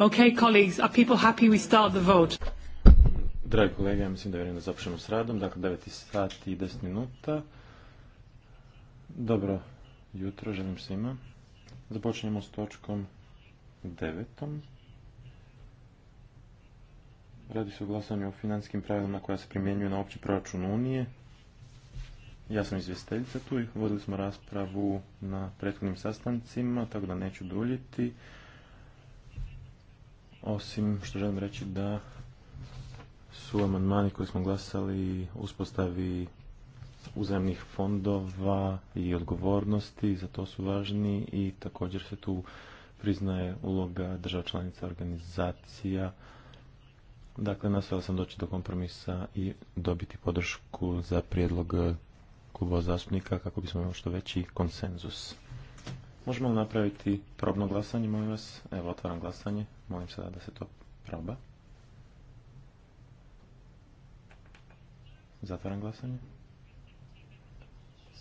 Okay, colleagues, are people happy we start the vote? Dragi kolege, ja mislim da vjerujem da započnemo s radom, dakle 9 sati i 10 minuta. Dobro jutro, želim svima. Započnemo s točkom 9. Radi se o glasanju o financijskim pravilima koja se primjenjuju na opći proračun Unije. Ja sam izvjestiteljica tu i vodili smo raspravu na prethodnim sastancima, tako da neću duljiti osim što želim reći da su amandmani koji smo glasali uspostavi uzemnih fondova i odgovornosti, za to su važni i također se tu priznaje uloga država članica organizacija. Dakle, nastavila sam doći do kompromisa i dobiti podršku za prijedlog kluba zastupnika kako bismo imali što veći konsenzus. Možemo li napraviti probno glasanje, molim vas? Evo, otvaram glasanje. Molim sada da se to proba. Zatvaram glasanje.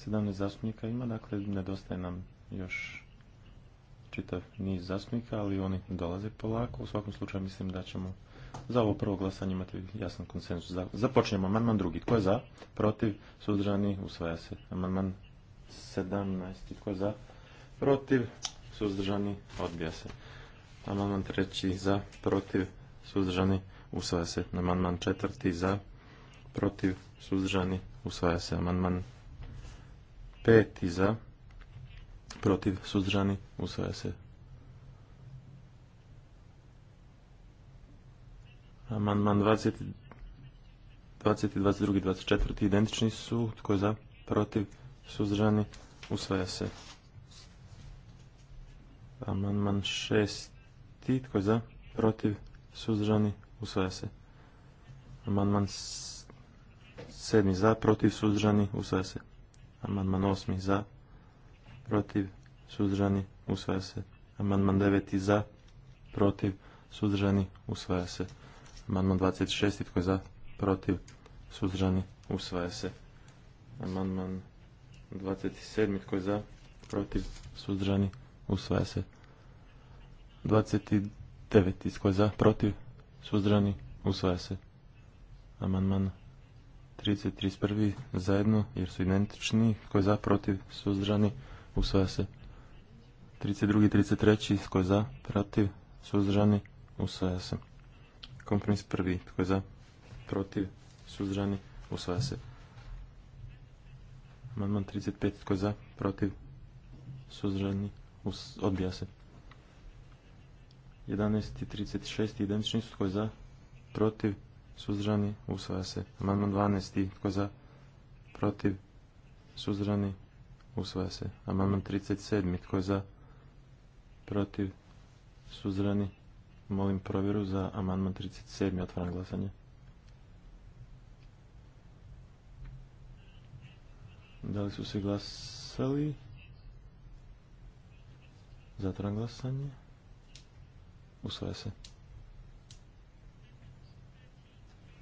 17 zastupnika ima, dakle nedostaje nam još čitav niz zastupnika, ali oni dolaze polako. U svakom slučaju mislim da ćemo za ovo prvo glasanje imati jasan konsensus. Započnemo amandman drugi. Tko je za? Protiv? Suzdržani? Usvaja se. Amandman 17. Tko je za? Protiv? Suzdržani? Odbija se. Amandman treći za, protiv, suzdržani, usvaja se. Amandman četvrti za, protiv, suzdržani, usvaja se. Amandman peti za, protiv, suzdržani, usvaja se. Amandman 20, 20, 22, 24 identični su. Tko je za? Protiv? Suzdržani? Usvaja se. Amandman šest ti, Tko je za? Protiv? Suzdržani? Usvaja se. Amandman 7. Za? Protiv? Suzdržani? Usvaja se. Amandman osmi Za? Protiv? Suzdržani? Usvaja se. Amandman deveti Za? Protiv? Suzdržani? Usvaja se. Amandman 26. Tko je za? Protiv? Suzdržani? Usvaja se. Amandman 27. Tko je za? Protiv? Suzdržani? Usvaja se. 29. Tko je za? Protiv? suzdrani, Usvaja se. Amandman 30. 31. Zajedno jer su identični. Tko je za? Protiv? suzdrani, Usvaja se. 32. 33. Tko je za? Protiv? suzdrani, Usvaja se. Kompromis prvi. Tko je za? Protiv? suzdrani, Usvaja se. Amandman 35. Tko je za? Protiv? suzdrani, Odbija se. 11.36 i identični su. Tko je za? Protiv? Suzdržani? Usvaja se. Amandman 12. Tko je za? Protiv? Suzdržani? Usvaja se. Amandman 37. Tko je za? Protiv? Suzdržani? Molim provjeru za amandman 37. Otvaram glasanje. Da li su se glasali? Zatvaram glasanje. Usvaja se.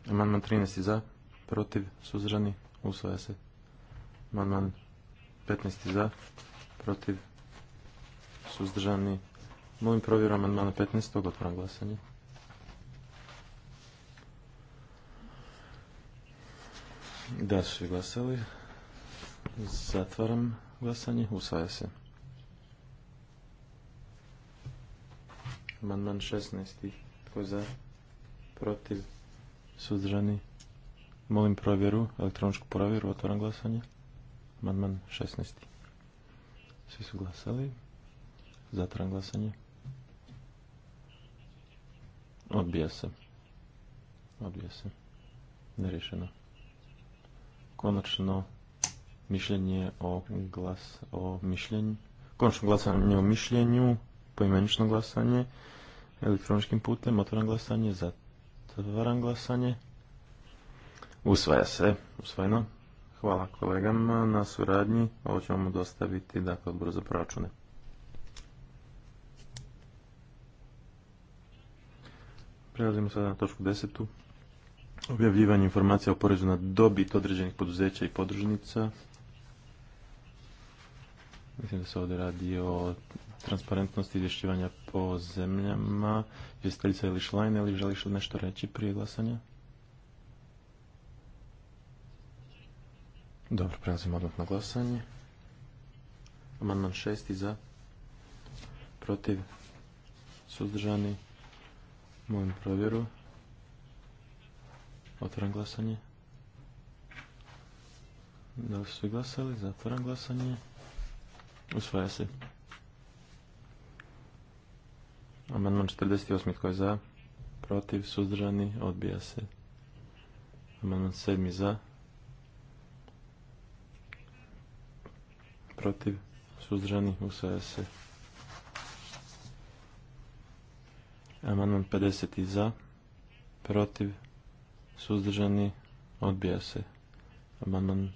Amandman 13. za, protiv, suzdržani, usvaja se. Amandman 15. za, protiv, suzdržani. Molim provjeru amandmana 15. Otvaram glasanje. Da su glasali. Zatvaram glasanje. Usvaja se. Amandman 16. Tko je za? Protiv? Suzdržani? Molim provjeru, elektroničku provjeru, otvoram glasanje. Amandman 16. Svi su glasali. Zatvaram glasanje. Odbija se. Odbija se. Nerešeno. Konačno mišljenje o glas o mišljenju. Konačno glasanje o mišljenju, poimenično glasanje elektroničkim putem. Otvaram glasanje, zatvaram glasanje. Usvaja se, usvojeno. Hvala kolegama na suradnji. Ovo ćemo vam dostaviti dakle, Odbor za proračune. Prelazimo sada na točku desetu. Objavljivanje informacija o porezu na dobit određenih poduzeća i podružnica. Mislim da se ovdje radi o transparentnost izvješćivanja po zemljama. Vjesteljica ili Šlajne, ili želiš nešto reći prije glasanja? Dobro, prelazimo odmah na glasanje. Amandman šesti za, protiv, suzdržani, molim provjeru. Otvaram glasanje. Da li su svi glasali? Zatvaram glasanje. Usvaja se. Amandman 48. Tko je za? Protiv? Suzdržani? Odbija se. Amandman 7. Za? Protiv? Suzdržani? Usvaja se. Amandman 50. Za? Protiv? Suzdržani? Odbija se. Amandman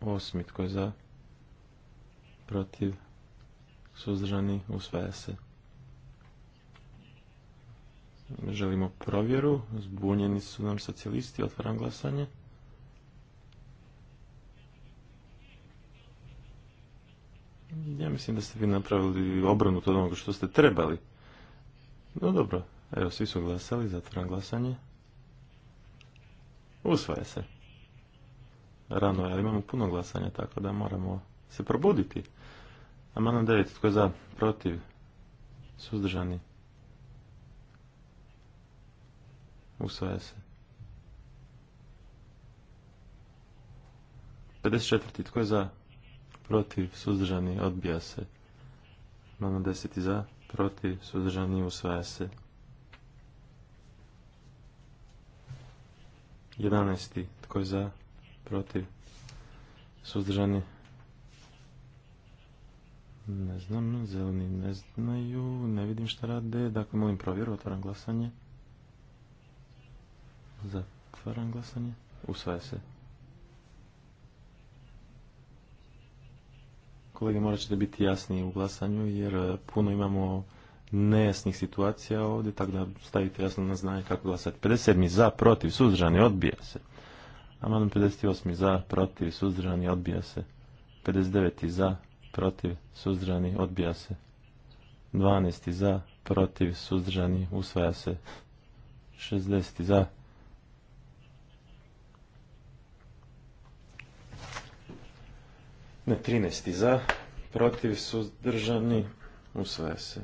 8. Tko je za? Protiv? Suzdržani? Usvaja se. Želimo provjeru. Zbunjeni su nam socijalisti. Otvaram glasanje. Ja mislim da ste vi napravili obranu od onoga što ste trebali. No dobro, evo svi su glasali, zatvaram glasanje. Usvaja se. Rano je, ali imamo puno glasanja, tako da moramo se probuditi. Amandman devet, tko je za, protiv, suzdržani, Usvaja se. 54. Tko je za? Protiv. Suzdržani. Odbija se. 10. Za. Protiv. Suzdržani. Usvaja se. 11. Tko je za? Protiv. Suzdržani. Ne znam, zeleni ne znaju, ne vidim šta rade. Dakle, molim provjeru, otvaram glasanje. Zatvaram glasanje. Usvaja se. Kolege, morat ćete biti jasniji u glasanju, jer e, puno imamo nejasnih situacija ovdje, tako da stavite jasno na znanje kako glasati. 57. za, protiv, suzdržani, odbija se. Amandman 58. za, protiv, suzdržani, odbija se. 59. za, protiv, suzdržani, odbija se. 12. za, protiv, suzdržani, usvaja se. 60. za, Ne, 13. za, protiv, suzdržani, usvaja se.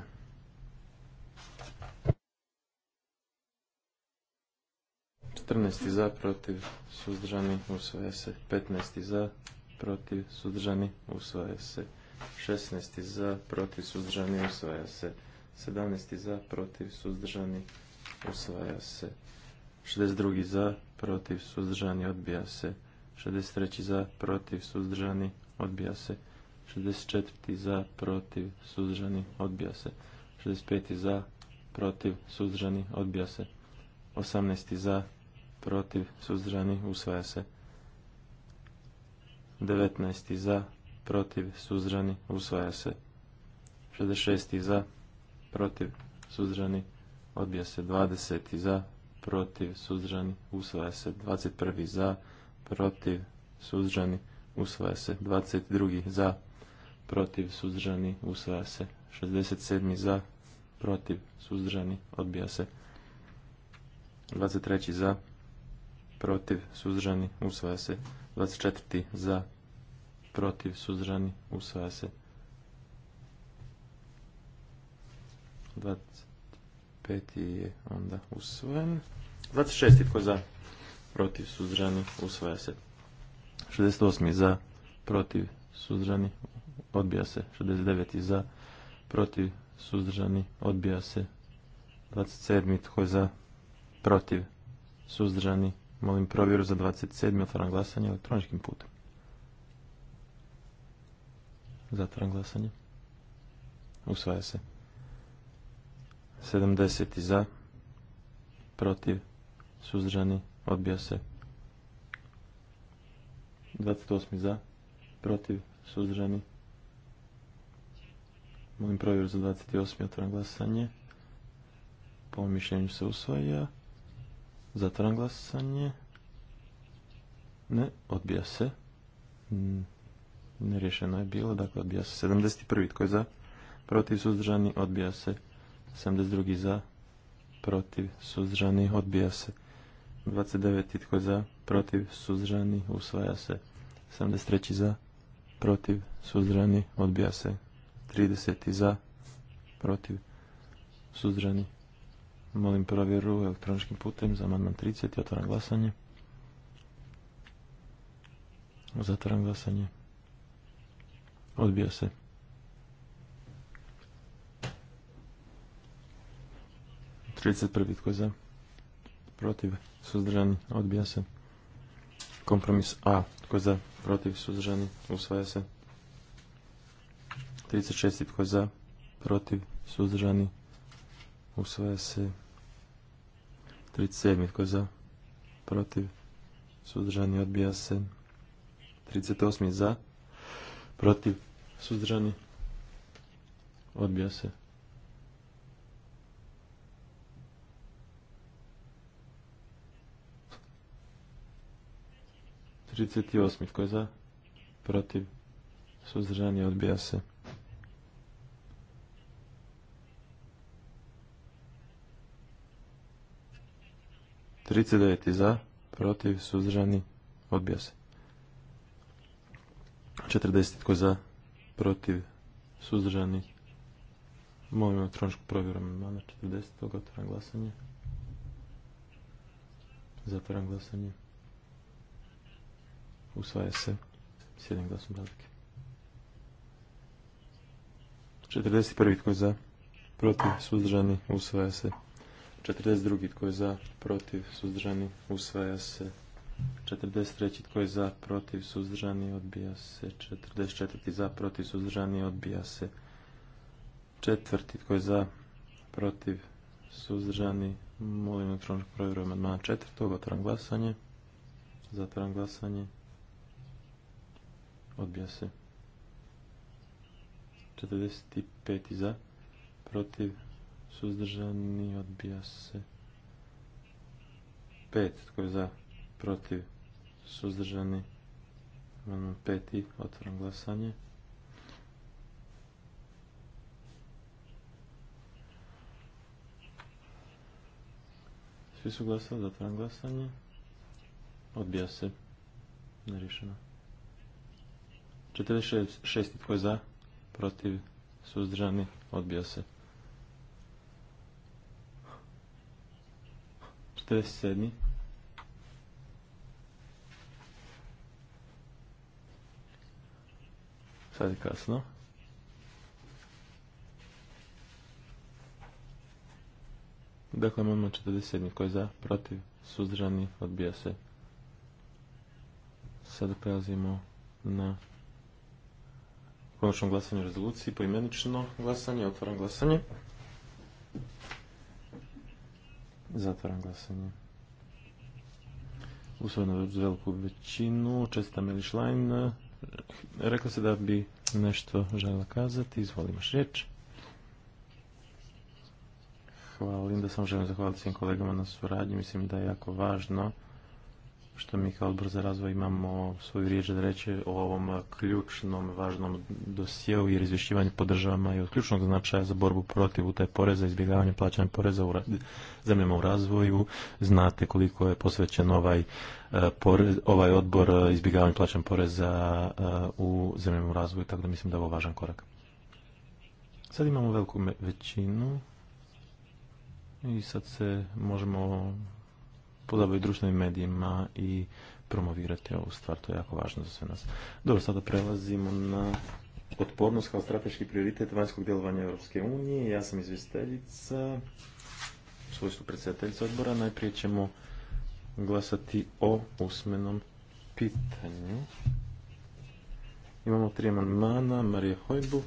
Četrnesti za, protiv, suzdržani, usvaja se. 15. za, protiv, suzdržani, usvaja se. 16. za, protiv, suzdržani, usvaja se. 17. za, protiv, suzdržani, usvaja se. 62. za, protiv, suzdržani, odbija se. 63. za, protiv, suzdržani, odbija se. 64. za, protiv, suzdržani, odbija se. 65. za, protiv, suzdržani, odbija se. 18. za, protiv, suzdržani, usvaja se. 19. za, protiv, suzdržani, usvaja se. 66. za, protiv, suzdržani, odbija se. 20. za, protiv, suzdržani, usvaja se. 21. za, protiv, suzdržani, usvaja se. 22. za, protiv, suzdržani, usvaja se. 67. za, protiv, suzdržani, odbija se. 23. za, protiv, suzdržani, usvaja se. 24. za, protiv, suzdržani, usvaja se. 25. je onda usvojen. 26. tko za, protiv, suzdržani, usvaja se. 68. za, protiv, suzdržani, odbija se. 69. za, protiv, suzdržani, odbija se. 27. tko je za, protiv, suzdržani, molim provjeru za 27. otvaram glasanje elektroničkim putem. Zatvaram glasanje. Usvaja se. 70. za, protiv, suzdržani, odbija se. 28. za, protiv, suzdržani. Molim provjer za 28. otvoran glasanje. Po mišljenju se usvaja. Zatvoran glasanje. Ne, odbija se. Mm, Nerješeno je bilo, dakle odbija se. 71. tko je za, protiv, suzdržani, odbija se. 72. za, protiv, suzdržani, odbija se. 29. tko je za, protiv, suzdržani, usvaja se. 73. za, protiv, suzdrani odbija se. 30. za, protiv, suzdrani. Molim provjeru elektroničkim putem za amandman 30. Otvaram glasanje. Zatvaram glasanje. Odbija se. Trideset prvi tko je za? Protiv. Suzdržani. Odbija se. Kompromis A. Tko je za? Protiv? Suzdržani? Usvaja se. 36. Tko je za? Protiv? Suzdržani? Usvaja se. 37. Tko je za? Protiv? Suzdržani? Odbija se. 38. Za? Protiv? Suzdržani? Odbija se. 38. Tko je za? Protiv? Suzdržani odbija se. Trideset devet za, protiv, suzdržani, odbija se. Četrdeset tko za, protiv, suzdržani. Molim elektroničku provjeru amandmana 40. Otvaram glasanje. Zatvaram glasanje usvaja se s jednim glasom razlike. 41. tko je za, protiv, suzdržani, usvaja se. 42. tko je za, protiv, suzdržani, usvaja se. 43. tko je za, protiv, suzdržani, odbija se. 44. za, protiv, suzdržani, odbija se. 4. tko je za, protiv, suzdržani, molim elektroničku provjeru amandmana 4. otvaram glasanje, zatvaram glasanje. Odbija se. 45 za. Protiv. Suzdržani. Odbija se. 5. Tko je za? Protiv. Suzdržani. Imamo peti. Otvoram glasanje. Svi su glasali. otvoram glasanje. Odbija se. narišeno. 46. Tko je za? Protiv? Suzdržani? Odbija se. 47. Sad je kasno. Dakle, imamo 47. Tko je za? Protiv? Suzdržani? Odbija se. Sada prelazimo na konačno glasanje o rezoluciji, poimenično glasanje, otvaram glasanje. Zatvaram glasanje. Usvojeno je veliku većinu. Česta Meli Šlajn. Rekla se da bi nešto žela kazati. Izvoli imaš riječ. Hvala Linda. Samo želim zahvaliti svim kolegama na suradnji. Mislim da je jako važno što mi kao odbor za razvoj imamo svoju riječ da reći o ovom ključnom, važnom dosjeu jer izvješćivanje po i od ključnog značaja za borbu protiv utaje poreza, izbjegavanje plaćanja poreza u zemljama u razvoju. Znate koliko je posvećen ovaj, e, ovaj odbor e, izbjegavanju plaćanja poreza e, u zemljama u razvoju, tako da mislim da je ovo važan korak. Sad imamo veliku većinu i sad se možemo pozabaviti društvenim medijima i promovirati ovu stvar, to je jako važno za sve nas. Dobro, sada prelazimo na otpornost kao strateški prioritet vanjskog djelovanja Europske unije. Ja sam izvjestiteljica, svojstvu predsjedateljica odbora. Najprije ćemo glasati o usmenom pitanju. Imamo tri amandmana, Marija Hojbuk.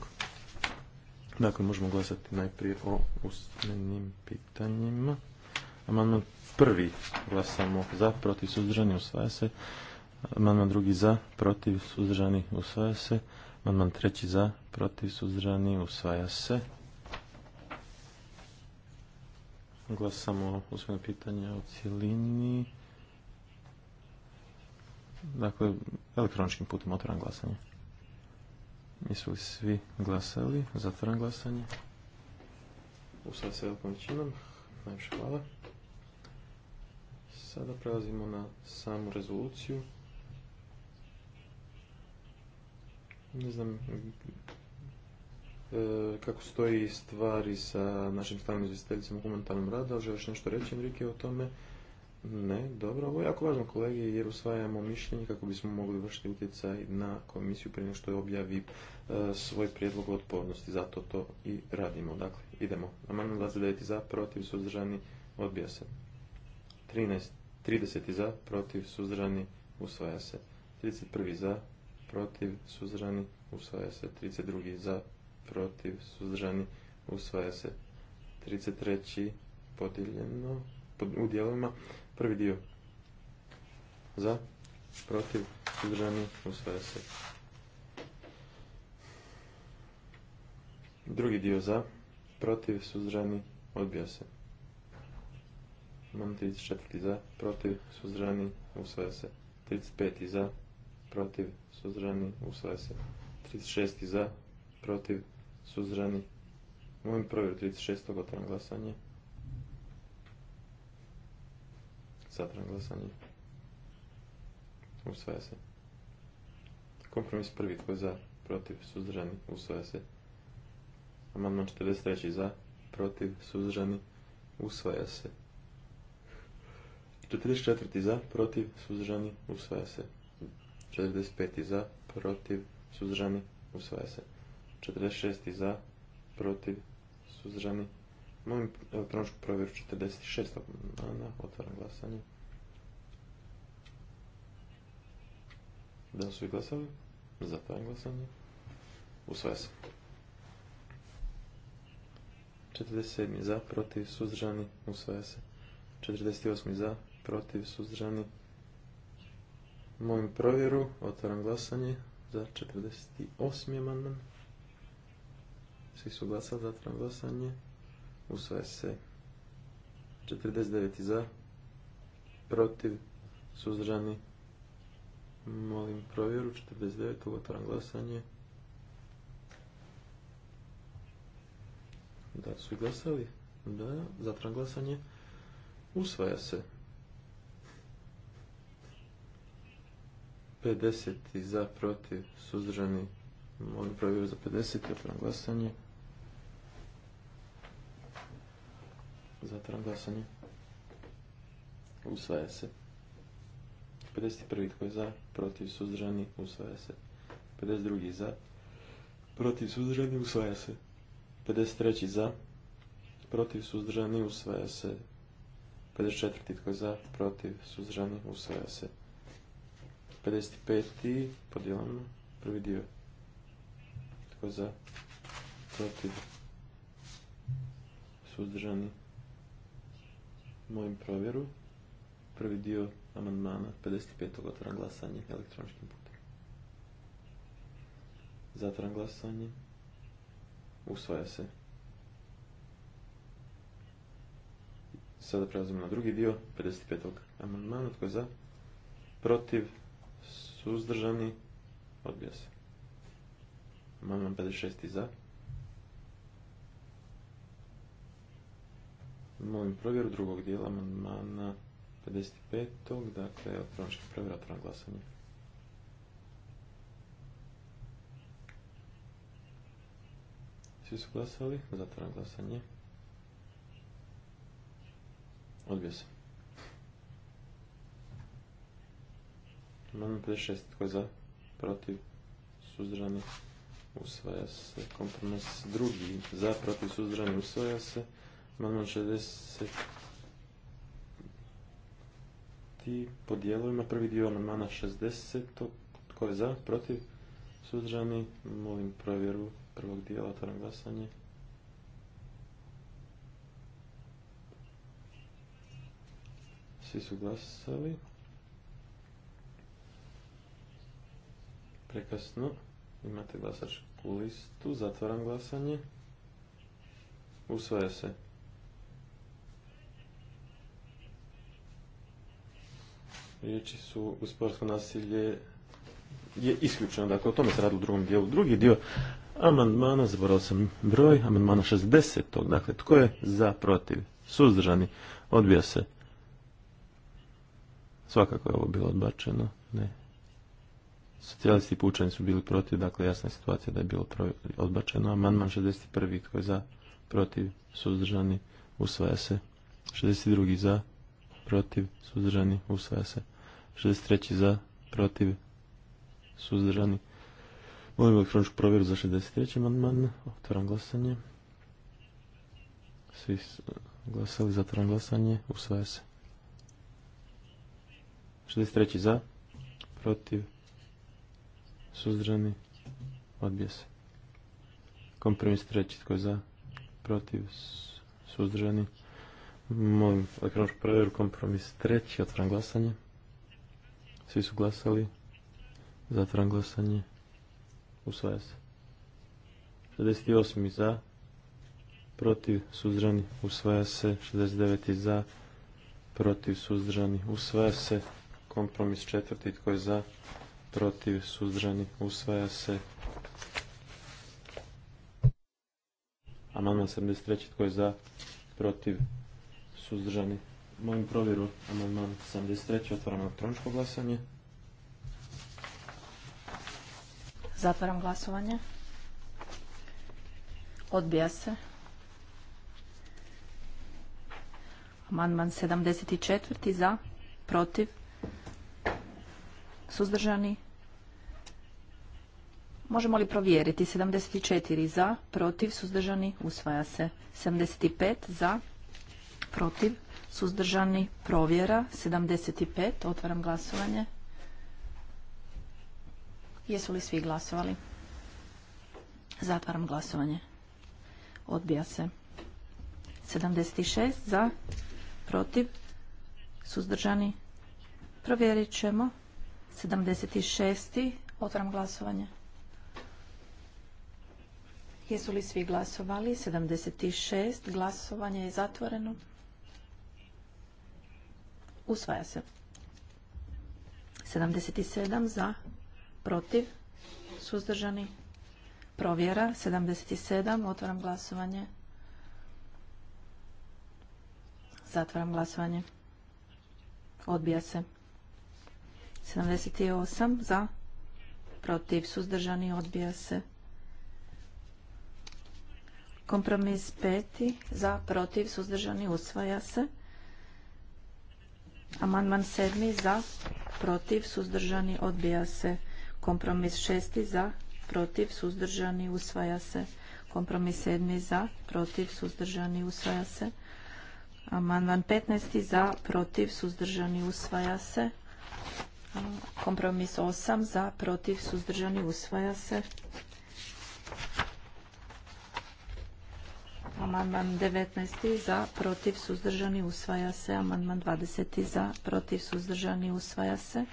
Dakle, možemo glasati najprije o usmenim pitanjima. Amandman prvi glasamo za, protiv, suzdržani, usvaja se. Amandman drugi za, protiv, suzdržani, usvaja se. Amandman treći za, protiv, suzdržani, usvaja se. Glasamo usmeno pitanja u cijelini. Dakle, elektroničkim putem otvoram glasanje. Jesu li svi glasali? Zatvoram glasanje. Usvaja se velikom većinom. Najviše hvala. Sada prelazimo na samu rezoluciju. Ne znam e, kako stoji stvari sa našim stalnim izvjestiteljicom u humanitarnom radu. Želiš nešto reći, Enrique, o tome? Ne, dobro. Ovo je jako važno, kolege, jer usvajamo mišljenje kako bismo mogli vršiti utjecaj na komisiju prije nego što objavi e, svoj prijedlog otpornosti. Zato to i radimo. Dakle, idemo. Amandman 29 za, protiv, suzdržani, odbija se. 13 30. za, protiv, suzdržani, usvaja se. 31. za, protiv, suzdržani, usvaja se. 32. za, protiv, suzdržani, usvaja se. 33. podijeljeno pod, u dijelovima. Prvi dio za, protiv, suzdržani, usvaja se. Drugi dio za, protiv, suzdržani, odbija se. Imamo 34. za, protiv, suzdržani, usvaja se. 35. za, protiv, suzdržani, usvaja se. 36. za, protiv, suzdržani. Mojim provjeru 36. otvaram glasanje. Zatvaram glasanje. Usvaja se. Kompromis prvi tko je za, protiv, suzdržani, usvaja se. Amandman 43. za, protiv, suzdržani, usvaja se. 44. za, protiv, suzdržani, usvaja se. 45. za, protiv, suzdržani, usvaja se. 46. za, protiv, suzdržani. Molim elektroničku provjeru 46. Ana, otvaram glasanje. Da li su i glasali? Zatvaram glasanje. Usvaja se. 47. za, protiv, suzdržani, usvaja se. 48. za, protiv, suzdržani. Molim provjeru, otvaram glasanje za 48. amandman. Svi su glasali, zatvaram glasanje. Usvaja se 49. za, protiv, suzdržani. Molim provjeru, 49. otvaram glasanje. Da su glasali? Da, zatvaram glasanje. Usvaja se 50. za, protiv, suzdržani. Molim provjeru za 50. Otvaram glasanje. Zatvaram glasanje. Usvaja se. 51. tko je za, protiv, suzdržani. Usvaja se. 52. za, protiv, suzdržani. Usvaja se. 53. za, protiv, suzdržani. Usvaja se. 54. tko je za, protiv, suzdržani. Usvaja se. 55. podijelom prvi dio. Tako za protiv suzdržani mojim provjeru. Prvi dio amandmana 55. otvaram glasanje elektroničkim putem. Zatvaram glasanje. Usvaja se. Sada prelazimo na drugi dio 55. amandmana. Tko je za? Protiv suzdržani, odbija se. Amandman 56. za. Molim provjeru drugog dijela amandmana 55. Dakle, elektronički provjer, otvoran glasanje. Svi su glasali, zatvoran glasanje. Odbija se. Amandman 56. Tko je za? Protiv? suzdrani, Usvaja se. Kompromis drugi. Za? Protiv? suzdrani, Usvaja se. Amandman 60. ti podijelujemo Prvi dio amandmana 60. Tko je za? Protiv? suzdrani, Molim provjeru prvog dijela. Otvaram glasanje. Svi su glasali. Prekasno. Imate glasačku listu. Zatvaram glasanje. Usvaja se. Riječi su sportsko nasilje je isključeno. Dakle, o tome se radi u drugom dijelu. Drugi dio amandmana, zaboravio sam broj, amandmana 60. Dakle, tko je za, protiv, suzdržani, odbija se. Svakako je ovo bilo odbačeno. Ne, socijalisti i pučani su bili protiv, dakle jasna je situacija da je bilo odbačeno. Amandman 61. tko je za, protiv, suzdržani, usvaja se. 62. za, protiv, suzdržani, usvaja se. 63. za, protiv, suzdržani. Molim elektroničku provjeru za 63. amandman. Otvaram glasanje. Svi glasali, zatvaram glasanje, usvaja se. 63. za, protiv, suzdržani, odbije se. Kompromis treći, tko je za, protiv, suzdržani. Molim elektroničku provjeru, kompromis treći, otvaram glasanje. Svi su glasali, zatvaram glasanje, usvaja se. 68. za, protiv, suzdržani, usvaja se. 69. za, protiv, suzdržani, usvaja se. Kompromis četvrti, tko je za, protiv, suzdržani, usvaja se. Amandman 73. Tko je za? Protiv? Suzdržani? Molim provjeru. Amandman 73. Otvaram elektroničko glasanje. Zatvaram glasovanje. Odbija se. Amandman 74. Za? Protiv? Suzdržani? Možemo li provjeriti? 74 za, protiv, suzdržani, usvaja se. 75 za, protiv, suzdržani, provjera. 75, otvaram glasovanje. Jesu li svi glasovali? Zatvaram glasovanje. Odbija se. 76 za, protiv, suzdržani, provjerit ćemo. 76. Otvaram glasovanje. Jesu li svi glasovali? 76. Glasovanje je zatvoreno. Usvaja se. 77 za, protiv, suzdržani, provjera. 77. Otvaram glasovanje. Zatvaram glasovanje. Odbija se. 78 za, protiv, suzdržani, odbija se. Kompromis peti za, protiv, suzdržani, usvaja se. Amandman sedmi za, protiv, suzdržani, odbija se. Kompromis šesti za, protiv, suzdržani, usvaja se. Kompromis sedmi za, protiv, suzdržani, usvaja se. Amandman 15. za, protiv, suzdržani, usvaja se. Kompromis 8 za, protiv, suzdržani, usvaja se. Amandman 19. za, protiv, suzdržani, usvaja se. Amandman 20. za, protiv, suzdržani, usvaja se.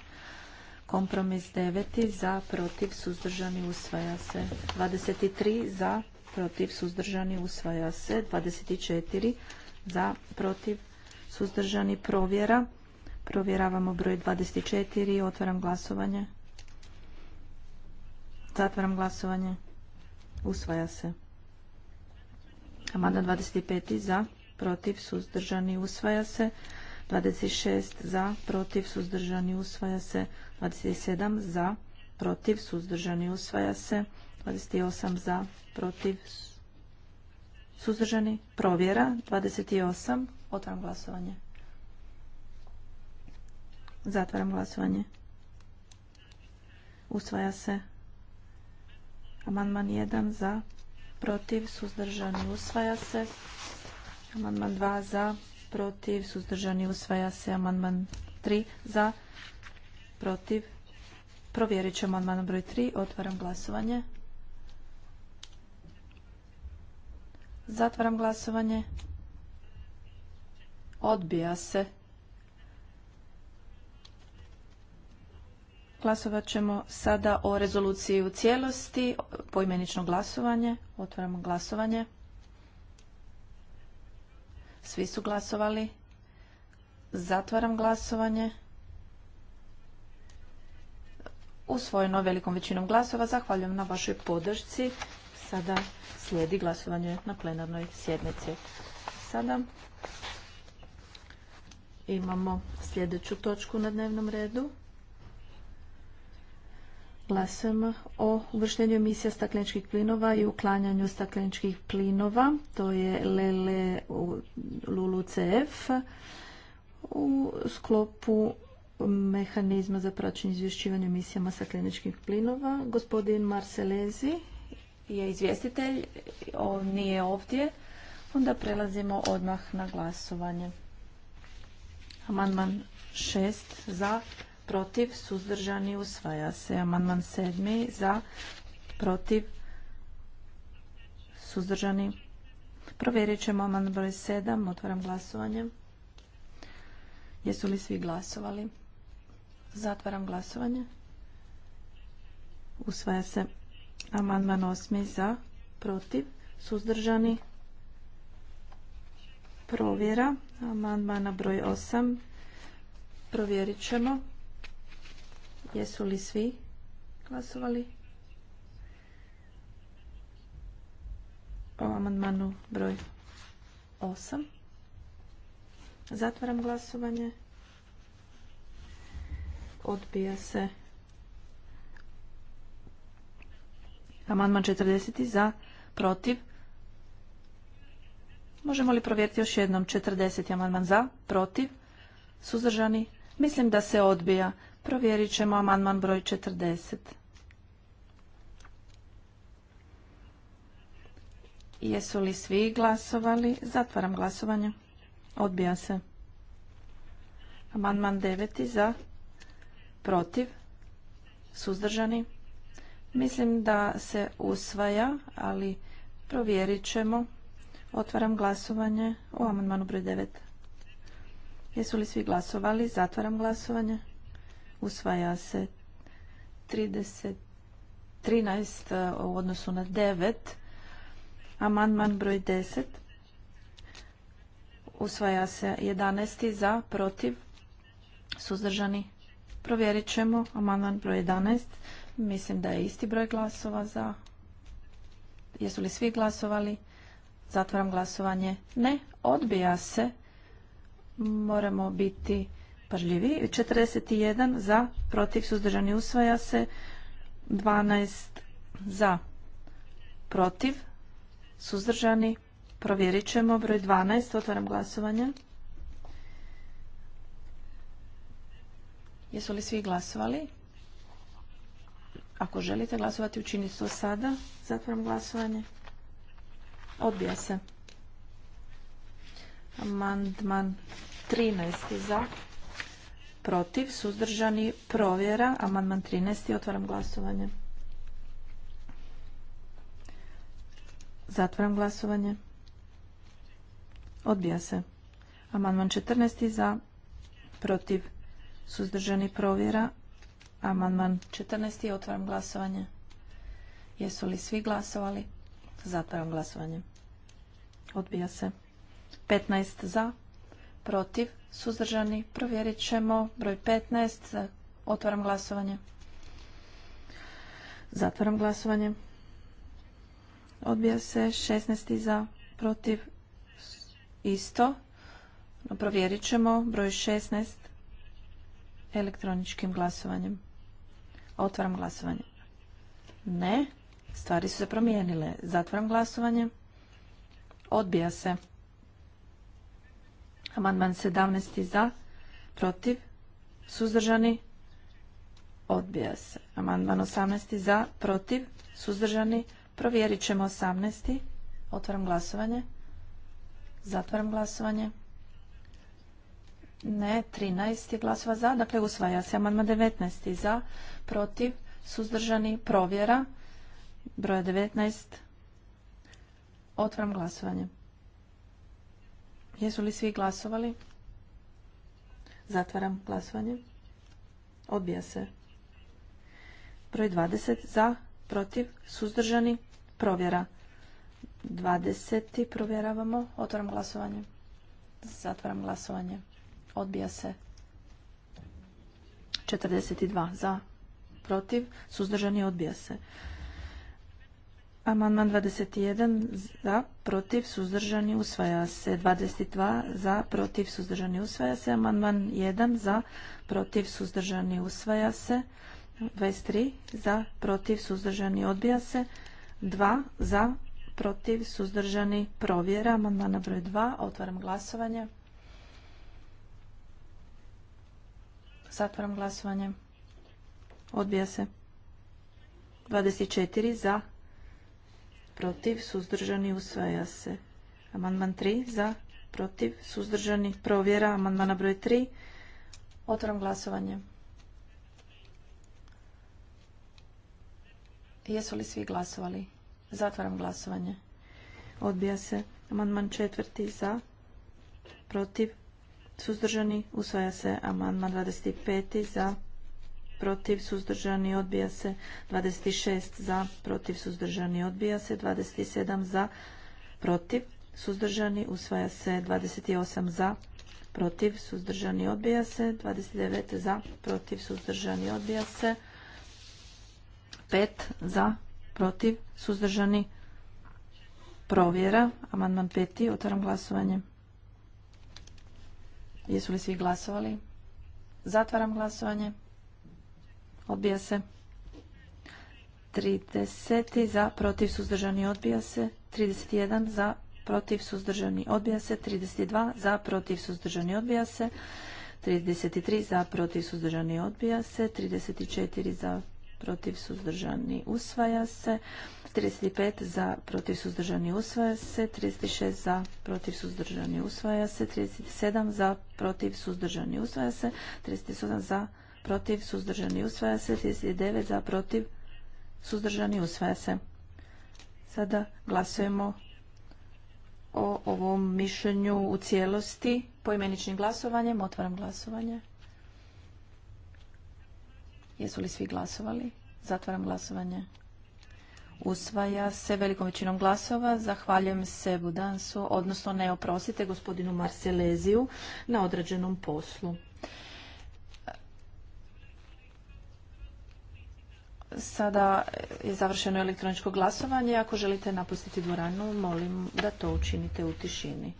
Kompromis 9. za, protiv, suzdržani, usvaja se. 23. za, protiv, suzdržani, usvaja se. 24. za, protiv, suzdržani, provjera. Provjeravamo broj 24. Otvaram glasovanje. Zatvaram glasovanje. Usvaja se. Amanda 25. Za. Protiv. Suzdržani. Usvaja se. 26. Za. Protiv. Suzdržani. Usvaja se. 27. Za. Protiv. Suzdržani. Usvaja se. 28. Za. Protiv. Suzdržani. Provjera. 28. Otvaram glasovanje. Zatvaram glasovanje. Usvaja se. Amandman 1 za, protiv, suzdržani, usvaja se. Amandman 2 za, protiv, suzdržani, usvaja se. Amandman 3 za, protiv. Provjerit ćemo amandman broj 3. Otvaram glasovanje. Zatvaram glasovanje. Odbija se. Glasovat ćemo sada o rezoluciji u cijelosti, poimenično glasovanje. Otvaramo glasovanje. Svi su glasovali. Zatvaram glasovanje. Usvojeno velikom većinom glasova. Zahvaljujem na vašoj podršci. Sada slijedi glasovanje na plenarnoj sjednici. Sada imamo sljedeću točku na dnevnom redu. GLASEM o uvrštenju emisija stakleničkih plinova i uklanjanju stakleničkih plinova. To je Lele cf u sklopu mehanizma za praćenje izvješćivanja emisijama stakleničkih plinova. Gospodin Marselezi je izvjestitelj, on nije ovdje. Onda prelazimo odmah na glasovanje. Amandman 6 za, protiv, suzdržani, usvaja se. Amandman sedmi za, protiv, suzdržani. Provjerit ćemo amandman broj 7. Otvaram glasovanje. Jesu li svi glasovali? Zatvaram glasovanje. Usvaja se amandman 8. za, protiv, suzdržani. Provjera amandmana broj 8. Provjerit ćemo. Jesu li svi glasovali? O amandmanu broj 8. Zatvaram glasovanje. Odbija se. Amandman 40. Za, protiv. Možemo li provjeriti još jednom 40. amandman za, protiv, suzdržani? Mislim da se odbija. Provjerit ćemo amandman broj 40. Jesu li svi glasovali? Zatvaram glasovanje. Odbija se. Amandman 9. za. Protiv. Suzdržani. Mislim da se usvaja, ali provjerit ćemo. Otvaram glasovanje u amandmanu broj 9. Jesu li svi glasovali? Zatvaram glasovanje usvaja se 13 e, u odnosu na 9, amandman broj 10, usvaja se 11 za, protiv, suzdržani. Provjerit ćemo amandman broj 11. Mislim da je isti broj glasova za. Jesu li svi glasovali? Zatvaram glasovanje. Ne, odbija se. Moramo biti Četrdeset 41 za, protiv, suzdržani, usvaja se. 12 za, protiv, suzdržani, provjerit ćemo. Broj 12, otvaram glasovanje. Jesu li svi glasovali? Ako želite glasovati, učinite to sada. Zatvaram glasovanje. Odbija se. Amandman 13 za, protiv, suzdržani, provjera, amandman 13. Otvaram glasovanje. Zatvaram glasovanje. Odbija se. Amandman 14. za, protiv, suzdržani, provjera, amandman 14. Otvaram glasovanje. Jesu li svi glasovali? Zatvaram glasovanje. Odbija se. 15 za, protiv, suzdržani, provjerit ćemo. Broj 15, otvaram glasovanje. Zatvaram glasovanje. Odbija se 16 za, protiv, isto. provjerit ćemo broj 16 elektroničkim glasovanjem. Otvaram glasovanje. Ne, stvari su se promijenile. Zatvaram glasovanje. Odbija se. Amandman 17. za, protiv, suzdržani, odbija se. Amandman 18. za, protiv, suzdržani, provjerit ćemo 18. Otvaram glasovanje. Zatvaram glasovanje. Ne, 13 glasova za, dakle usvaja se amandman 19 za, protiv, suzdržani, provjera, broja 19. Otvaram glasovanje. Jesu li svi glasovali? Zatvaram glasovanje. Odbija se. Broj 20 za, protiv, suzdržani, provjera. 20. provjeravamo. Otvaram glasovanje. Zatvaram glasovanje. Odbija se. 42 za, protiv, suzdržani, odbija se. Amandman 21 za, protiv, suzdržani, usvaja se. 22 za, protiv, suzdržani, usvaja se. Amandman 1 za, protiv, suzdržani, usvaja se. 23 za, protiv, suzdržani, odbija se. 2 za, protiv, suzdržani, provjera. Amandman broj 2, otvaram glasovanje. Zatvaram glasovanje. Odbija se. 24 za, protiv, suzdržani, usvaja se. Amandman 3 za, protiv, suzdržani, provjera. Amandmana broj 3. Otvaram glasovanje. Jesu li svi glasovali? Zatvaram glasovanje. Odbija se. Amandman četvrti za, protiv, suzdržani, usvaja se. Amandman 25 za, protiv suzdržani odbija se 26 za protiv suzdržani odbija se 27 za protiv suzdržani usvaja se 28 za protiv suzdržani odbija se 29 za protiv suzdržani odbija se 5 za protiv suzdržani provjera amandman 5 otvaram glasovanje Jesu li svi glasovali? Zatvaram glasovanje. Odbija se. 30 za, protiv, suzdržani, odbija se. 31 za, protiv, suzdržani, odbija se. 32 za, protiv, suzdržani, odbija se. 33 za, protiv, suzdržani, odbija se. 34 za, protiv, suzdržani, usvaja se. 35 za, protiv, suzdržani, usvaja se. 36 za, protiv, suzdržani, usvaja se. 37 za, protiv, suzdržani, usvaja se. 38 za, protiv, suzdržani, usvaja se. 39 za, protiv, suzdržani, usvaja se. Sada glasujemo o ovom mišljenju u cijelosti poimeničnim glasovanjem. Otvaram glasovanje. Jesu li svi glasovali? Zatvaram glasovanje. Usvaja se velikom većinom glasova. Zahvaljujem se Budansu, odnosno ne oprosite gospodinu Marseleziju na određenom poslu. Sada je završeno elektroničko glasovanje. Ako želite napustiti dvoranu, molim da to učinite u tišini.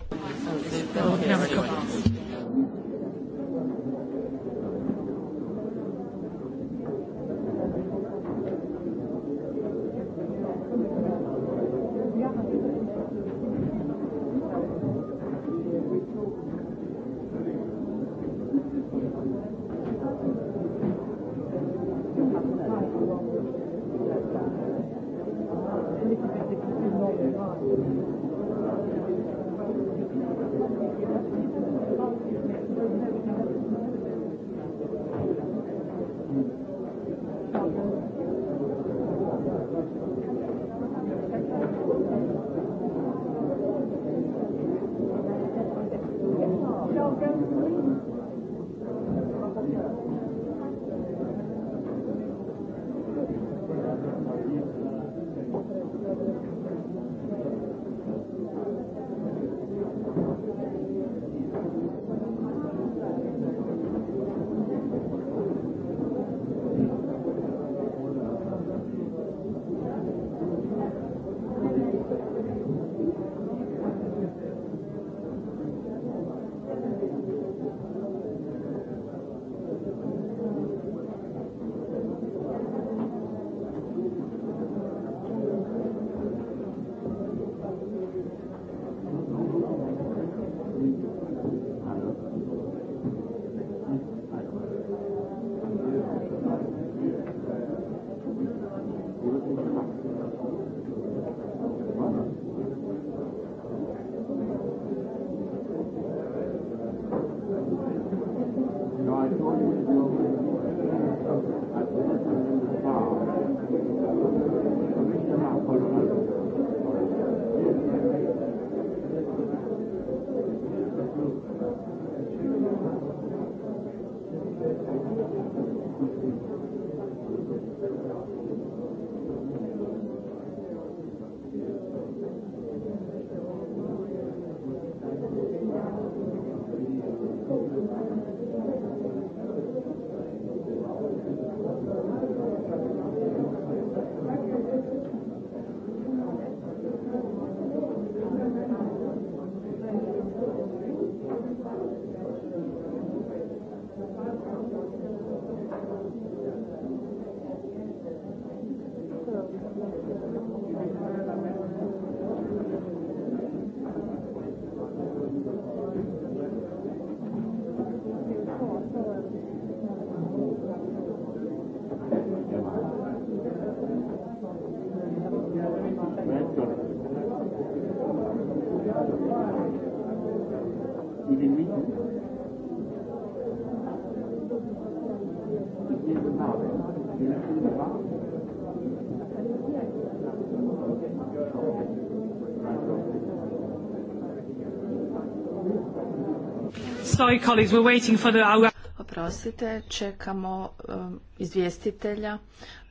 Oprostite, čekamo um, izvjestitelja.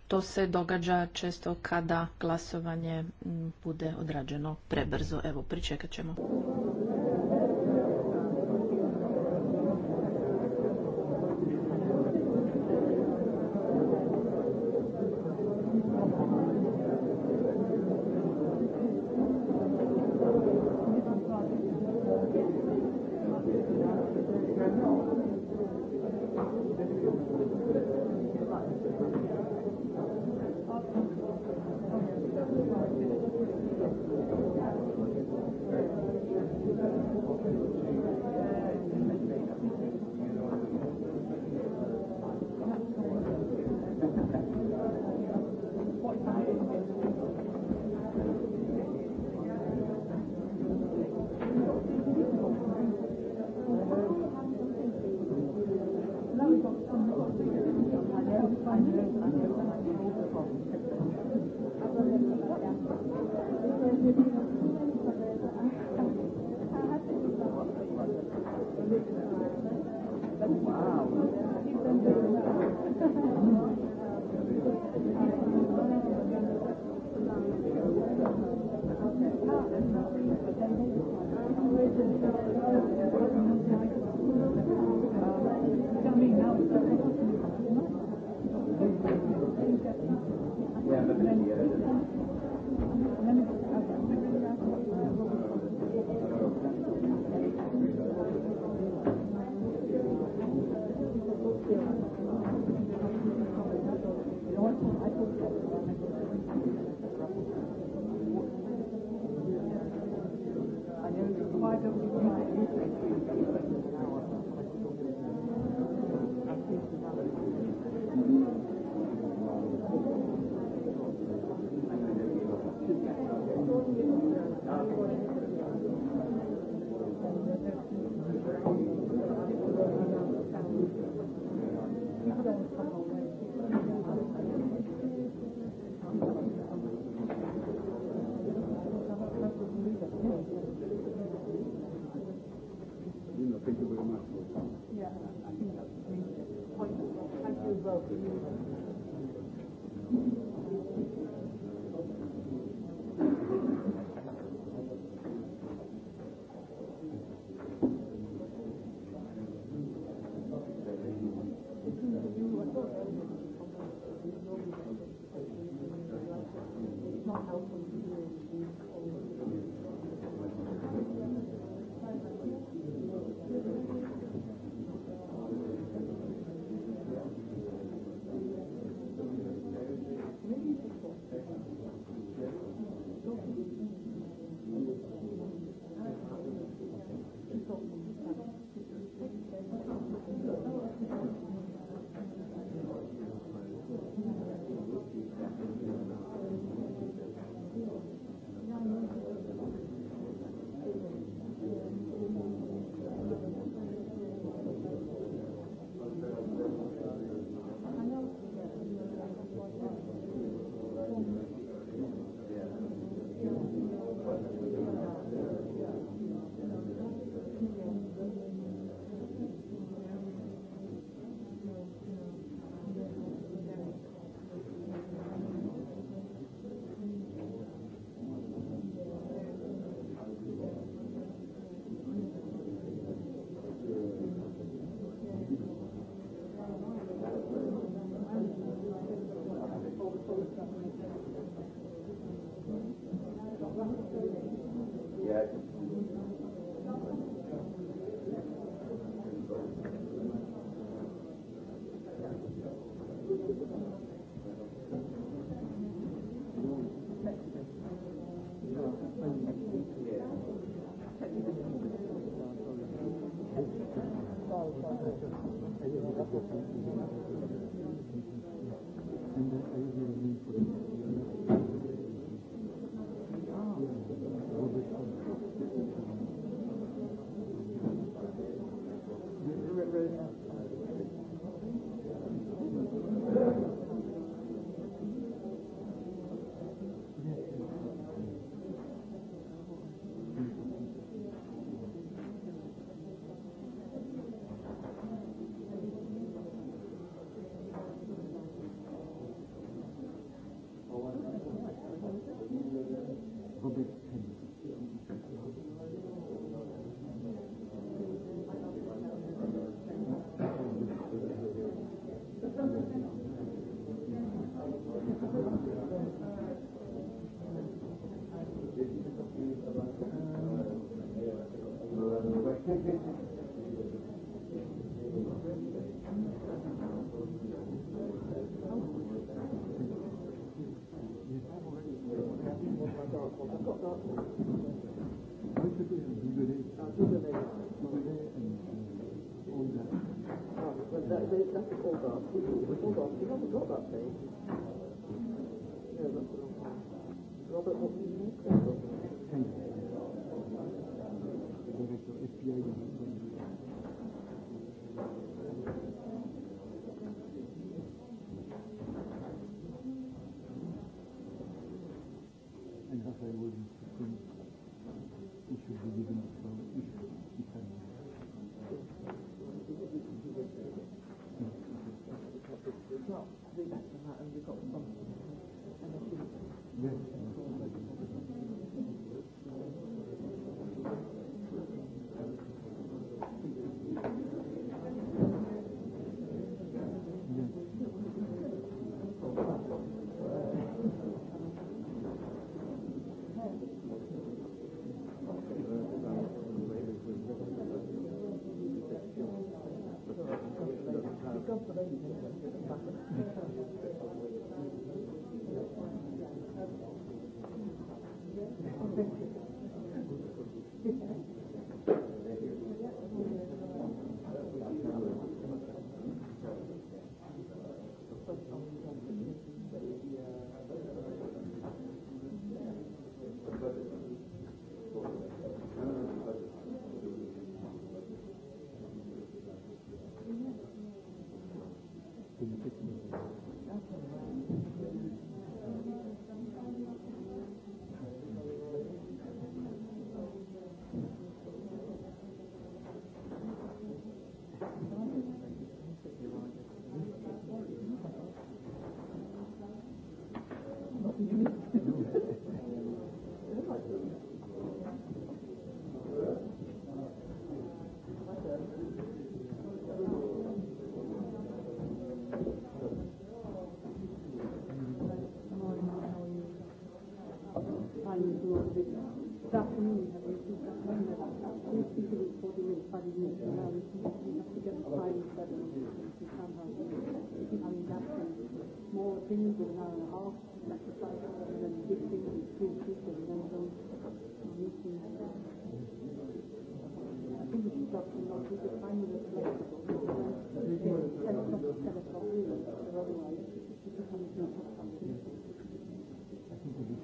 To se događa često kada glasovanje mm, bude odrađeno prebrzo. Evo, pričekat ćemo.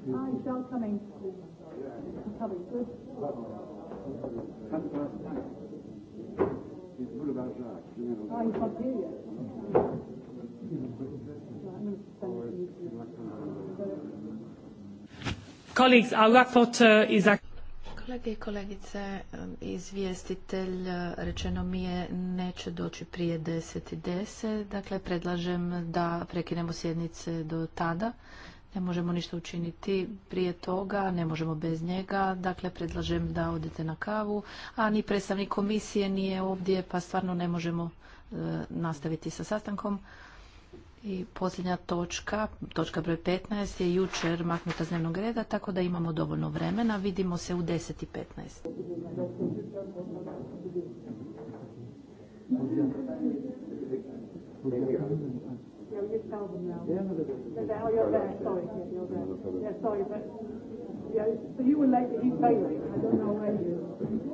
Ah, ah, Colleagues, our rapporteur is actually Kolege i kolegice, izvjestitelj rečeno mi je neće doći prije 10.10, .10, dakle predlažem da prekinemo sjednice do tada. Ne možemo ništa učiniti prije toga, ne možemo bez njega, dakle predlažem da odete na kavu, a ni predstavnik komisije nije ovdje, pa stvarno ne možemo e, nastaviti sa sastankom. I posljednja točka, točka broj 15, je jučer maknuta z dnevnog reda, tako da imamo dovoljno vremena. Vidimo se u 10.15. Yeah, we just them now. Yeah, no, they oh, you're Sorry, yeah, Yeah, sorry, but yeah, so you were late. He's late. I don't know where you.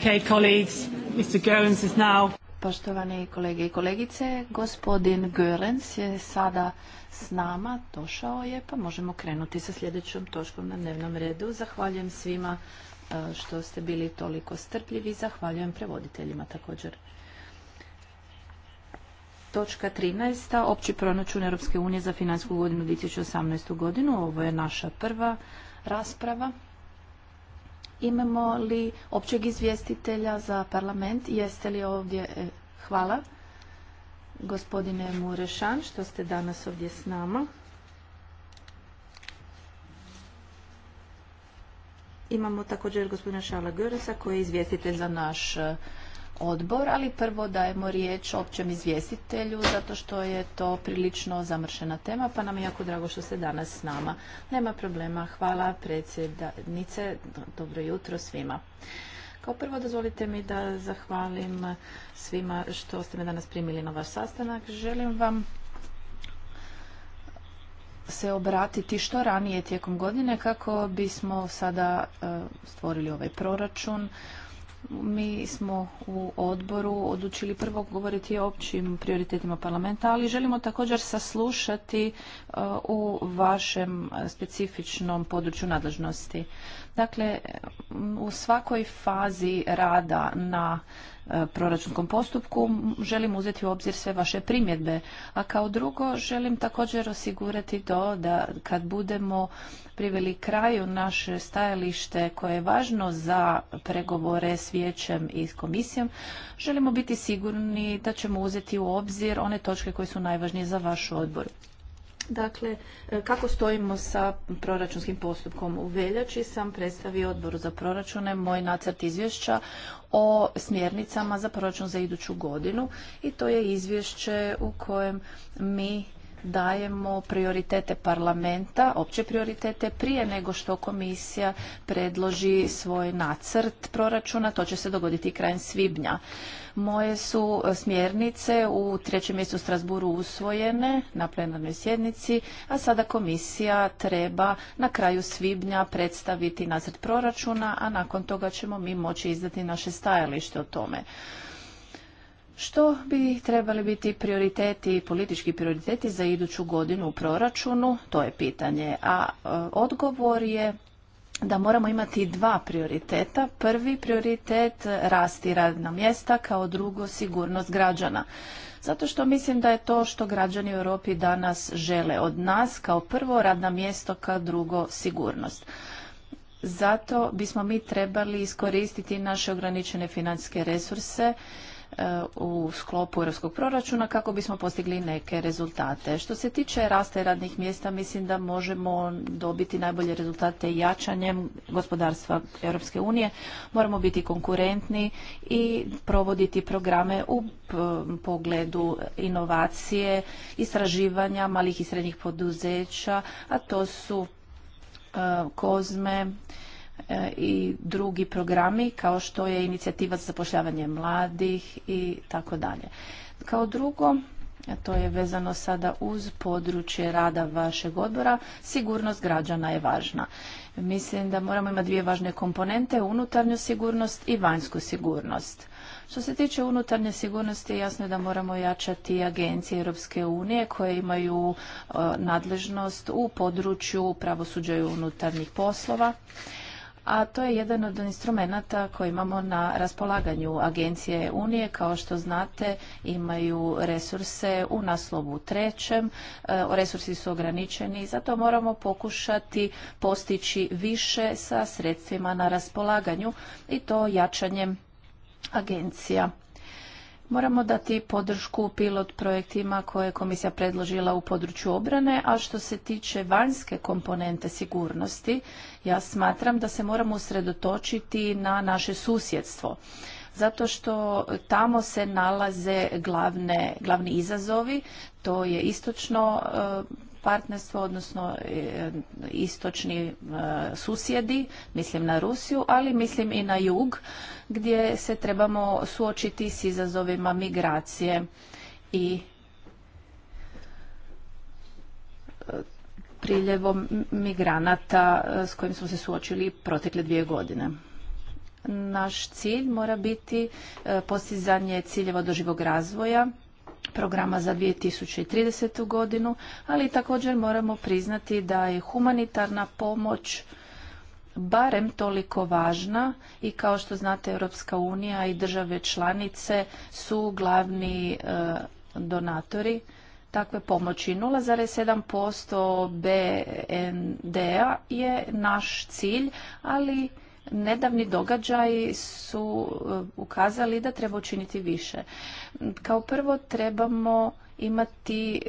Okay, Poštovani kolege i kolegice, gospodin Goerens je sada s nama, došao je, pa možemo krenuti sa sljedećom točkom na dnevnom redu. Zahvaljujem svima e, što ste bili toliko strpljivi, zahvaljujem prevoditeljima također. Točka 13. Opći pronačun Europske unije za financijsku godinu 2018. godinu. Ovo je naša prva rasprava. Imamo li općeg izvjestitelja za parlament? Jeste li ovdje? E, hvala. Gospodine Murešan, što ste danas ovdje s nama. Imamo također gospodina Šala Göresa koji je izvjestitelj za naš odbor, ali prvo dajemo riječ općem izvjestitelju zato što je to prilično zamršena tema, pa nam je jako drago što ste danas s nama. Nema problema. Hvala predsjednice. Dobro jutro svima. Kao prvo dozvolite mi da zahvalim svima što ste me danas primili na vaš sastanak. Želim vam se obratiti što ranije tijekom godine kako bismo sada e, stvorili ovaj proračun mi smo u odboru odlučili prvo govoriti o općim prioritetima parlamenta, ali želimo također saslušati e, u vašem specifičnom području nadležnosti. Dakle, u svakoj fazi rada na e, proračunskom postupku želim uzeti u obzir sve vaše primjedbe. A kao drugo želim također osigurati to da kad budemo priveli kraju naše stajalište koje je važno za pregovore s vijećem i s komisijom, želimo biti sigurni da ćemo uzeti u obzir one točke koje su najvažnije za vaš odbor. Dakle, e, kako stojimo sa proračunskim postupkom u veljači sam predstavio odboru za proračune moj nacrt izvješća o smjernicama za proračun za iduću godinu i to je izvješće u kojem mi dajemo prioritete parlamenta, opće prioritete, prije nego što komisija predloži svoj nacrt proračuna. To će se dogoditi krajem svibnja. Moje su e, smjernice u trećem mjestu Strasburu usvojene na plenarnoj sjednici, a sada komisija treba na kraju svibnja predstaviti nacrt proračuna, a nakon toga ćemo mi moći izdati naše stajalište o tome. Što bi trebali biti prioriteti, politički prioriteti za iduću godinu u proračunu, to je pitanje, a e, odgovor je da moramo imati dva prioriteta. Prvi prioritet rasti radna mjesta, kao drugo sigurnost građana. Zato što mislim da je to što građani u Europi danas žele od nas, kao prvo radna mjesto, kao drugo sigurnost. Zato bismo mi trebali iskoristiti naše ograničene financijske resurse E, u sklopu europskog proračuna kako bismo postigli neke rezultate. Što se tiče rasta radnih mjesta, mislim da možemo dobiti najbolje rezultate jačanjem gospodarstva Europske unije. Moramo biti konkurentni i provoditi programe u pogledu inovacije, istraživanja malih i srednjih poduzeća, a to su e, Kozme, E, i drugi programi kao što je inicijativa za zapošljavanje mladih i tako dalje. Kao drugo, to je vezano sada uz područje rada vašeg odbora, sigurnost građana je važna. Mislim da moramo imati dvije važne komponente, unutarnju sigurnost i vanjsku sigurnost. Što se tiče unutarnje sigurnosti, jasno je da moramo jačati agencije Europske unije koje imaju e, nadležnost u području pravosuđa unutarnjih poslova a to je jedan od instrumenata koji imamo na raspolaganju agencije Unije. Kao što znate, imaju resurse u naslovu trećem, e, resursi su ograničeni i zato moramo pokušati postići više sa sredstvima na raspolaganju i to jačanjem agencija Moramo dati podršku pilot projektima koje je komisija predložila u području obrane, a što se tiče vanjske komponente sigurnosti, ja smatram da se moramo usredotočiti na naše susjedstvo. Zato što tamo se nalaze glavni izazovi, to je istočno partnerstvo, odnosno e, istočni e, susjedi, mislim na Rusiju, ali mislim i na jug, gdje se trebamo suočiti s izazovima migracije i e, priljevom migranata s kojim smo se suočili protekle dvije godine. Naš cilj mora biti postizanje ciljeva doživog razvoja programa za 2030. godinu, ali također moramo priznati da je humanitarna pomoć barem toliko važna i kao što znate Europska unija i države članice su glavni e, donatori takve pomoći. 0,7% BND-a je naš cilj, ali nedavni događaji su e, ukazali da treba učiniti više. Kao prvo trebamo imati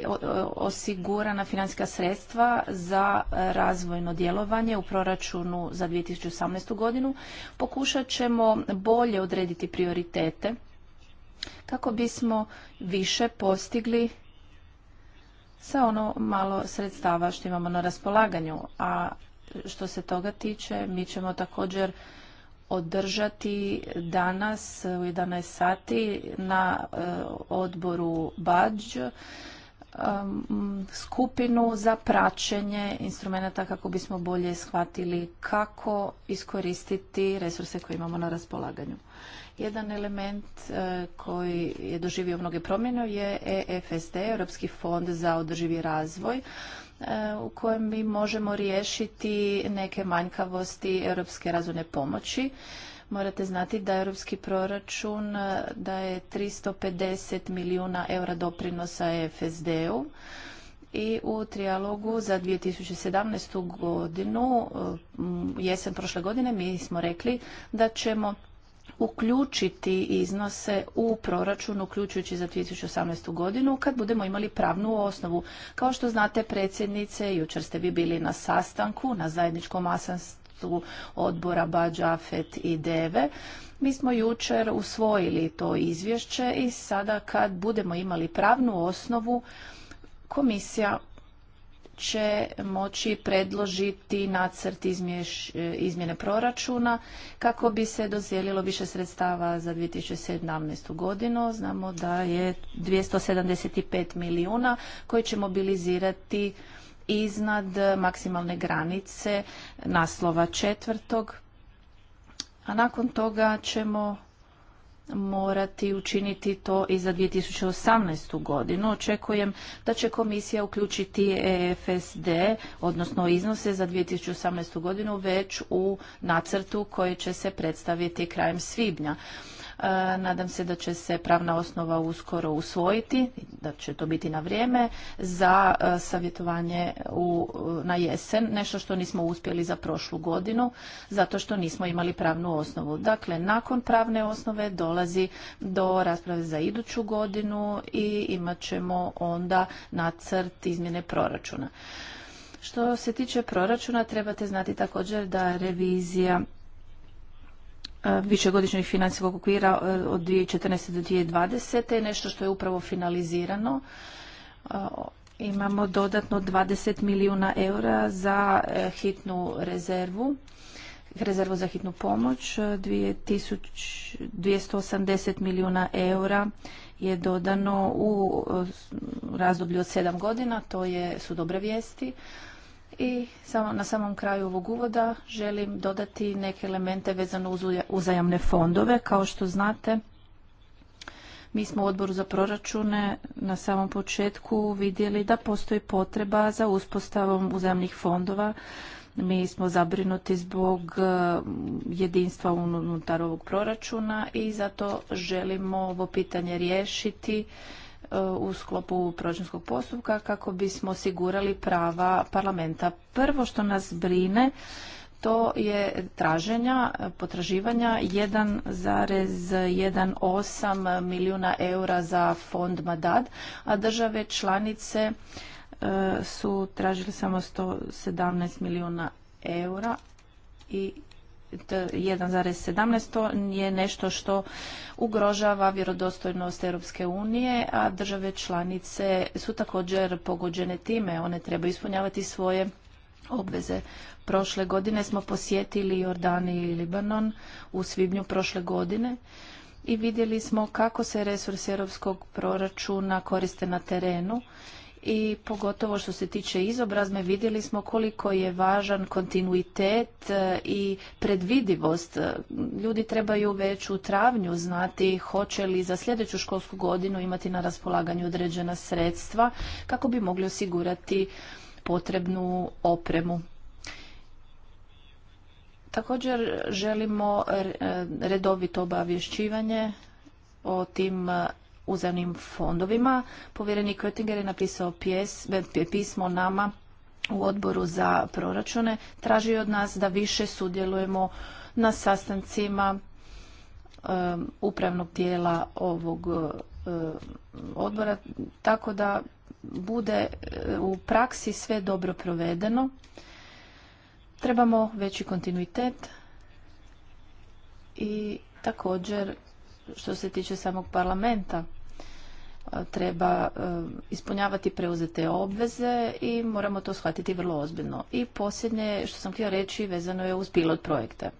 osigurana financijska sredstva za razvojno djelovanje u proračunu za 2018. godinu. Pokušat ćemo bolje odrediti prioritete kako bismo više postigli sa ono malo sredstava što imamo na raspolaganju, a što se toga tiče, mi ćemo također održati danas u 11 sati na eh, odboru Badž eh, skupinu za praćenje instrumenta kako bismo bolje shvatili kako iskoristiti resurse koje imamo na raspolaganju. Jedan element eh, koji je doživio mnoge promjene je EFSD, Europski fond za održivi razvoj. E, u kojem mi možemo riješiti neke manjkavosti europske razvojne pomoći. Morate znati da europski proračun e, daje 350 milijuna eura doprinosa FSD-u i u trijalogu za 2017. godinu, e, jesen prošle godine, mi smo rekli da ćemo uključiti iznose u proračun, uključujući za 2018. godinu, kad budemo imali pravnu osnovu. Kao što znate, predsjednice, jučer ste vi bili na sastanku, na zajedničkom asanstvu odbora Bađa, i DEVE. Mi smo jučer usvojili to izvješće i sada kad budemo imali pravnu osnovu, komisija će moći predložiti nacrt e, izmjene proračuna kako bi se dozijelilo više sredstava za 2017. godinu. Znamo da je 275 milijuna koji će mobilizirati iznad maksimalne granice naslova četvrtog. A nakon toga ćemo morati učiniti to i za 2018. godinu. Očekujem da će komisija uključiti EFSD, odnosno iznose za 2018. godinu, već u nacrtu koji će se predstaviti krajem svibnja. E, nadam se da će se pravna osnova uskoro usvojiti, da će to biti na vrijeme za e, savjetovanje u, na jesen, nešto što nismo uspjeli za prošlu godinu, zato što nismo imali pravnu osnovu. Dakle, nakon pravne osnove dolazi do rasprave za iduću godinu i imat ćemo onda nacrt izmjene proračuna. Što se tiče proračuna, trebate znati također da revizija E, višegodišnjeg financijskog okvira e, od 2014. do 2020. nešto što je upravo finalizirano. E, imamo dodatno 20 milijuna eura za hitnu rezervu, rezervu za hitnu pomoć. 2280 280 milijuna eura je dodano u razdoblju od 7 godina, to su dobre vijesti. I samo, na samom kraju ovog uvoda želim dodati neke elemente vezano uz uzajamne fondove. Kao što znate, mi smo u odboru za proračune na samom početku vidjeli da postoji potreba za uspostavom uzajamnih fondova. Mi smo zabrinuti zbog e, jedinstva unutar ovog proračuna i zato želimo ovo pitanje riješiti E, u sklopu proračunskog postupka kako bismo osigurali prava parlamenta. Prvo što nas brine to je traženja, potraživanja 1,18 milijuna eura za fond Madad, a države članice e, su tražile samo 117 milijuna eura i 1,17 je nešto što ugrožava vjerodostojnost Europske unije, a države članice su također pogođene time. One treba ispunjavati svoje obveze. Prošle godine smo posjetili Jordan i Libanon u svibnju prošle godine i vidjeli smo kako se resursi europskog proračuna koriste na terenu i pogotovo što se tiče izobrazme vidjeli smo koliko je važan kontinuitet e, i predvidivost. Ljudi trebaju već u travnju znati hoće li za sljedeću školsku godinu imati na raspolaganju određena sredstva kako bi mogli osigurati potrebnu opremu. Također želimo e, redovito obavješćivanje o tim e, uzemnim fondovima. Povjerenik Oettinger je napisao pismo nama u odboru za proračune. Traži od nas da više sudjelujemo na sastancima upravnog tijela ovog odbora, tako da bude e, u praksi sve dobro provedeno. Trebamo veći kontinuitet i također što se tiče samog parlamenta e, treba e, ispunjavati preuzete obveze i moramo to shvatiti vrlo ozbiljno. I posljednje što sam htio reći vezano je uz pilot projekte.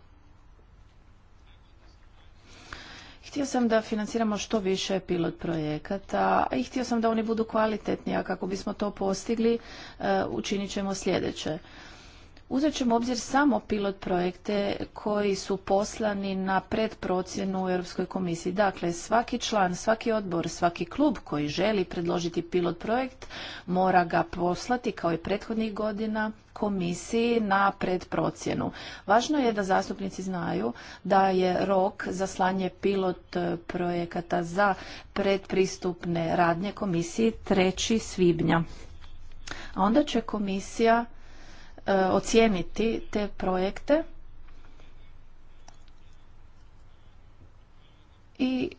Htio sam da financiramo što više pilot projekata i htio sam da oni budu kvalitetni, a kako bismo to postigli e, učinit ćemo sljedeće. Uzet ćemo obzir samo pilot projekte koji su poslani na predprocjenu u Europskoj komisiji. Dakle, svaki član, svaki odbor, svaki klub koji želi predložiti pilot projekt mora ga poslati kao i prethodnih godina komisiji na predprocjenu. Važno je da zastupnici znaju da je rok za slanje pilot projekata za predpristupne radnje komisiji 3. svibnja. A onda će komisija E, ocijeniti te projekte i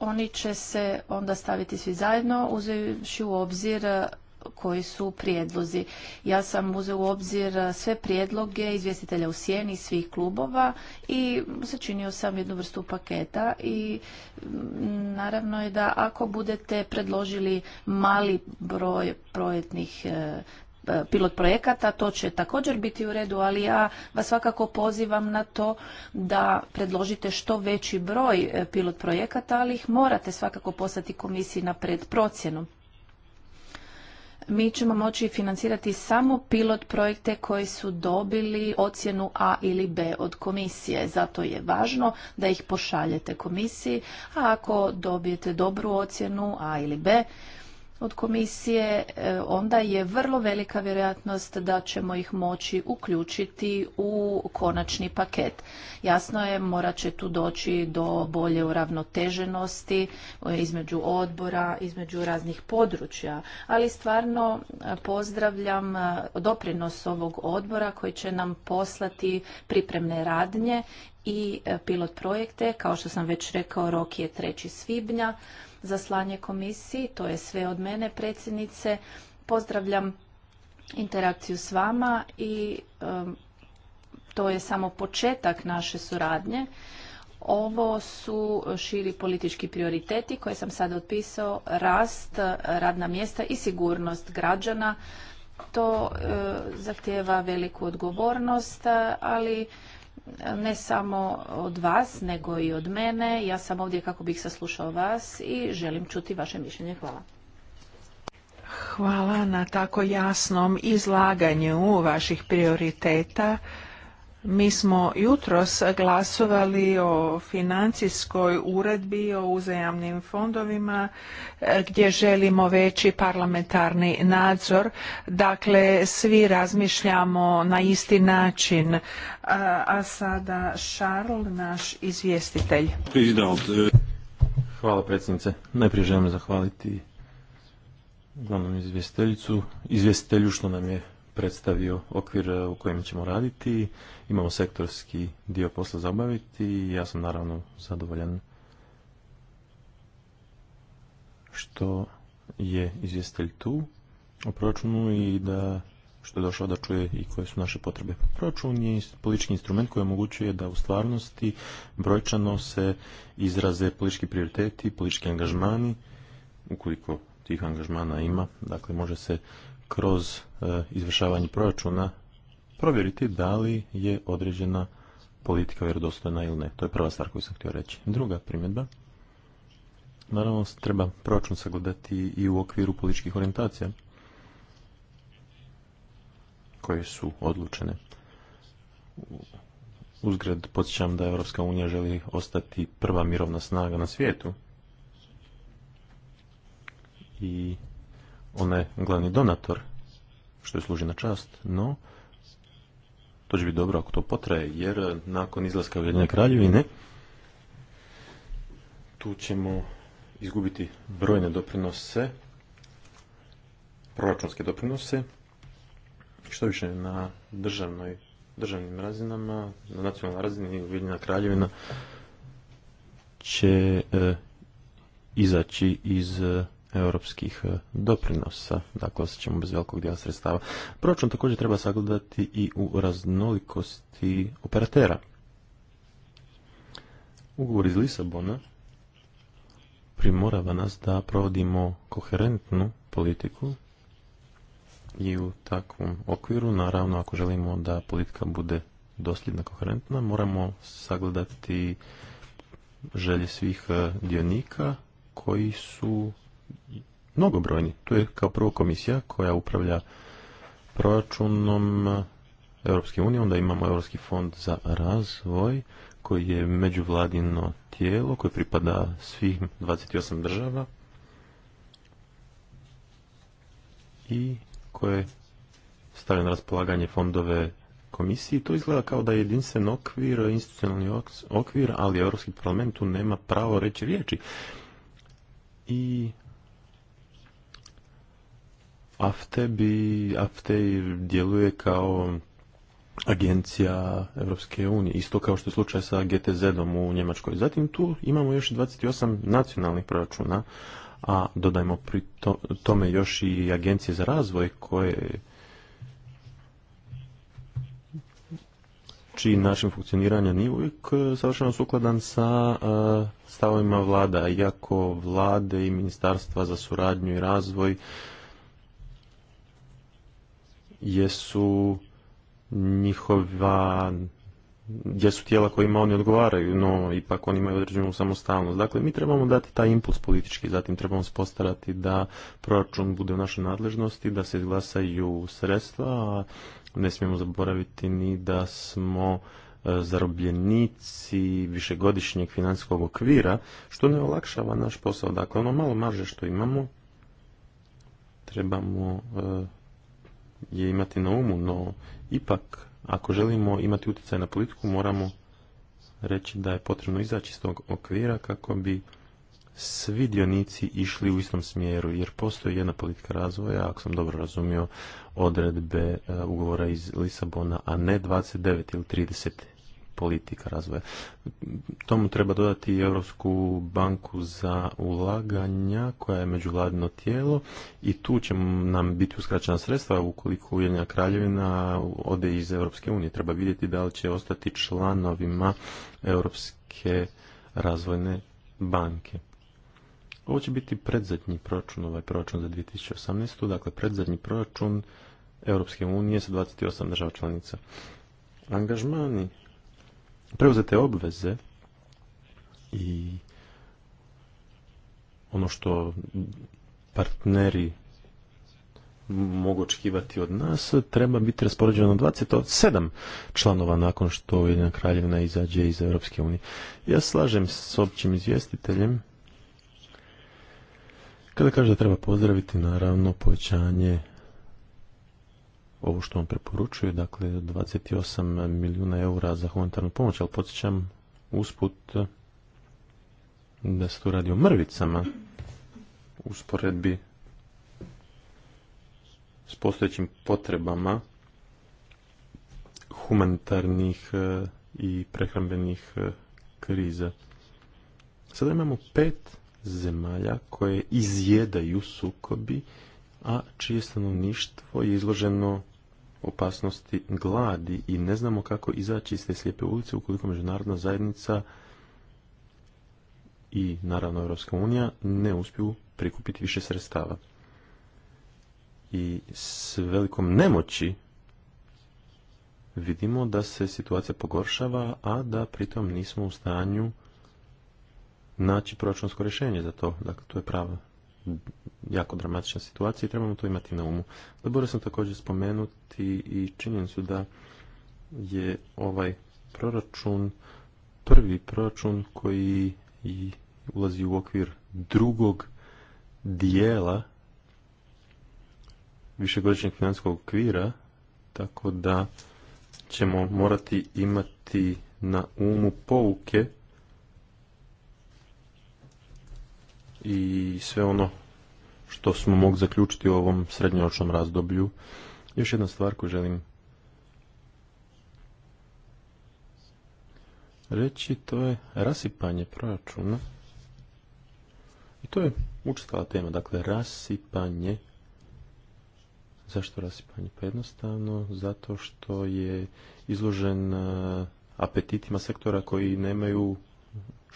oni će se onda staviti svi zajedno uzevši u obzir e, koji su prijedlozi. Ja sam uzeo u obzir e, sve prijedloge izvjestitelja u sjeni svih klubova i sačinio sam jednu vrstu paketa i mm, naravno je da ako budete predložili mali broj projektnih E, pilot projekata, to će također biti u redu, ali ja vas svakako pozivam na to da predložite što veći broj e, pilot projekata, ali ih morate svakako poslati komisiji na predprocjenu. Mi ćemo moći financirati samo pilot projekte koji su dobili ocjenu A ili B od komisije. Zato je važno da ih pošaljete komisiji, a ako dobijete dobru ocjenu A ili B, od komisije, e, onda je vrlo velika vjerojatnost da ćemo ih moći uključiti u konačni paket. Jasno je, morat će tu doći do bolje uravnoteženosti e, između odbora, između raznih područja, ali stvarno e, pozdravljam doprinos ovog odbora koji će nam poslati pripremne radnje i pilot projekte. Kao što sam već rekao, rok je 3. svibnja za slanje komisiji. To je sve od mene, predsjednice. Pozdravljam interakciju s vama i um, to je samo početak naše suradnje. Ovo su širi politički prioriteti koje sam sada otpisao, rast, radna mjesta i sigurnost građana. To uh, zahtjeva veliku odgovornost, ali ne samo od vas, nego i od mene. Ja sam ovdje kako bih saslušao vas i želim čuti vaše mišljenje. Hvala. Hvala na tako jasnom izlaganju vaših prioriteta mi smo jutros glasovali o financijskoj uredbi o uzajamnim fondovima e, gdje želimo veći parlamentarni nadzor. Dakle, svi razmišljamo na isti način. E, a, sada Šarl, naš izvjestitelj. E, Hvala predsjednice. Najprije želim zahvaliti glavnom izvjestitelju što nam je predstavio okvir eh, u kojem ćemo raditi. Imamo sektorski dio posla za obaviti i ja sam naravno zadovoljan što je izvjestelj tu o proračunu i da što je došao da čuje i koje su naše potrebe. Proračun je politički instrument koji omogućuje da u stvarnosti brojčano se izraze politički prioriteti, politički angažmani, ukoliko tih angažmana ima, dakle može se kroz e, izvršavanje proračuna provjeriti da li je određena politika vjerodostojna ili ne. To je prva stvar koju sam htio reći. Druga primjedba. Naravno, treba proračun sagledati i u okviru političkih orijentacija koje su odlučene. Uzgred podsjećam da Europska unija želi ostati prva mirovna snaga na svijetu i ona je glavni donator, što je služi na čast, no to će biti dobro ako to potraje, jer eh, nakon izlaska Ujedinjene kraljevine tu ćemo izgubiti brojne doprinose, proračunske doprinose, što više na državnoj, državnim razinama, na nacionalnoj razini Ujedinjena kraljevina će eh, izaći iz eh, europskih e, doprinosa, dakle osjećamo bez velikog dijela sredstava. Proračun također treba sagledati i u raznolikosti operatera. Ugovor iz Lisabona primorava nas da provodimo koherentnu politiku i u takvom okviru, naravno ako želimo da politika bude dosljedna koherentna, moramo sagledati želje svih e, dionika koji su mnogobrojni. Tu je kao prvo komisija koja upravlja proračunom Europske unije, onda imamo Europski fond za razvoj koji je međuvladino tijelo koje pripada svih 28 država i koje stavlja na raspolaganje fondove komisiji. To izgleda kao da je jedinstven okvir, institucionalni okvir, ali Europski parlament tu nema pravo reći riječi. I AFTE, bi, AFTE djeluje kao agencija Europske unije, isto kao što je slučaj sa GTZ-om u Njemačkoj. Zatim tu imamo još 28 nacionalnih proračuna, a dodajmo pri tome još i agencije za razvoj koje čiji način funkcioniranja nije uvijek e, savršeno sukladan sa e, stavovima vlada, iako vlade i ministarstva za suradnju i razvoj jesu njihova gdje su tijela kojima oni odgovaraju, no ipak oni imaju određenu samostalnost. Dakle, mi trebamo dati taj impuls politički, zatim trebamo spostarati da proračun bude u našoj nadležnosti, da se izglasaju sredstva, a ne smijemo zaboraviti ni da smo e, zarobljenici višegodišnjeg financijskog okvira, što ne olakšava naš posao. Dakle, ono malo marže što imamo, trebamo e, je imati na umu, no ipak ako želimo imati utjecaj na politiku moramo reći da je potrebno izaći iz tog okvira kako bi svi dionici išli u istom smjeru, jer postoji jedna politika razvoja, ako sam dobro razumio, odredbe e, ugovora iz Lisabona, a ne 29 ili 30 politika razvoja. Tomu treba dodati i Europsku banku za ulaganja koja je međuvladino tijelo i tu će nam biti uskraćena sredstva ukoliko Ujedinjena kraljevina ode iz Europske unije. Treba vidjeti da li će ostati članovima Europske razvojne banke. Ovo će biti predzadnji proračun, ovaj proračun za 2018. Dakle, predzadnji proračun Europske unije sa 28 država članica. Angažmani preuzete obveze i ono što partneri mogu očekivati od nas, treba biti raspoređeno 27 članova nakon što Ujedinjena kraljevina izađe iz Europske unije. Ja slažem s općim izvjestiteljem kada kaže da treba pozdraviti naravno povećanje ovo što on preporučuje, dakle 28 milijuna eura za humanitarnu pomoć, ali podsjećam usput da se tu radi o mrvicama usporedbi s postojećim potrebama humanitarnih e, i prehrambenih e, kriza. Sada imamo pet zemalja koje izjedaju sukobi, a čije stanovništvo je izloženo opasnosti gladi i ne znamo kako izaći iz te slijepe ulice ukoliko međunarodna zajednica i naravno Europska unija ne uspiju prikupiti više sredstava. I s velikom nemoći vidimo da se situacija pogoršava, a da pritom nismo u stanju naći proračunsko rješenje za to. Dakle, to je pravo jako dramatična situacija i trebamo to imati na umu. Dobro sam također spomenuti i činjenicu da je ovaj proračun prvi proračun koji ulazi u okvir drugog dijela višegodišnjeg finanskog okvira, tako da ćemo morati imati na umu pouke i sve ono što smo mogli zaključiti u ovom srednjoročnom razdoblju. Još jedna stvar koju želim reći, to je rasipanje proračuna. I to je učestala tema, dakle rasipanje. Zašto rasipanje? Pa jednostavno zato što je izložen apetitima sektora koji nemaju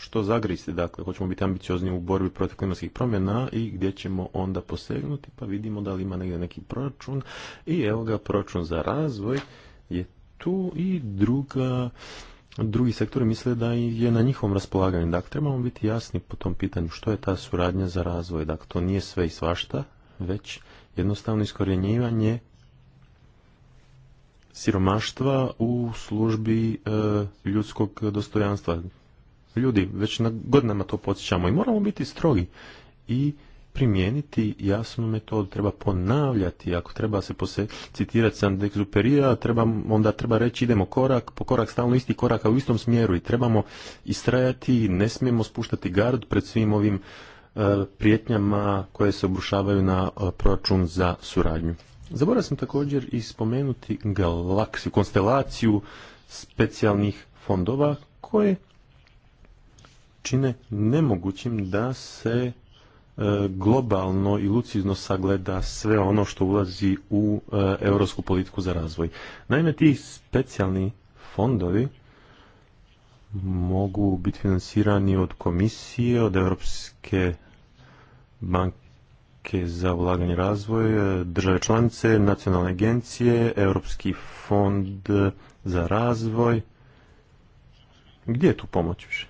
što zagristi, dakle, hoćemo biti ambiciozni u borbi protiv klimatskih promjena i gdje ćemo onda posegnuti, pa vidimo da li ima negdje neki proračun i evo ga, proračun za razvoj je tu i druga drugi sektori misle da je na njihovom raspolaganju. Dakle, trebamo biti jasni po tom pitanju što je ta suradnja za razvoj. Dakle, to nije sve i svašta, već jednostavno iskorjenjivanje siromaštva u službi e, ljudskog dostojanstva ljudi, već na godinama to podsjećamo i moramo biti strogi i primijeniti jasnu metodu, treba ponavljati, ako treba se pose citirati sam treba, onda treba reći idemo korak po korak, stalno isti korak, u istom smjeru i trebamo istrajati, ne smijemo spuštati gard pred svim ovim e, prijetnjama koje se obrušavaju na e, proračun za suradnju. Zaboravio sam također i spomenuti galaksiju, konstelaciju specijalnih fondova koje čine nemogućim da se e, globalno i lucizno sagleda sve ono što ulazi u e, europsku politiku za razvoj. Naime, ti specijalni fondovi mogu biti financirani od komisije, od Europske banke za ulaganje razvoj, e, države članice, nacionalne agencije, Europski fond za razvoj. Gdje je tu pomoć više?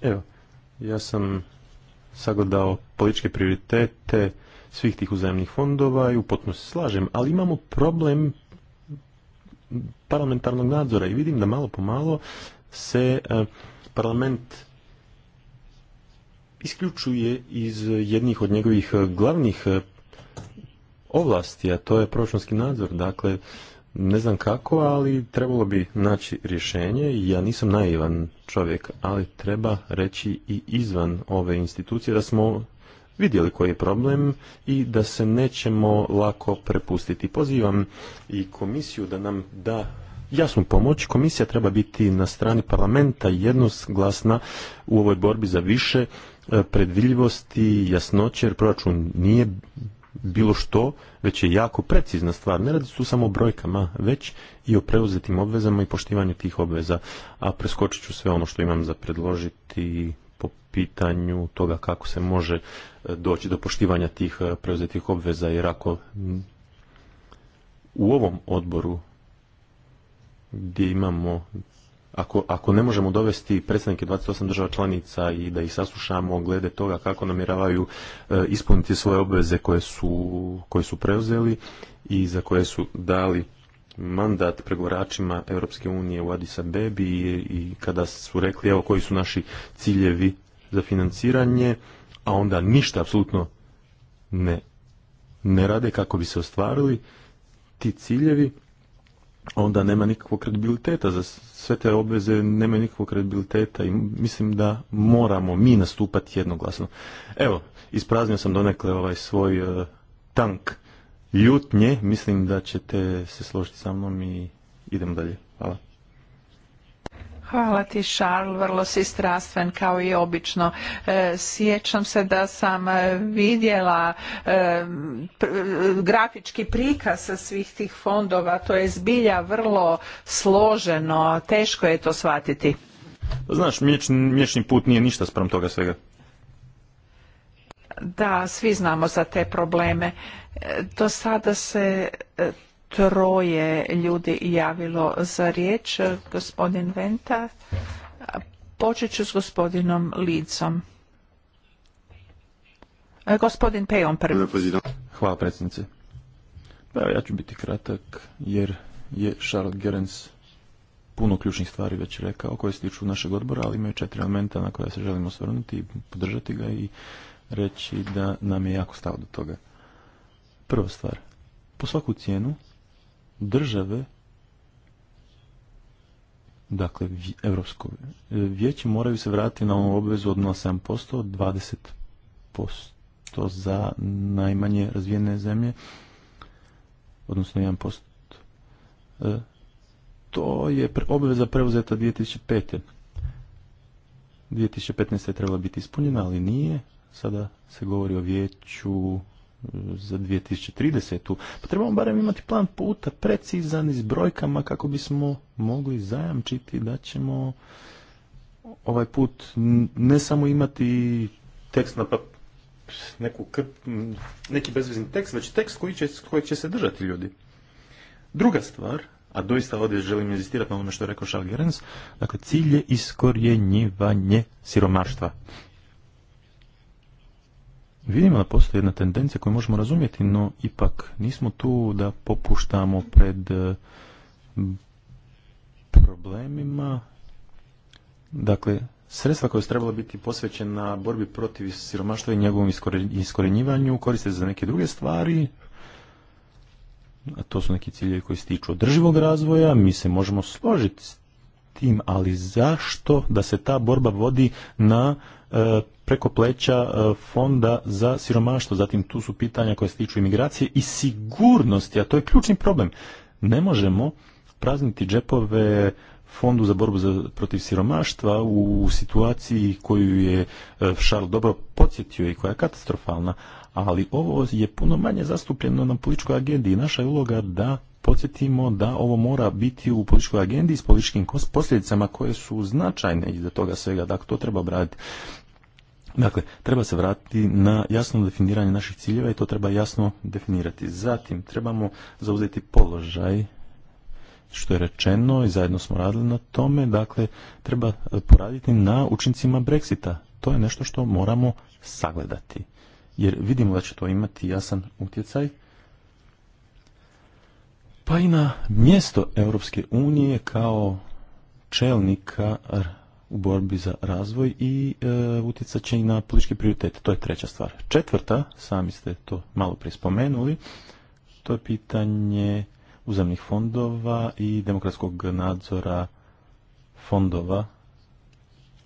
Evo, ja sam sagledao političke prioritete svih tih uzajemnih fondova i u potpunosti slažem, ali imamo problem parlamentarnog nadzora i vidim da malo po malo se e, parlament isključuje iz jednih od njegovih e, glavnih e, ovlasti, a to je proračunski nadzor. Dakle, ne znam kako, ali trebalo bi naći rješenje. Ja nisam naivan čovjek, ali treba reći i izvan ove institucije da smo vidjeli koji je problem i da se nećemo lako prepustiti. Pozivam i komisiju da nam da jasnu pomoć. Komisija treba biti na strani parlamenta jednoglasna u ovoj borbi za više e, predvidljivosti, jasnoće, jer proračun nije bilo što, već je jako precizna stvar. Ne radi se tu samo o brojkama, već i o preuzetim obvezama i poštivanju tih obveza. A preskočit ću sve ono što imam za predložiti po pitanju toga kako se može e, doći do poštivanja tih e, preuzetih obveza, jer ako u ovom odboru gdje imamo ako, ako ne možemo dovesti predstavnike 28 država članica i da ih saslušamo glede toga kako namjeravaju eh, ispuniti svoje obveze koje su, koje su preuzeli i za koje su dali mandat pregovoračima Europske unije u Addis Abebi i, kada su rekli evo koji su naši ciljevi za financiranje, a onda ništa apsolutno ne, ne rade kako bi se ostvarili ti ciljevi onda nema nikakvog kredibiliteta za sve te obveze nema nikakvog kredibiliteta i mislim da moramo mi nastupati jednoglasno evo ispraznio sam donekle ovaj svoj e, tank ljutnje mislim da ćete se složiti sa mnom i idemo dalje hvala Hvala ti, Charles, vrlo si strastven kao i obično. E, sjećam se da sam e, vidjela e, grafički prikaz svih tih fondova, to je zbilja vrlo složeno, teško je to shvatiti. Pa znaš, mlječni put nije ništa sprem toga svega. Da, svi znamo za te probleme. do sada se troje ljudi javilo za riječ. Gospodin Venta, počet ću s gospodinom Licom. E, gospodin Pejon prvi. Hvala predsjednice. Pa ja ću biti kratak jer je Charlotte Gerens puno ključnih stvari već rekao koje se tiču našeg odbora, ali imaju četiri elementa na koje se želimo osvrnuti i podržati ga i reći da nam je jako stao do toga. Prva stvar, po svaku cijenu države dakle evropsko e, vijeće moraju se vratiti na ovu obvezu od 0,7% od 20% za najmanje razvijene zemlje odnosno 1%. E, to je obveza preuzeta 2005. 2015. je trebala biti ispunjena, ali nije. Sada se govori o vijeću za 2030. Pa trebamo barem imati plan puta precizan s brojkama kako bismo mogli zajamčiti da ćemo ovaj put ne samo imati tekst na neku neki bezvezni tekst, već tekst koji će, koji će se držati ljudi. Druga stvar, a doista ovdje želim inzistirati na ono što je rekao Charles Gerens, dakle cilj je iskorjenjivanje siromaštva. Vidimo da postoji jedna tendencija koju možemo razumjeti, no ipak nismo tu da popuštamo pred eh, problemima. Dakle, sredstva koja su trebala biti posvećena borbi protiv siromaštva i njegovom iskorenjivanju koriste za neke druge stvari, a to su neki ciljevi koji se tiču održivog razvoja, mi se možemo složiti s tim, ali zašto da se ta borba vodi na e, preko pleća e, fonda za siromaštvo? Zatim tu su pitanja koje se tiču imigracije i sigurnosti, a to je ključni problem. Ne možemo prazniti džepove fondu za borbu za, protiv siromaštva u situaciji koju je e, Šarl dobro podsjetio i koja je katastrofalna, ali ovo je puno manje zastupljeno na političkoj agendi i naša je uloga da podsjetimo da ovo mora biti u političkoj agendi s političkim posljedicama koje su značajne iza toga svega. Dakle, to treba obraditi. Dakle, treba se vratiti na jasno definiranje naših ciljeva i to treba jasno definirati. Zatim, trebamo zauzeti položaj što je rečeno i zajedno smo radili na tome, dakle treba poraditi na učincima Brexita. To je nešto što moramo sagledati. Jer vidimo da će to imati jasan utjecaj pa i na mjesto Europske unije kao čelnika u borbi za razvoj i e, utjecat će i na političke prioritete. To je treća stvar. Četvrta, sami ste to malo prije spomenuli, to je pitanje uzemnih fondova i demokratskog nadzora fondova.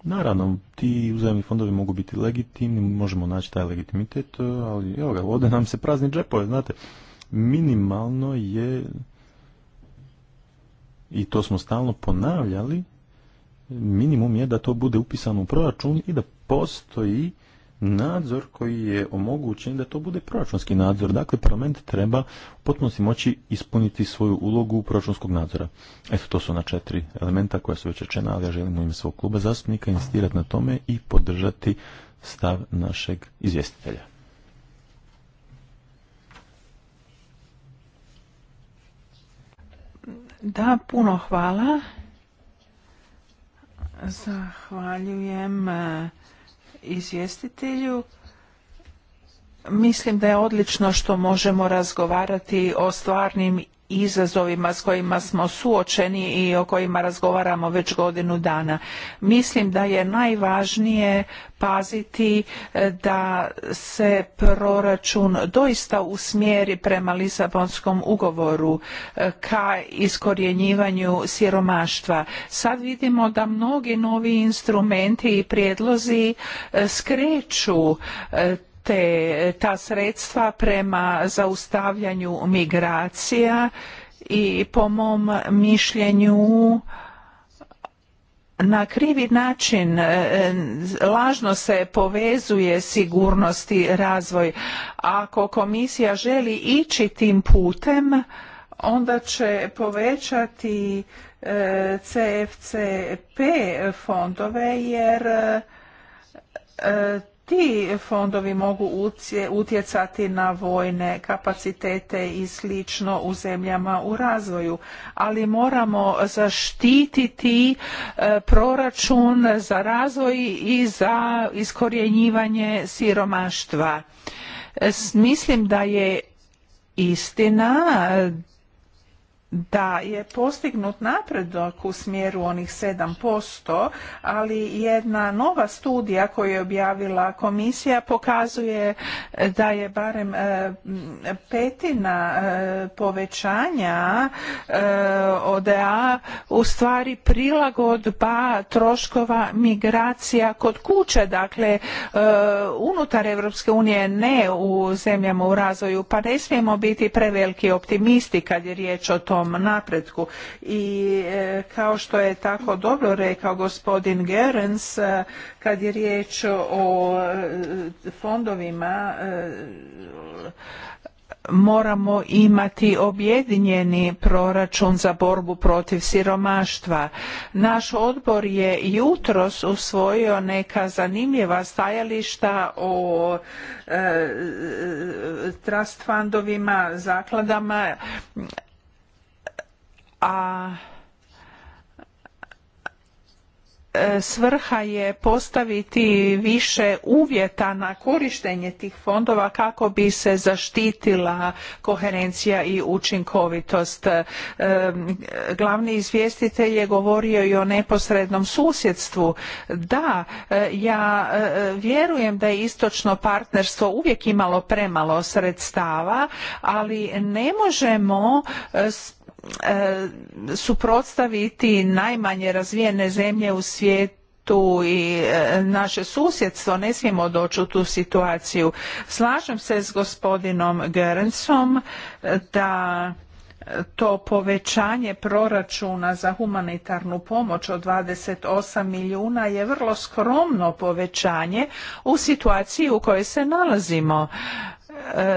Naravno, ti uzemni fondovi mogu biti legitimni, možemo naći taj legitimitet, ali evo ga, ovdje nam se prazni džepove, znate, minimalno je i to smo stalno ponavljali, minimum je da to bude upisano u proračun i da postoji nadzor koji je omogućen da to bude proračunski nadzor. Dakle, parlament treba u potpunosti moći ispuniti svoju ulogu proračunskog nadzora. Eto, to su na četiri elementa koja su već rečena, ali ja želim u ime svog kluba zastupnika insistirati na tome i podržati stav našeg izvjestitelja. Da, puno hvala. Zahvaljujem e, izvjestitelju. Mislim da je odlično što možemo razgovarati o stvarnim izazovima s kojima smo suočeni i o kojima razgovaramo već godinu dana. Mislim da je najvažnije paziti e, da se proračun doista usmjeri prema Lisabonskom ugovoru e, ka iskorjenjivanju siromaštva. Sad vidimo da mnogi novi instrumenti i prijedlozi e, skreću te, ta sredstva prema zaustavljanju migracija i po mom mišljenju na krivi način e, lažno se povezuje sigurnost i razvoj. Ako komisija želi ići tim putem, onda će povećati e, CFCP fondove jer e, ti fondovi mogu utjecati na vojne kapacitete i slično u zemljama u razvoju ali moramo zaštititi e, proračun za razvoj i za iskorjenjivanje siromaštva mislim da je istina da je postignut napredak u smjeru onih 7%, ali jedna nova studija koju je objavila komisija pokazuje da je barem e, petina e, povećanja e, ODA u stvari prilagodba troškova migracija kod kuće, dakle unutar Europske unije ne u zemljama u razvoju, pa ne smijemo biti preveliki optimisti kad je riječ o tom napretku. I e, kao što je tako dobro rekao gospodin Gerens, e, kad je riječ o e, fondovima, moramo imati objedinjeni proračun za borbu protiv siromaštva. Naš odbor je jutros usvojio neka zanimljiva stajališta o trust fundovima, zakladama a e, svrha je postaviti više uvjeta na korištenje tih fondova kako bi se zaštitila koherencija i učinkovitost. E, glavni izvjestitelj je govorio i o neposrednom susjedstvu. Da, e, ja vjerujem da je istočno partnerstvo uvijek imalo premalo sredstava, ali ne možemo E, suprotstaviti najmanje razvijene zemlje u svijetu i e, naše susjedstvo ne smijemo doći u tu situaciju. Slažem se s gospodinom Gerensom e, da to povećanje proračuna za humanitarnu pomoć od 28 milijuna je vrlo skromno povećanje u situaciji u kojoj se nalazimo.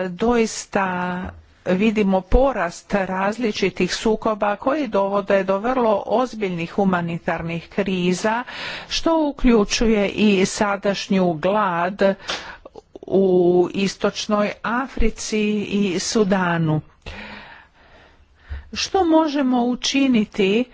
Doista vidimo porast različitih sukoba koji dovode do vrlo ozbiljnih humanitarnih kriza što uključuje i sadašnju glad u istočnoj Africi i Sudanu. Što možemo učiniti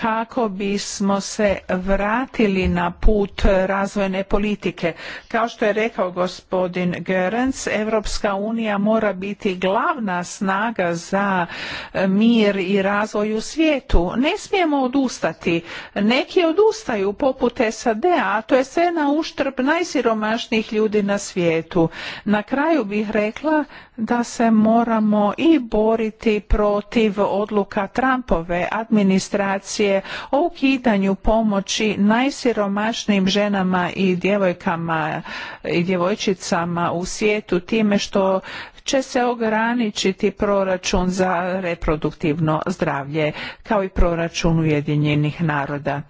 kako bismo se vratili na put razvojne politike. Kao što je rekao gospodin Goerens, Europska unija mora biti glavna snaga za mir i razvoj u svijetu. Ne smijemo odustati. Neki odustaju poput SAD-a, a to je sve na uštrb najsiromašnijih ljudi na svijetu. Na kraju bih rekla da se moramo i boriti protiv odluka Trumpove administracije deklaracije o ukidanju pomoći najsiromašnijim ženama i djevojkama i djevojčicama u svijetu time što će se ograničiti proračun za reproduktivno zdravlje kao i proračun Ujedinjenih naroda.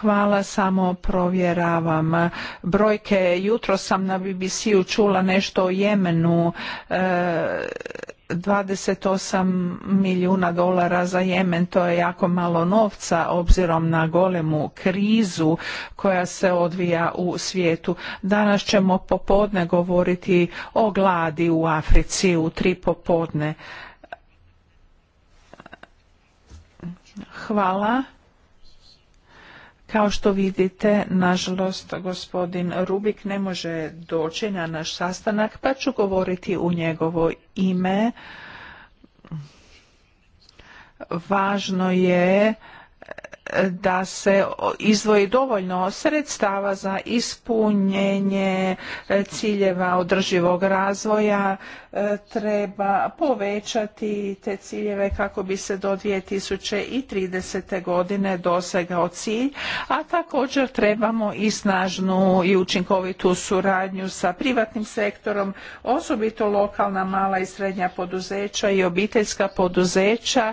Hvala, samo provjeravam brojke. Jutro sam na BBC-u čula nešto o Jemenu. E, 28 milijuna dolara za Jemen, to je jako malo novca obzirom na golemu krizu koja se odvija u svijetu. Danas ćemo popodne govoriti o gladi u Africi u tri popodne. Hvala. Kao što vidite, nažalost, gospodin Rubik ne može doći na naš sastanak, pa ću govoriti u njegovo ime. Važno je da se izdvoji dovoljno sredstava za ispunjenje e, ciljeva održivog razvoja e, treba povećati te ciljeve kako bi se do 2030. godine dosegao cilj, a također trebamo i snažnu i učinkovitu suradnju sa privatnim sektorom, osobito lokalna mala i srednja poduzeća i obiteljska poduzeća.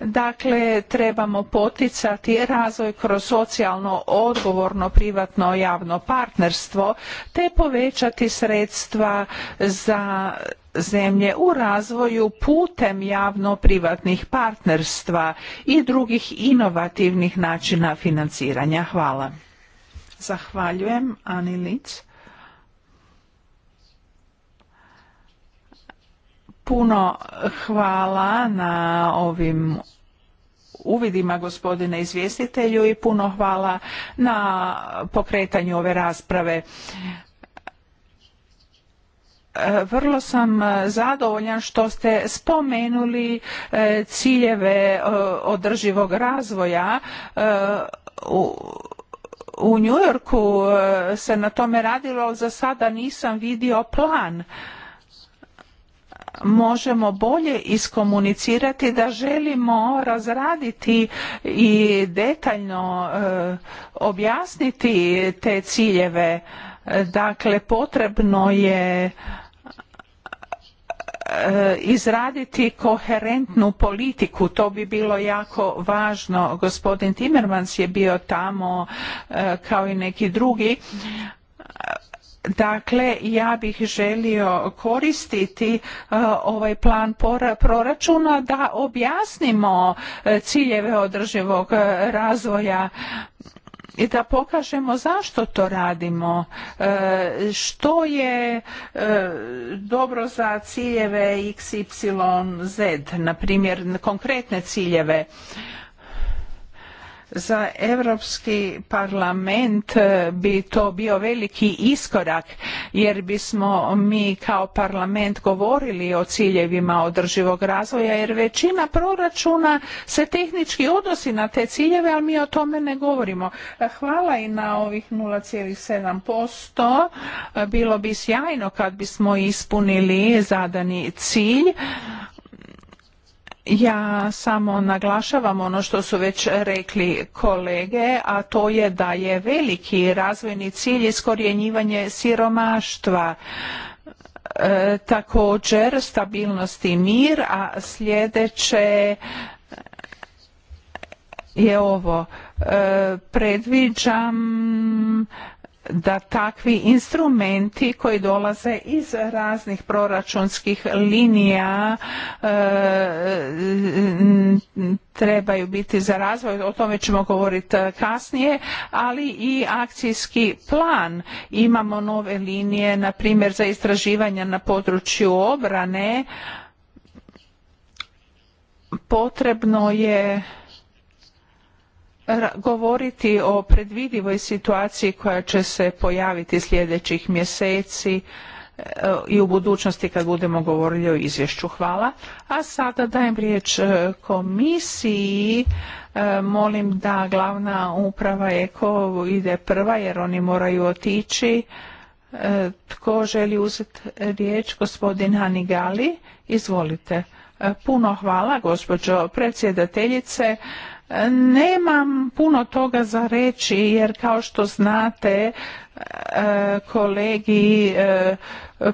Dakle, trebamo poticati razvoj kroz socijalno odgovorno privatno javno partnerstvo te povećati sredstva za zemlje u razvoju putem javno privatnih partnerstva i drugih inovativnih načina financiranja. Hvala. Zahvaljujem Ani Puno hvala na ovim uvidima gospodine izvjestitelju i puno hvala na pokretanju ove rasprave. E, vrlo sam zadovoljan što ste spomenuli e, ciljeve e, održivog razvoja u New Yorku se na tome radilo, ali za sada nisam vidio plan možemo bolje iskomunicirati da želimo razraditi i detaljno e, objasniti te ciljeve dakle potrebno je e, izraditi koherentnu politiku to bi bilo jako važno gospodin Timmermans je bio tamo e, kao i neki drugi Dakle, ja bih želio koristiti e, ovaj plan proračuna da objasnimo e, ciljeve održivog e, razvoja i da pokažemo zašto to radimo, što je dobro za ciljeve x, y, z, na primjer konkretne ciljeve za Europski parlament eh, bi to bio veliki iskorak jer bismo mi kao parlament govorili o ciljevima održivog razvoja jer većina proračuna se tehnički odnosi na te ciljeve, ali mi o tome ne govorimo. Eh, hvala i na ovih 0,7%. Eh, bilo bi sjajno kad bismo ispunili zadani cilj ja samo naglašavam ono što su već rekli kolege, a to je da je veliki razvojni cilj iskorjenjivanje siromaštva. E, također stabilnost i mir, a sljedeće je ovo. E, predviđam da takvi instrumenti koji dolaze iz raznih proračunskih linija e, trebaju biti za razvoj, o tome ćemo govoriti e, kasnije, ali i akcijski plan. Imamo nove linije, na primjer za istraživanja na području obrane, potrebno je govoriti o predvidivoj situaciji koja će se pojaviti sljedećih mjeseci e, i u budućnosti kad budemo govorili o izvješću. Hvala. A sada dajem riječ e, komisiji. E, molim da glavna uprava EKO ide prva jer oni moraju otići. Tko želi uzeti riječ? Gospodin Hanigali. Izvolite. Puno hvala gospođo predsjedateljice. Nemam puno toga za reći jer kao što znate e, kolegi e,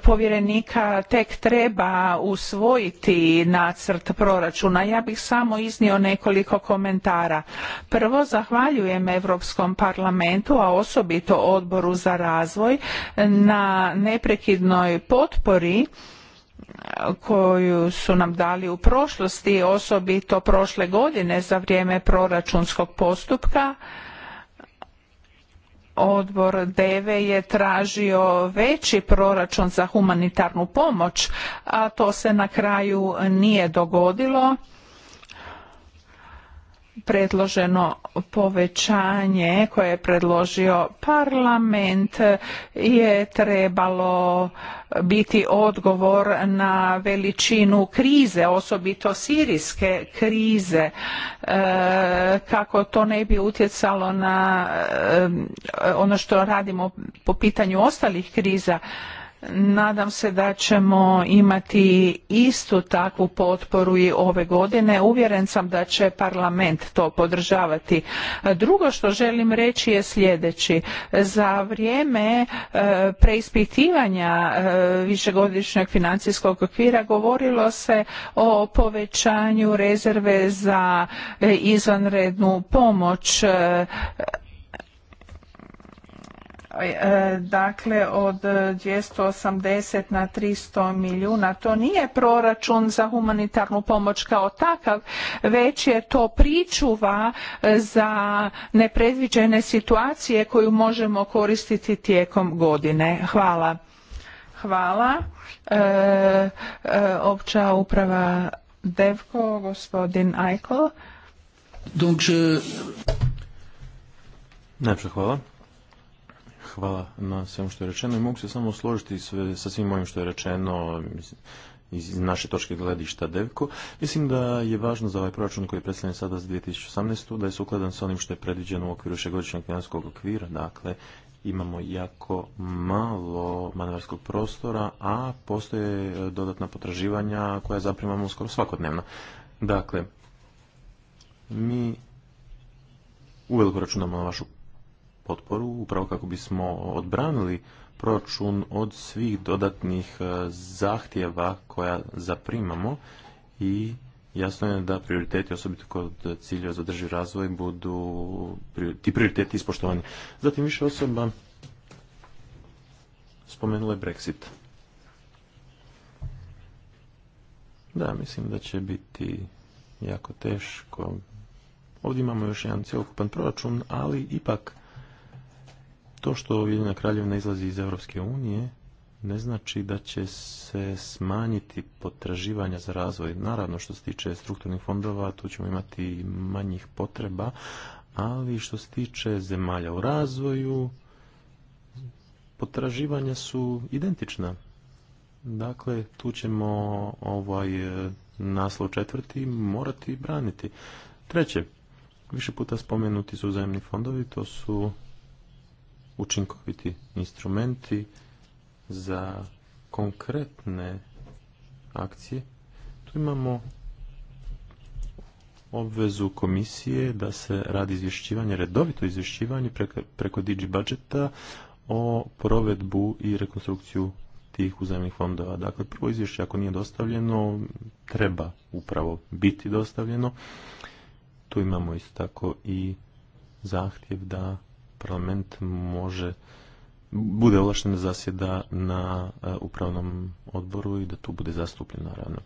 povjerenika tek treba usvojiti nacrt proračuna. Ja bih samo iznio nekoliko komentara. Prvo, zahvaljujem Europskom parlamentu, a osobito odboru za razvoj na neprekidnoj potpori koju su nam dali u prošlosti, osobito prošle godine za vrijeme proračunskog postupka, odbor DEVE je tražio veći proračun za humanitarnu pomoć, a to se na kraju nije dogodilo predloženo povećanje koje je predložio parlament je trebalo biti odgovor na veličinu krize, osobito sirijske krize, e, kako to ne bi utjecalo na e, ono što radimo po pitanju ostalih kriza. Nadam se da ćemo imati istu takvu potporu i ove godine. Uvjeren sam da će parlament to podržavati. Drugo što želim reći je sljedeći. Za vrijeme e, preispitivanja e, višegodišnjeg financijskog okvira govorilo se o povećanju rezerve za e, izvanrednu pomoć E, dakle od 280 na 300 milijuna. To nije proračun za humanitarnu pomoć kao takav, već je to pričuva e, za nepredviđene situacije koju možemo koristiti tijekom godine. Hvala. Hvala. E, e opća uprava Devko, gospodin Ajko. hvala hvala na svemu što je rečeno i mogu se samo složiti sve, sa svim mojim što je rečeno iz naše točke gledišta Devko. Mislim da je važno za ovaj proračun koji je predstavljen sada za 2018. da je sukladan sa onim što je predviđeno u okviru šegodišnjeg finanskog okvira. Dakle, imamo jako malo manevarskog prostora, a postoje e, dodatna potraživanja koja zaprimamo skoro svakodnevno. Dakle, mi uveliko računamo na vašu potporu upravo kako bismo odbranili proračun od svih dodatnih e, zahtjeva koja zaprimamo i jasno je da prioriteti osobito kod cilja za drži razvoj budu ti prioriteti ispoštovani. Zatim više osoba spomenula je Brexit. Da, mislim da će biti jako teško. Ovdje imamo još jedan cjelokupan proračun, ali ipak to što Ujedinjena kraljevina izlazi iz Europske unije ne znači da će se smanjiti potraživanja za razvoj. Naravno, što se tiče strukturnih fondova, tu ćemo imati manjih potreba, ali što se tiče zemalja u razvoju, potraživanja su identična. Dakle, tu ćemo ovaj naslov četvrti morati braniti. Treće, više puta spomenuti su zajemni fondovi, to su učinkoviti instrumenti za konkretne akcije. Tu imamo obvezu komisije da se radi izvješćivanje, redovito izvješćivanje preko, preko Digi budžeta o provedbu i rekonstrukciju tih uzajemnih fondova. Dakle, prvo izvješće ako nije dostavljeno, treba upravo biti dostavljeno. Tu imamo isto tako i zahtjev da parlament može bude ovlašten da zasjeda na e, upravnom odboru i da tu bude zastupljen naravno.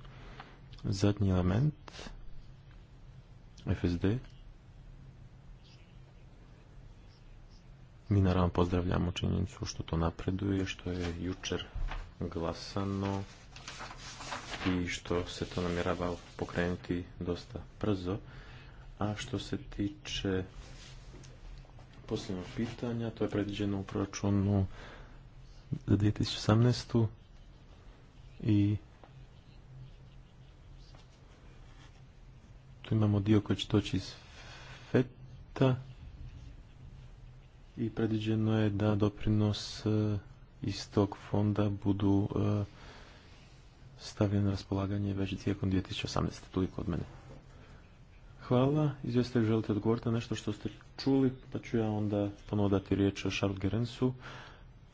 Zadnji element FSD Mi naravno pozdravljamo činjenicu što to napreduje, što je jučer glasano i što se to namjerava pokrenuti dosta brzo. A što se tiče posljednog pitanja, to je predviđeno u proračunu za 2018. I tu imamo dio koji će toći iz FETA i predviđeno je da doprinos e, iz tog fonda budu e, stavljen na raspolaganje već tijekom 2018. Toliko od mene. Hvala. Izvjestitelj, želite odgovoriti na nešto što ste čuli, pa ću ja onda ponudati riječ o Charles Gerensu.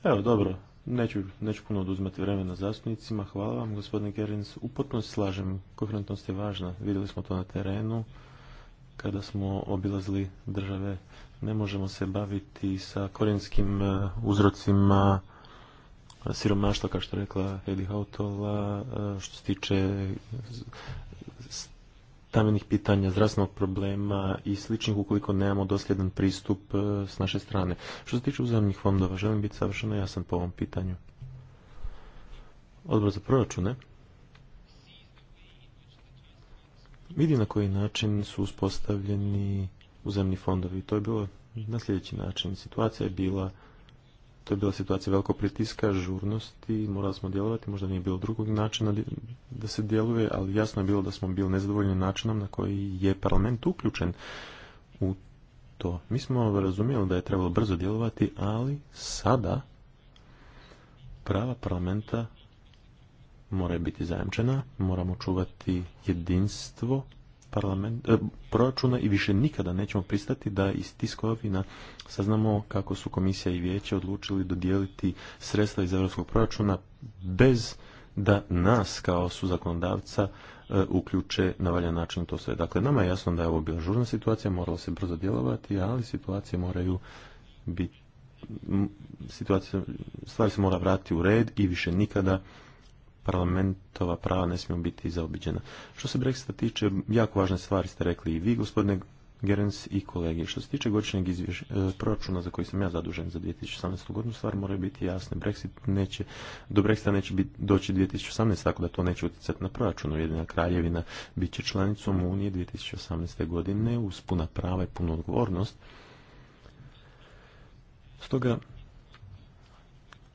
Evo, dobro, neću, neću puno oduzmati vremena zastupnicima. Hvala vam, gospodine Gerens. U potpunosti slažem, koherentnost je važna. Vidjeli smo to na terenu, kada smo obilazili države. Ne možemo se baviti sa korijenskim eh, uzrocima siromaštva, kao što rekla Heidi Hautola, eh, što se tiče stambenih pitanja, zdravstvenog problema i sličnih ukoliko nemamo dosljedan pristup e, s naše strane. Što se tiče uzemnih fondova, želim biti savršeno jasan po ovom pitanju. Odbor za proračune vidi na koji način su uspostavljeni uzemni fondovi. To je bilo na sljedeći način. Situacija je bila to je bila situacija velikog pritiska, žurnosti, morali smo djelovati, možda nije bilo drugog načina da se djeluje, ali jasno je bilo da smo bili nezadovoljni načinom na koji je parlament uključen u to. Mi smo razumjeli da je trebalo brzo djelovati, ali sada prava parlamenta mora biti zajemčena, moramo čuvati jedinstvo parlament, e, proračuna i više nikada nećemo pristati da iz tiskovina saznamo kako su komisija i vijeće odlučili dodijeliti sredstva iz europskog proračuna bez da nas kao su zakonodavca e, uključe na valjan način to sve. Dakle, nama je jasno da je ovo bila žurna situacija, moralo se brzo djelovati, ali situacije moraju biti situacija, stvari se mora vratiti u red i više nikada parlamentova prava ne smiju biti zaobiđena. Što se Brexita tiče, jako važne stvari ste rekli i vi, gospodine Gerens i kolege. Što se tiče godišnjeg izvješ... E, proračuna za koji sam ja zadužen za 2018. godinu, stvari moraju biti jasne. Brexit neće, do Brexita neće biti, doći 2018. tako da to neće utjecati na proračun. Jedina kraljevina bit će članicom Unije 2018. godine uz puna prava i punu odgovornost. Stoga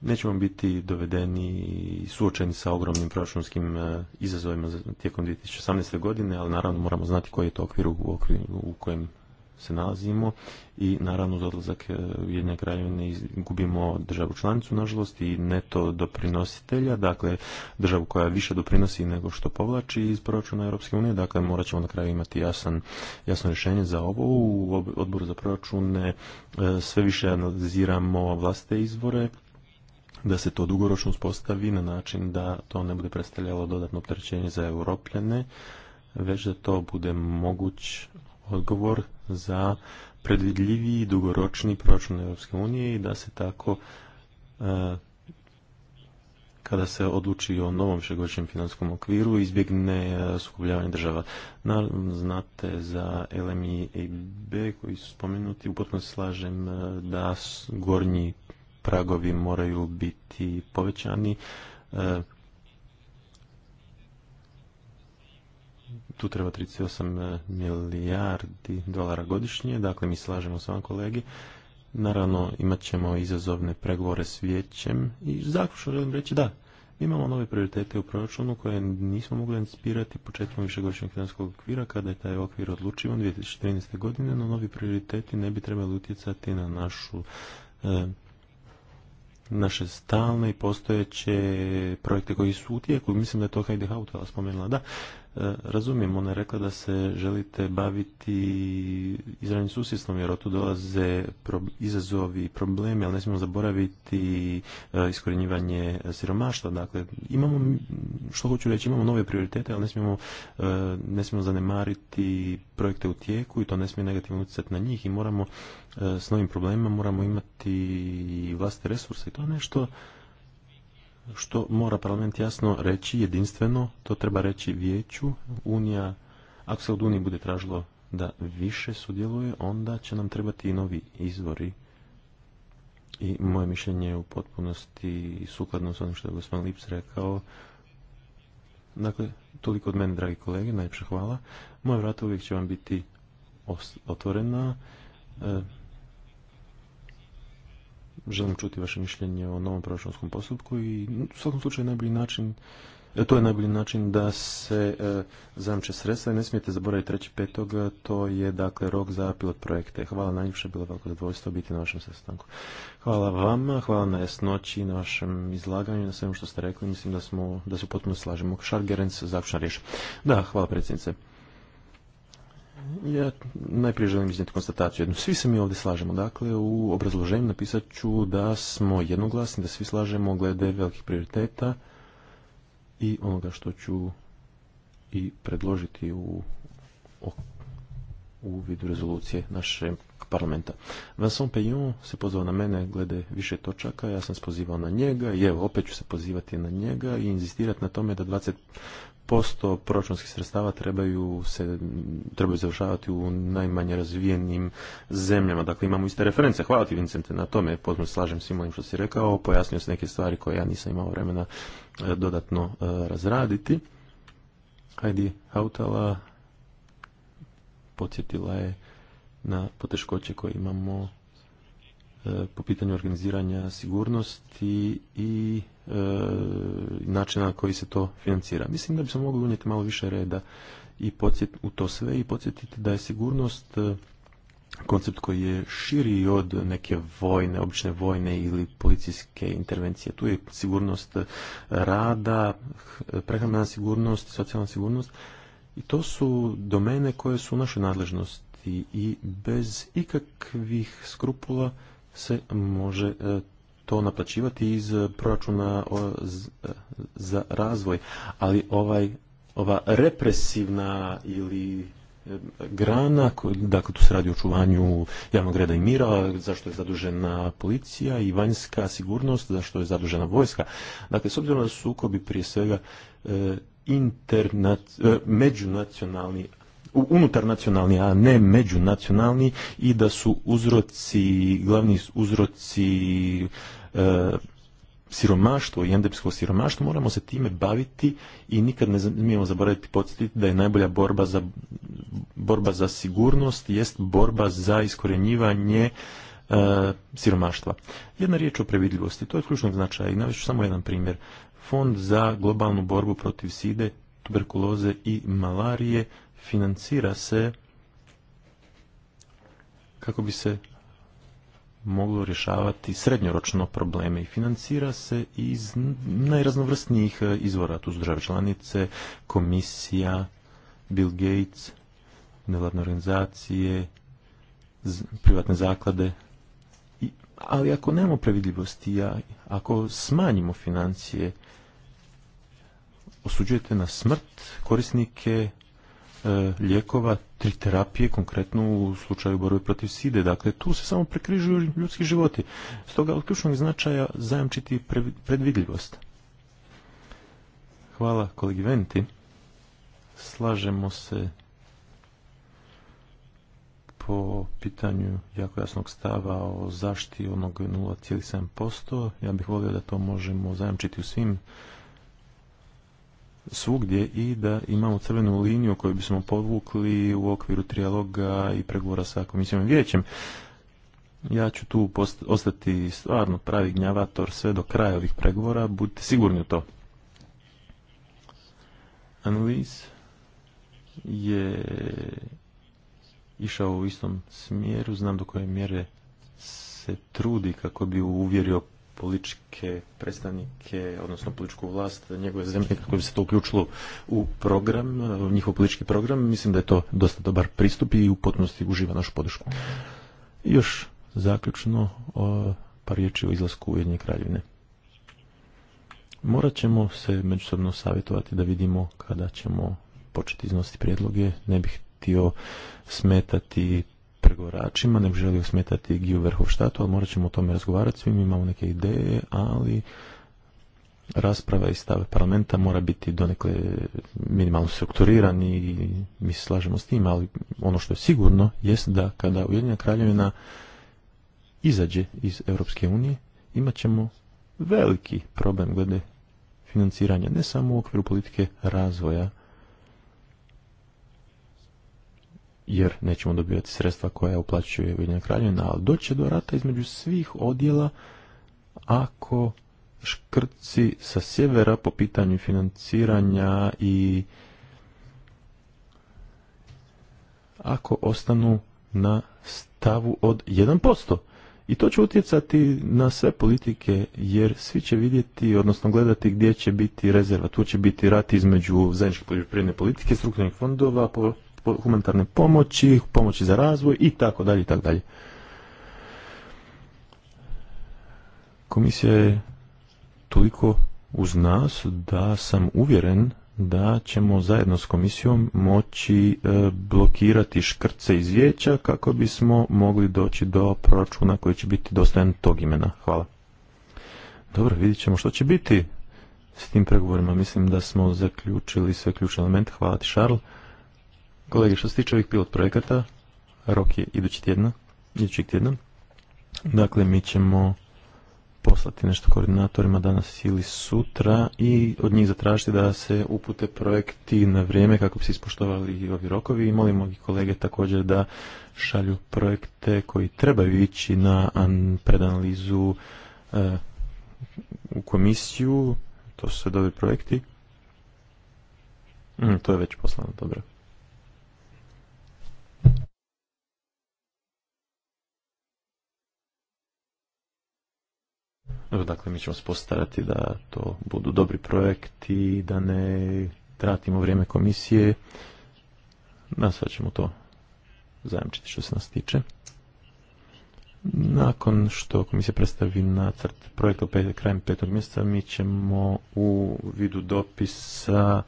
nećemo biti dovedeni i suočeni sa ogromnim proračunskim e, izazovima tijekom 2018. godine, ali naravno moramo znati koji je to okvir u, kojem se nalazimo i naravno za odlazak e, jedne kraljevine gubimo državu članicu nažalost i neto doprinositelja, dakle državu koja više doprinosi nego što povlači iz proračuna Europske unije, dakle morat ćemo na kraju imati jasan, jasno rješenje za ovo. U odboru za proračune e, sve više analiziramo vlastite izvore da se to dugoročno uspostavi na način da to ne bude predstavljalo dodatno opterećenje za europljane, već da to bude moguć odgovor za predvidljiviji i dugoročni proračun Europske unije i da se tako e, kada se odluči o novom višegodišnjem finanskom okviru izbjegne e, sukobljavanje država. znate za LMI i EIB koji su spomenuti, u potpunosti slažem e, da gornji pragovi moraju biti povećani. E, tu treba 38 e, milijardi dolara godišnje, dakle mi slažemo s vama kolegi. Naravno imat ćemo izazovne pregovore s vijećem i zaključno želim reći da, imamo nove prioritete u proračunu koje nismo mogli inspirati početkom višegodišnjeg financijskog okvira kada je taj okvir odlučivan 2013. godine, no novi prioriteti ne bi trebali utjecati na našu e, naše stalne i postojeće projekte koji su u tijeku. Mislim da je to Heidi Hautala spomenula. Da, E, razumijem, ona je rekla da se želite baviti izravnim susjedstvom, jer od tu dolaze izazovi i problemi, ali ne smijemo zaboraviti e, iskorjenjivanje siromaštva. Dakle, imamo, što hoću reći, imamo nove prioritete, ali ne smijemo, e, ne smijemo zanemariti projekte u tijeku i to ne smije negativno utjecati na njih i moramo s novim problemima moramo imati vlastite resurse i to je nešto što mora parlament jasno reći, jedinstveno, to treba reći vijeću. Unija, ako se od Unije bude tražilo da više sudjeluje, onda će nam trebati i novi izvori. I moje mišljenje je u potpunosti sukladno s onim što je gospodin Lips rekao. Dakle, toliko od mene, dragi kolege, najpše hvala. Moja vrata uvijek će vam biti otvorena. E, želim čuti vaše mišljenje o novom proračunskom postupku i u svakom slučaju najbolji način e, to je najbolji način da se e, zamče sredstva i ne smijete zaboraviti treći petog, e, to je dakle rok za pilot projekte. Hvala najljepše, bilo veliko zadovoljstvo biti na vašem sastanku. Hvala vama, hvala na jasnoći, na vašem izlaganju, na svemu što ste rekli, mislim da, smo, da se potpuno slažemo. Šargerens, zaključna riječ. Da, hvala predsjednice. Ja najprije želim iznijeti konstataciju jednu. Svi se mi ovdje slažemo. Dakle, u obrazloženju napisat ću da smo jednoglasni, da svi slažemo glede velikih prioriteta i onoga što ću i predložiti u, u vidu rezolucije naše parlamenta. Vincent Peillon se pozvao na mene glede više točaka, ja sam se pozivao na njega i evo opet ću se pozivati na njega i inzistirati na tome da posto proračunskih sredstava trebaju se trebaju završavati u najmanje razvijenim zemljama. Dakle, imamo iste reference. Hvala ti, Vincente, na tome. Potpuno slažem svim onim što si rekao. Pojasnio sam neke stvari koje ja nisam imao vremena e, dodatno e, razraditi. Hajdi, Hautala podsjetila je na poteškoće koje imamo E, po pitanju organiziranja sigurnosti e, i načina na koji se to financira. Mislim da bi se mogli unijeti malo više reda i podsjet, u to sve i podsjetiti da je sigurnost e, koncept koji je širi od neke vojne, obične vojne ili policijske intervencije. Tu je sigurnost rada, prehrambena sigurnost, socijalna sigurnost i to su domene koje su u našoj nadležnosti i bez ikakvih skrupula se može e, to naplaćivati iz e, proračuna e, za razvoj, ali ovaj, ova represivna ili grana, dakle tu se radi o očuvanju javnog reda i mira, zašto je zadužena policija i vanjska sigurnost, zašto je zadužena vojska. Dakle, s obzirom na sukobi prije svega internac, međunacionalni unutar nacionalni, a ne međunacionalni i da su uzroci, glavni uzroci e, siromaštvo i endepsko siromaštvo, moramo se time baviti i nikad ne smijemo zaboraviti podsjetiti da je najbolja borba za, borba za sigurnost jest borba za iskorenjivanje e, siromaštva. Jedna riječ o previdljivosti, to je ključnog značaja i navest samo jedan primjer. Fond za globalnu borbu protiv side, tuberkuloze i malarije financira se kako bi se moglo rješavati srednjoročno probleme i financira se iz najraznovrsnijih e, izvora, tu su države članice, komisija, Bill Gates, nevladne organizacije, privatne zaklade. ali ako nemamo previdljivosti, ja ako smanjimo financije, osuđujete na smrt korisnike E, lijekova, tri terapije, konkretno u slučaju borbe protiv side. Dakle, tu se samo prekrižuju ljudski životi. Stoga od ključnog značaja zajamčiti predvidljivost. Hvala kolegi Venti. Slažemo se po pitanju jako jasnog stava o zaštiti onog 0,7%. Ja bih volio da to možemo zajamčiti u svim svugdje i da imamo crvenu liniju koju bismo podvukli u okviru trijaloga i pregovora sa komisijom i vijećem. Ja ću tu ostati stvarno pravi gnjavator sve do kraja ovih pregovora, budite sigurni u to. Analiz je išao u istom smjeru, znam do koje mjere se trudi kako bi uvjerio političke predstavnike, odnosno političku vlast njegove zemlje kako bi se to uključilo u program, u njihov politički program. Mislim da je to dosta dobar pristup i u potpunosti uživa našu podršku. I još zaključno o par riječi o izlasku Ujedinje kraljevine. Morat ćemo se međusobno savjetovati da vidimo kada ćemo početi iznositi prijedloge. Ne bih htio smetati pregovoračima, ne bi želio smetati Giju Verhofštatu, ali morat ćemo o tome razgovarati, svi mi imamo neke ideje, ali rasprava i stave parlamenta mora biti donekle minimalno strukturirani i mi se slažemo s tim, ali ono što je sigurno jest da kada Ujedinjena kraljevina izađe iz Europske unije, imat ćemo veliki problem glede financiranja, ne samo u okviru politike razvoja, jer nećemo dobivati sredstva koja uplaćuje Ujedinjena kraljevina, ali doće do rata između svih odjela ako škrci sa sjevera po pitanju financiranja i ako ostanu na stavu od 1%. I to će utjecati na sve politike, jer svi će vidjeti, odnosno gledati gdje će biti rezerva. Tu će biti rat između zajedničke poljoprivredne politike, strukturnih fondova, po humanitarne pomoći, pomoći za razvoj i tako dalje i tako dalje. Komisija je toliko uz nas da sam uvjeren da ćemo zajedno s komisijom moći e, blokirati škrce vijeća kako bismo mogli doći do proračuna koji će biti dostajan tog imena. Hvala. Dobro, vidjet ćemo što će biti s tim pregovorima. Mislim da smo zaključili sve ključne elemente. Hvala ti, Šarl. Kolege, što se tiče ovih pilot projekata, rok je idući tjedna, idućeg tjedna. Dakle, mi ćemo poslati nešto koordinatorima danas ili sutra i od njih zatražiti da se upute projekti na vrijeme kako bi se ispoštovali i ovi rokovi i molimo i kolege također da šalju projekte koji trebaju ići na predanalizu e, u komisiju, to su sve dobri projekti. Mm, to je već poslano, dobro. Dakle, mi ćemo postarati da to budu dobri projekti, da ne tratimo vrijeme komisije. Na sve ćemo to zajamčiti što se nas tiče. Nakon što komisija predstavi nacrt projekta krajem petog mjeseca, mi ćemo u vidu dopisa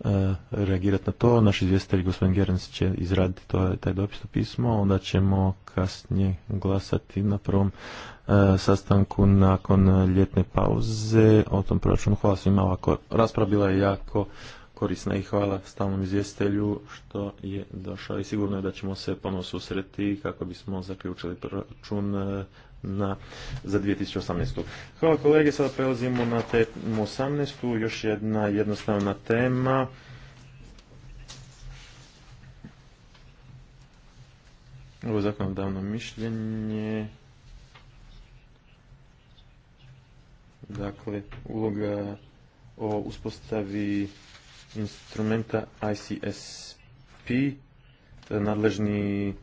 E, reagirati na to. Naš izvjestitelj gospodin Gerens će izraditi to, taj dopisno pismo, onda ćemo kasnije glasati na prvom e, sastanku nakon ljetne pauze o tom proračunu. Hvala svima, ovako rasprava bila je jako korisna i hvala stalnom izvjestitelju što je došao i sigurno je da ćemo se ponovno susreti kako bismo zaključili proračun e, na, za 2018. Hvala kolege, sada prelazimo na temu 18. Još jedna jednostavna tema. Ovo je zakonodavno mišljenje. Dakle, uloga o uspostavi instrumenta ICSP, nadležni,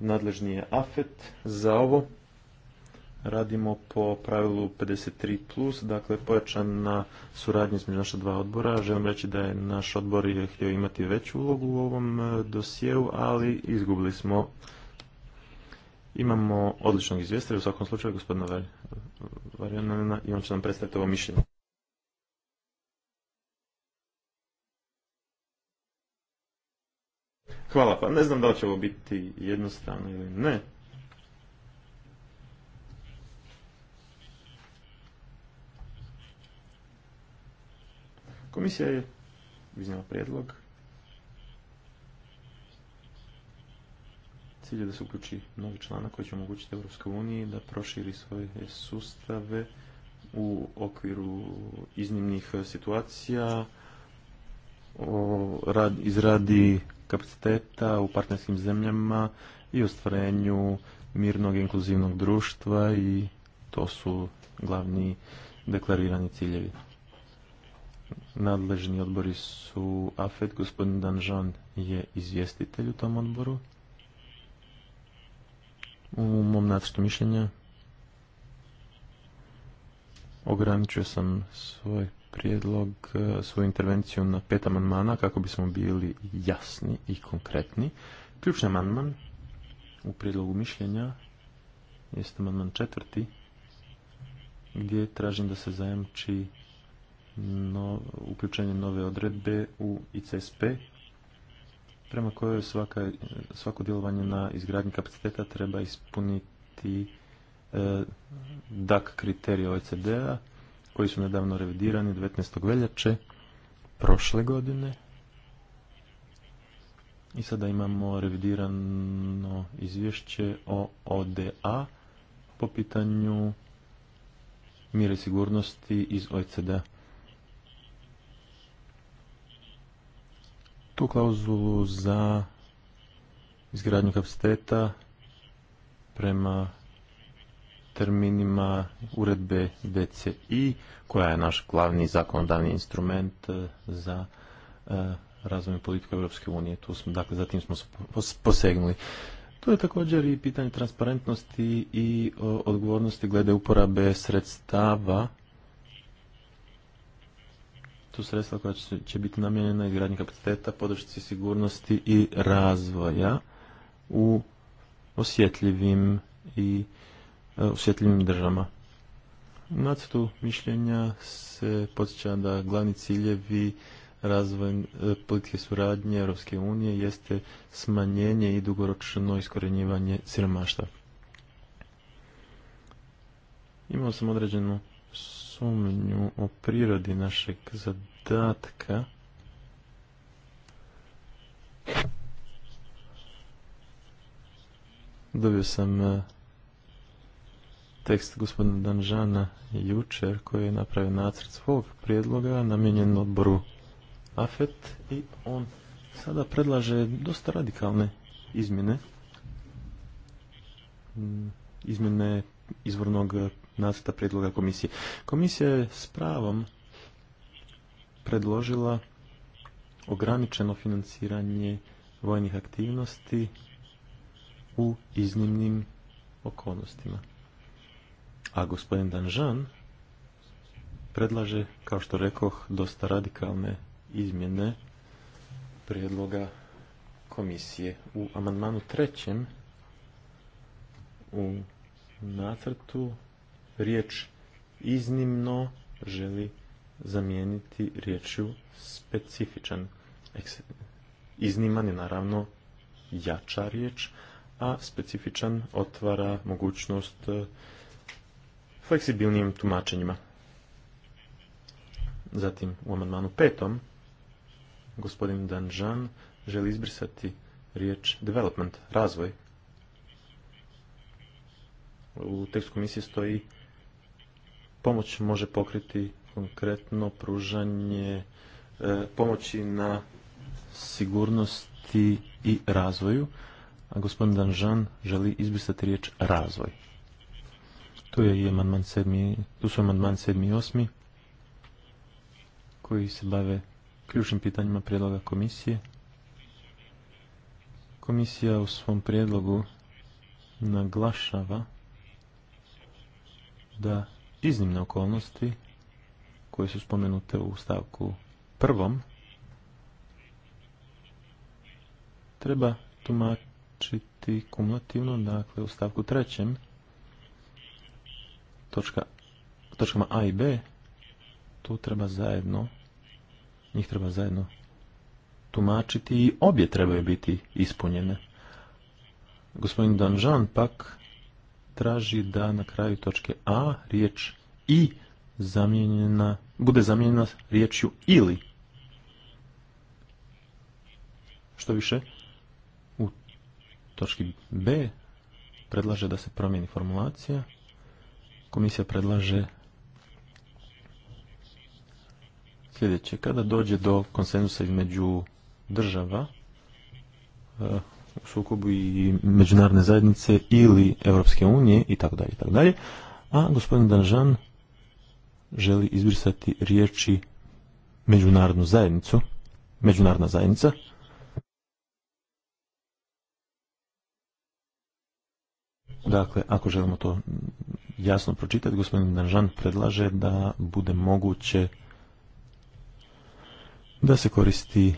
nadležni je AFET za ovo radimo po pravilu 53+, plus, dakle pojačana suradnja između naša dva odbora. Želim reći da je naš odbor je htio imati veću ulogu u ovom e, dosjeu, ali izgubili smo. Imamo odličnog izvjestitelja u svakom slučaju gospodina Varjanina i on će nam predstaviti ovo mišljenje. Hvala, pa ne znam da li će ovo biti jednostavno ili ne. Komisija je iznijela prijedlog. Cilj je da se uključi novi člana koji će omogućiti Europskoj uniji da proširi svoje sustave u okviru iznimnih situacija izradi kapaciteta u partnerskim zemljama i ostvarenju mirnog i inkluzivnog društva i to su glavni deklarirani ciljevi nadležni odbori su AFET, gospodin Danžan je izvjestitelj u tom odboru. U mom nacrtu mišljenja ograničio sam svoj prijedlog, svoju intervenciju na pet amandmana kako bismo bili jasni i konkretni. Ključni amandman u prijedlogu mišljenja jeste amandman četvrti gdje tražim da se zajamči no, uključenje nove odredbe u ICSP prema kojoj svaka, svako djelovanje na izgradnji kapaciteta treba ispuniti e, DAC kriterije OECD-a koji su nedavno revidirani 19. veljače prošle godine i sada imamo revidirano izvješće o ODA po pitanju mire sigurnosti iz OECD-a. tu klauzulu za izgradnju kapaciteta prema terminima uredbe DCI, koja je naš glavni zakonodavni instrument eh, za eh, razvojnu politike Europske unije. Tu smo, dakle, zatim smo posegnuli. To je također i pitanje transparentnosti i eh, odgovornosti glede uporabe sredstava tu sredstva koja će, biti namijenjena izgradnji kapaciteta, podršci sigurnosti i razvoja u osjetljivim i e, osjetljivim državama. U nacrtu mišljenja se podsjeća da glavni ciljevi razvoj e, politike suradnje Europske unije jeste smanjenje i dugoročno iskorenjivanje siromaštva. Imao sam određenu sumnju o prirodi našeg zadatka. Dobio sam e, tekst gospodina Danžana jučer koji je napravio nacrt svog prijedloga namijenjen odboru AFET i on sada predlaže dosta radikalne izmjene mm, izmjene izvornog nacrta prijedloga komisije. Komisija je s pravom predložila ograničeno financiranje vojnih aktivnosti u iznimnim okolnostima. A gospodin Danžan predlaže, kao što rekoh, dosta radikalne izmjene prijedloga komisije. U amandmanu trećem u nacrtu riječ iznimno želi zamijeniti riječju specifičan. Izniman je naravno jača riječ, a specifičan otvara mogućnost e, fleksibilnijim tumačenjima. Zatim u amandmanu petom gospodin Danžan želi izbrisati riječ development, razvoj. U tekstu komisije stoji pomoć može pokriti konkretno pružanje e, pomoći na sigurnosti i razvoju, a gospodin Danžan želi izbrisati riječ razvoj. Tu, je i amandman sedmi, tu su amandman 7. i 8. koji se bave ključnim pitanjima prijedloga komisije. Komisija u svom prijedlogu naglašava da iznimne okolnosti koje su spomenute u stavku prvom treba tumačiti kumulativno, dakle u stavku trećem točka, točkama A i B tu treba zajedno njih treba zajedno tumačiti i obje trebaju biti ispunjene. Gospodin Danžan pak traži da na kraju točke A riječ i zamijenjena, bude zamijenjena riječju ili. Što više, u točki B predlaže da se promijeni formulacija. Komisija predlaže sljedeće. Kada dođe do konsenzusa između država, sukobu i međunarodne zajednice ili Europske unije i tako dalje i tako dalje. A gospodin Danžan želi izbrisati riječi međunarodnu zajednicu, međunarodna zajednica. Dakle, ako želimo to jasno pročitati, gospodin Danžan predlaže da bude moguće da se koristi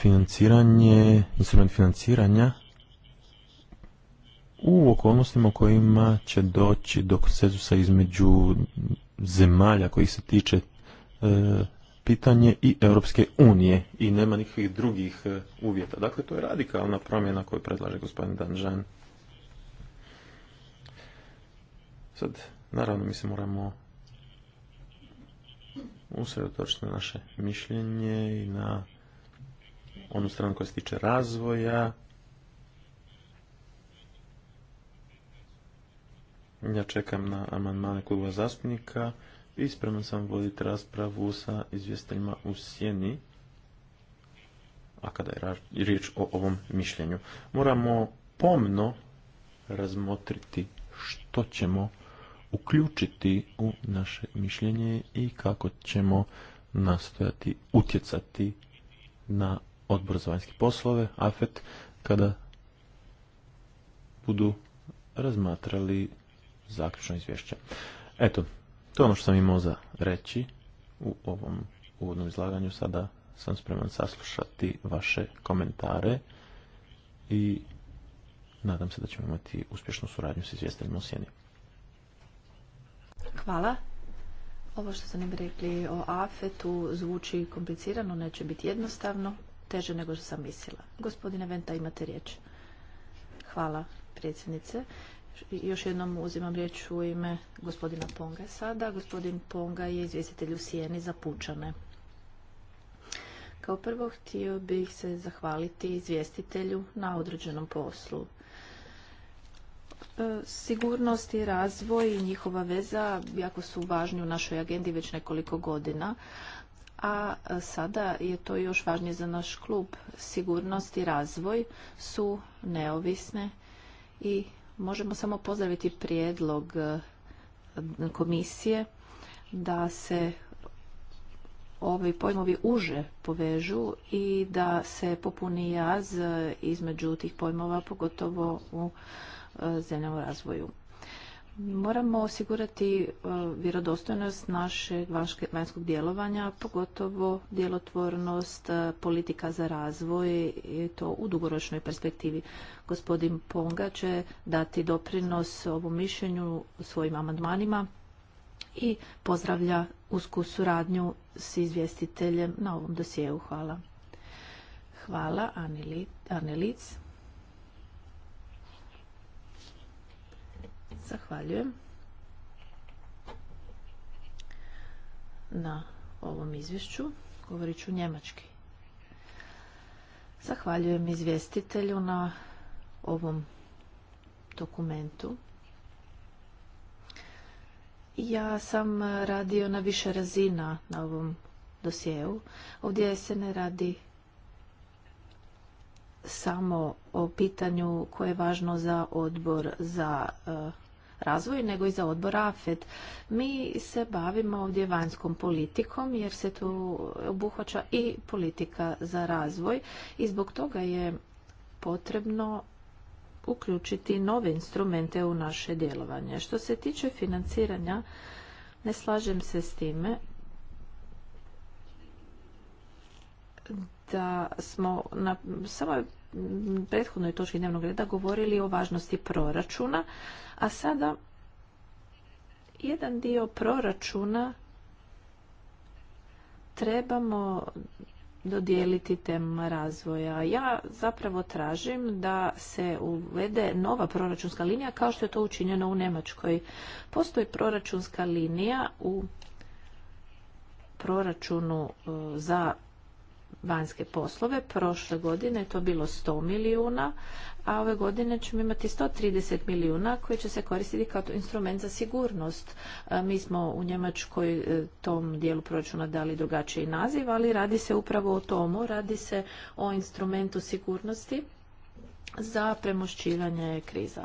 financiranje, instrument financiranja u okolnostima u kojima će doći do konsenzusa između zemalja koji se tiče e, pitanje i Europske unije i nema nikakvih drugih e, uvjeta. Dakle, to je radikalna promjena koju predlaže gospodin Danžan. Sad, naravno, mi se moramo usredotočiti na naše mišljenje i na onu stranu koja se tiče razvoja Ja čekam na amandmane kluba zastupnika i spreman sam voditi raspravu sa izvjestiteljima u sjeni, a kada je riječ o ovom mišljenju. Moramo pomno razmotriti što ćemo uključiti u naše mišljenje i kako ćemo nastojati utjecati na odbor za vanjske poslove, AFET, kada budu razmatrali zaključno izvješće. Eto, to je ono što sam imao za reći u ovom uvodnom izlaganju. Sada sam spreman saslušati vaše komentare i nadam se da ćemo imati uspješnu suradnju s izvjestiteljima u Sjeni. Hvala. Ovo što ste nam rekli o AFET-u zvuči komplicirano, neće biti jednostavno, teže nego što sam mislila. Gospodine Venta, imate riječ. Hvala, predsjednice. Još jednom uzimam riječ u ime gospodina Ponga sada. Gospodin Ponga je izvjestitelj u Sijeni za Pučane. Kao prvo htio bih se zahvaliti izvjestitelju na određenom poslu. E, sigurnost i razvoj i njihova veza jako su važni u našoj agendi već nekoliko godina, a sada je to još važnije za naš klub. Sigurnost i razvoj su neovisne i možemo samo pozdraviti prijedlog eh, komisije da se ovi pojmovi uže povežu i da se popuni jaz između tih pojmova, pogotovo u eh, zemljama razvoju. Moramo osigurati e, vjerodostojnost našeg vanjskog djelovanja, pogotovo djelotvornost e, politika za razvoj i to u dugoročnoj perspektivi. Gospodin Ponga će dati doprinos ovom mišljenju svojim amandmanima i pozdravlja usku suradnju s izvjestiteljem na ovom dosjeu. Hvala. Hvala, Anelic. Zahvaljujem na ovom izvješću. Govorit ću njemački. Zahvaljujem izvjestitelju na ovom dokumentu. Ja sam radio na više razina na ovom dosjeu. Ovdje se ne radi samo o pitanju koje je važno za odbor za eh, razvoj, nego i za odbor AFED. Mi se bavimo ovdje vanjskom politikom jer se tu obuhvaća i politika za razvoj i zbog toga je potrebno uključiti nove instrumente u naše djelovanje. Što se tiče financiranja, ne slažem se s time da smo na, samo prethodnoj točki dnevnog reda govorili o važnosti proračuna, a sada jedan dio proračuna trebamo dodijeliti tema razvoja. Ja zapravo tražim da se uvede nova proračunska linija kao što je to učinjeno u Njemačkoj. Postoji proračunska linija u proračunu e, za vanjske poslove. Prošle godine je to bilo 100 milijuna, a ove godine ćemo imati 130 milijuna koji će se koristiti kao instrument za sigurnost. E, mi smo u Njemačkoj e, tom dijelu proračuna dali drugačiji naziv, ali radi se upravo o tomu, radi se o instrumentu sigurnosti za premošćivanje kriza.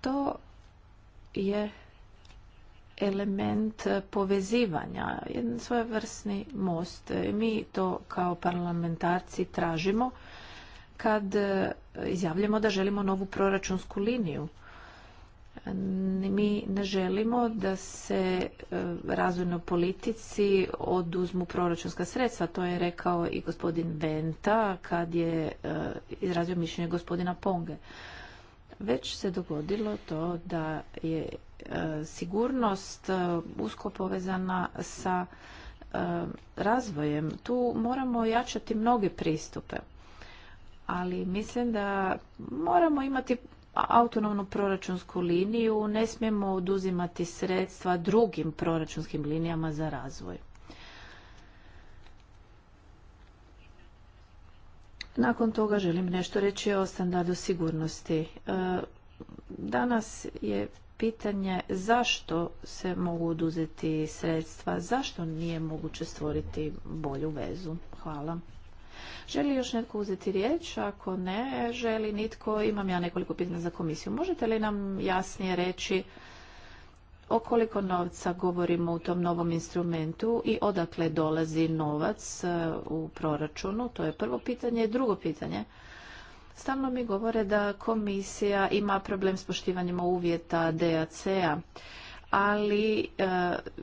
To je element povezivanja, jedan svojevrsni most. Mi to kao parlamentarci tražimo kad e, izjavljamo da želimo novu proračunsku liniju. Mi ne želimo da se e, razvojnoj politici oduzmu proračunska sredstva. To je rekao i gospodin Venta kad je e, izrazio mišljenje gospodina Ponge. Već se dogodilo to da je sigurnost e, usko povezana sa e, razvojem. Tu moramo jačati mnoge pristupe, ali mislim da moramo imati autonomnu proračunsku liniju, ne smijemo oduzimati sredstva drugim proračunskim linijama za razvoj. Nakon toga želim nešto reći o standardu sigurnosti. E, danas je pitanje zašto se mogu oduzeti sredstva, zašto nije moguće stvoriti bolju vezu. Hvala. Želi još netko uzeti riječ? Ako ne želi nitko, imam ja nekoliko pitanja za komisiju. Možete li nam jasnije reći o koliko novca govorimo u tom novom instrumentu i odakle dolazi novac e, u proračunu? To je prvo pitanje. Drugo pitanje, Stalno mi govore da komisija ima problem s poštivanjem uvjeta DAC-a, ali e,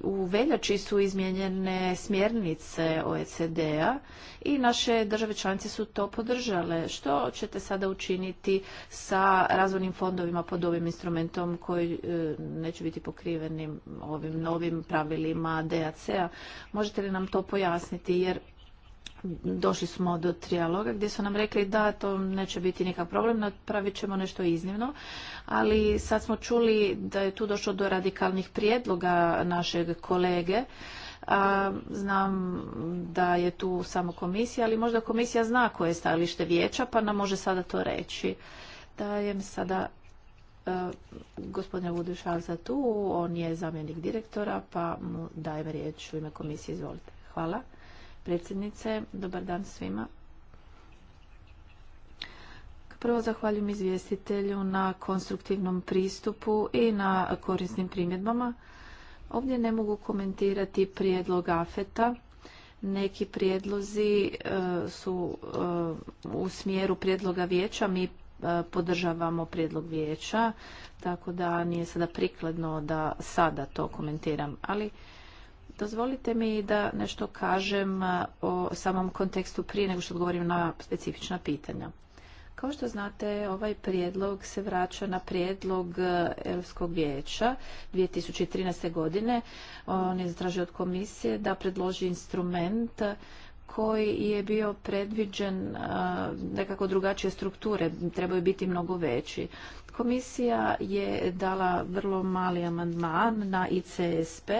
u veljači su izmijenjene smjernice OECD-a i naše države članice su to podržale. Što ćete sada učiniti sa razvojnim fondovima pod ovim instrumentom koji e, neće biti pokrivenim ovim novim pravilima DAC-a? Možete li nam to pojasniti? Jer došli smo do trijaloga gdje su nam rekli da to neće biti nikak problem, napravit ćemo nešto iznimno, ali sad smo čuli da je tu došlo do radikalnih prijedloga našeg kolege. znam da je tu samo komisija, ali možda komisija zna koje je stajalište vijeća pa nam može sada to reći. Dajem sada gospodinu e, gospodina Vudušalza tu, on je zamjenik direktora pa mu dajem riječ u ime komisije, izvolite. Hvala predsjednice. Dobar dan svima. Prvo zahvaljujem izvjestitelju na konstruktivnom pristupu i na korisnim primjedbama. Ovdje ne mogu komentirati prijedlog AFETA. Neki prijedlozi e, su e, u smjeru prijedloga vijeća. Mi e, podržavamo prijedlog vijeća, tako da nije sada prikladno da sada to komentiram. Ali Dozvolite mi da nešto kažem o samom kontekstu prije nego što odgovorim na specifična pitanja. Kao što znate, ovaj prijedlog se vraća na prijedlog e, Europskog vijeća 2013. godine. On je zatražio od komisije da predloži instrument koji je bio predviđen nekako drugačije strukture, trebaju biti mnogo veći. Komisija je dala vrlo mali amandman na ICSP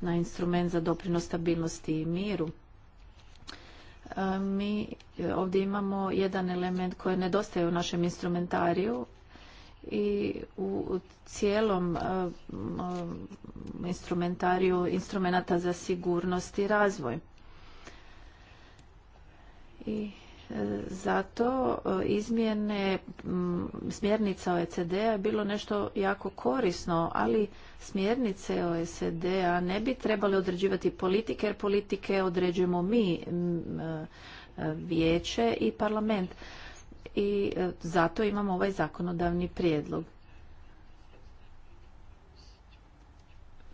na instrument za doprinos stabilnosti i miru. E, mi ovdje imamo jedan element koji nedostaje u našem instrumentariju i u cijelom e, instrumentariju instrumenta za sigurnost i razvoj. I zato e, izmjene smjernica OECD-a je bilo nešto jako korisno, ali smjernice OECD-a ne bi trebale određivati politike, jer politike određujemo mi, e, vijeće i parlament. I e, zato imamo ovaj zakonodavni prijedlog.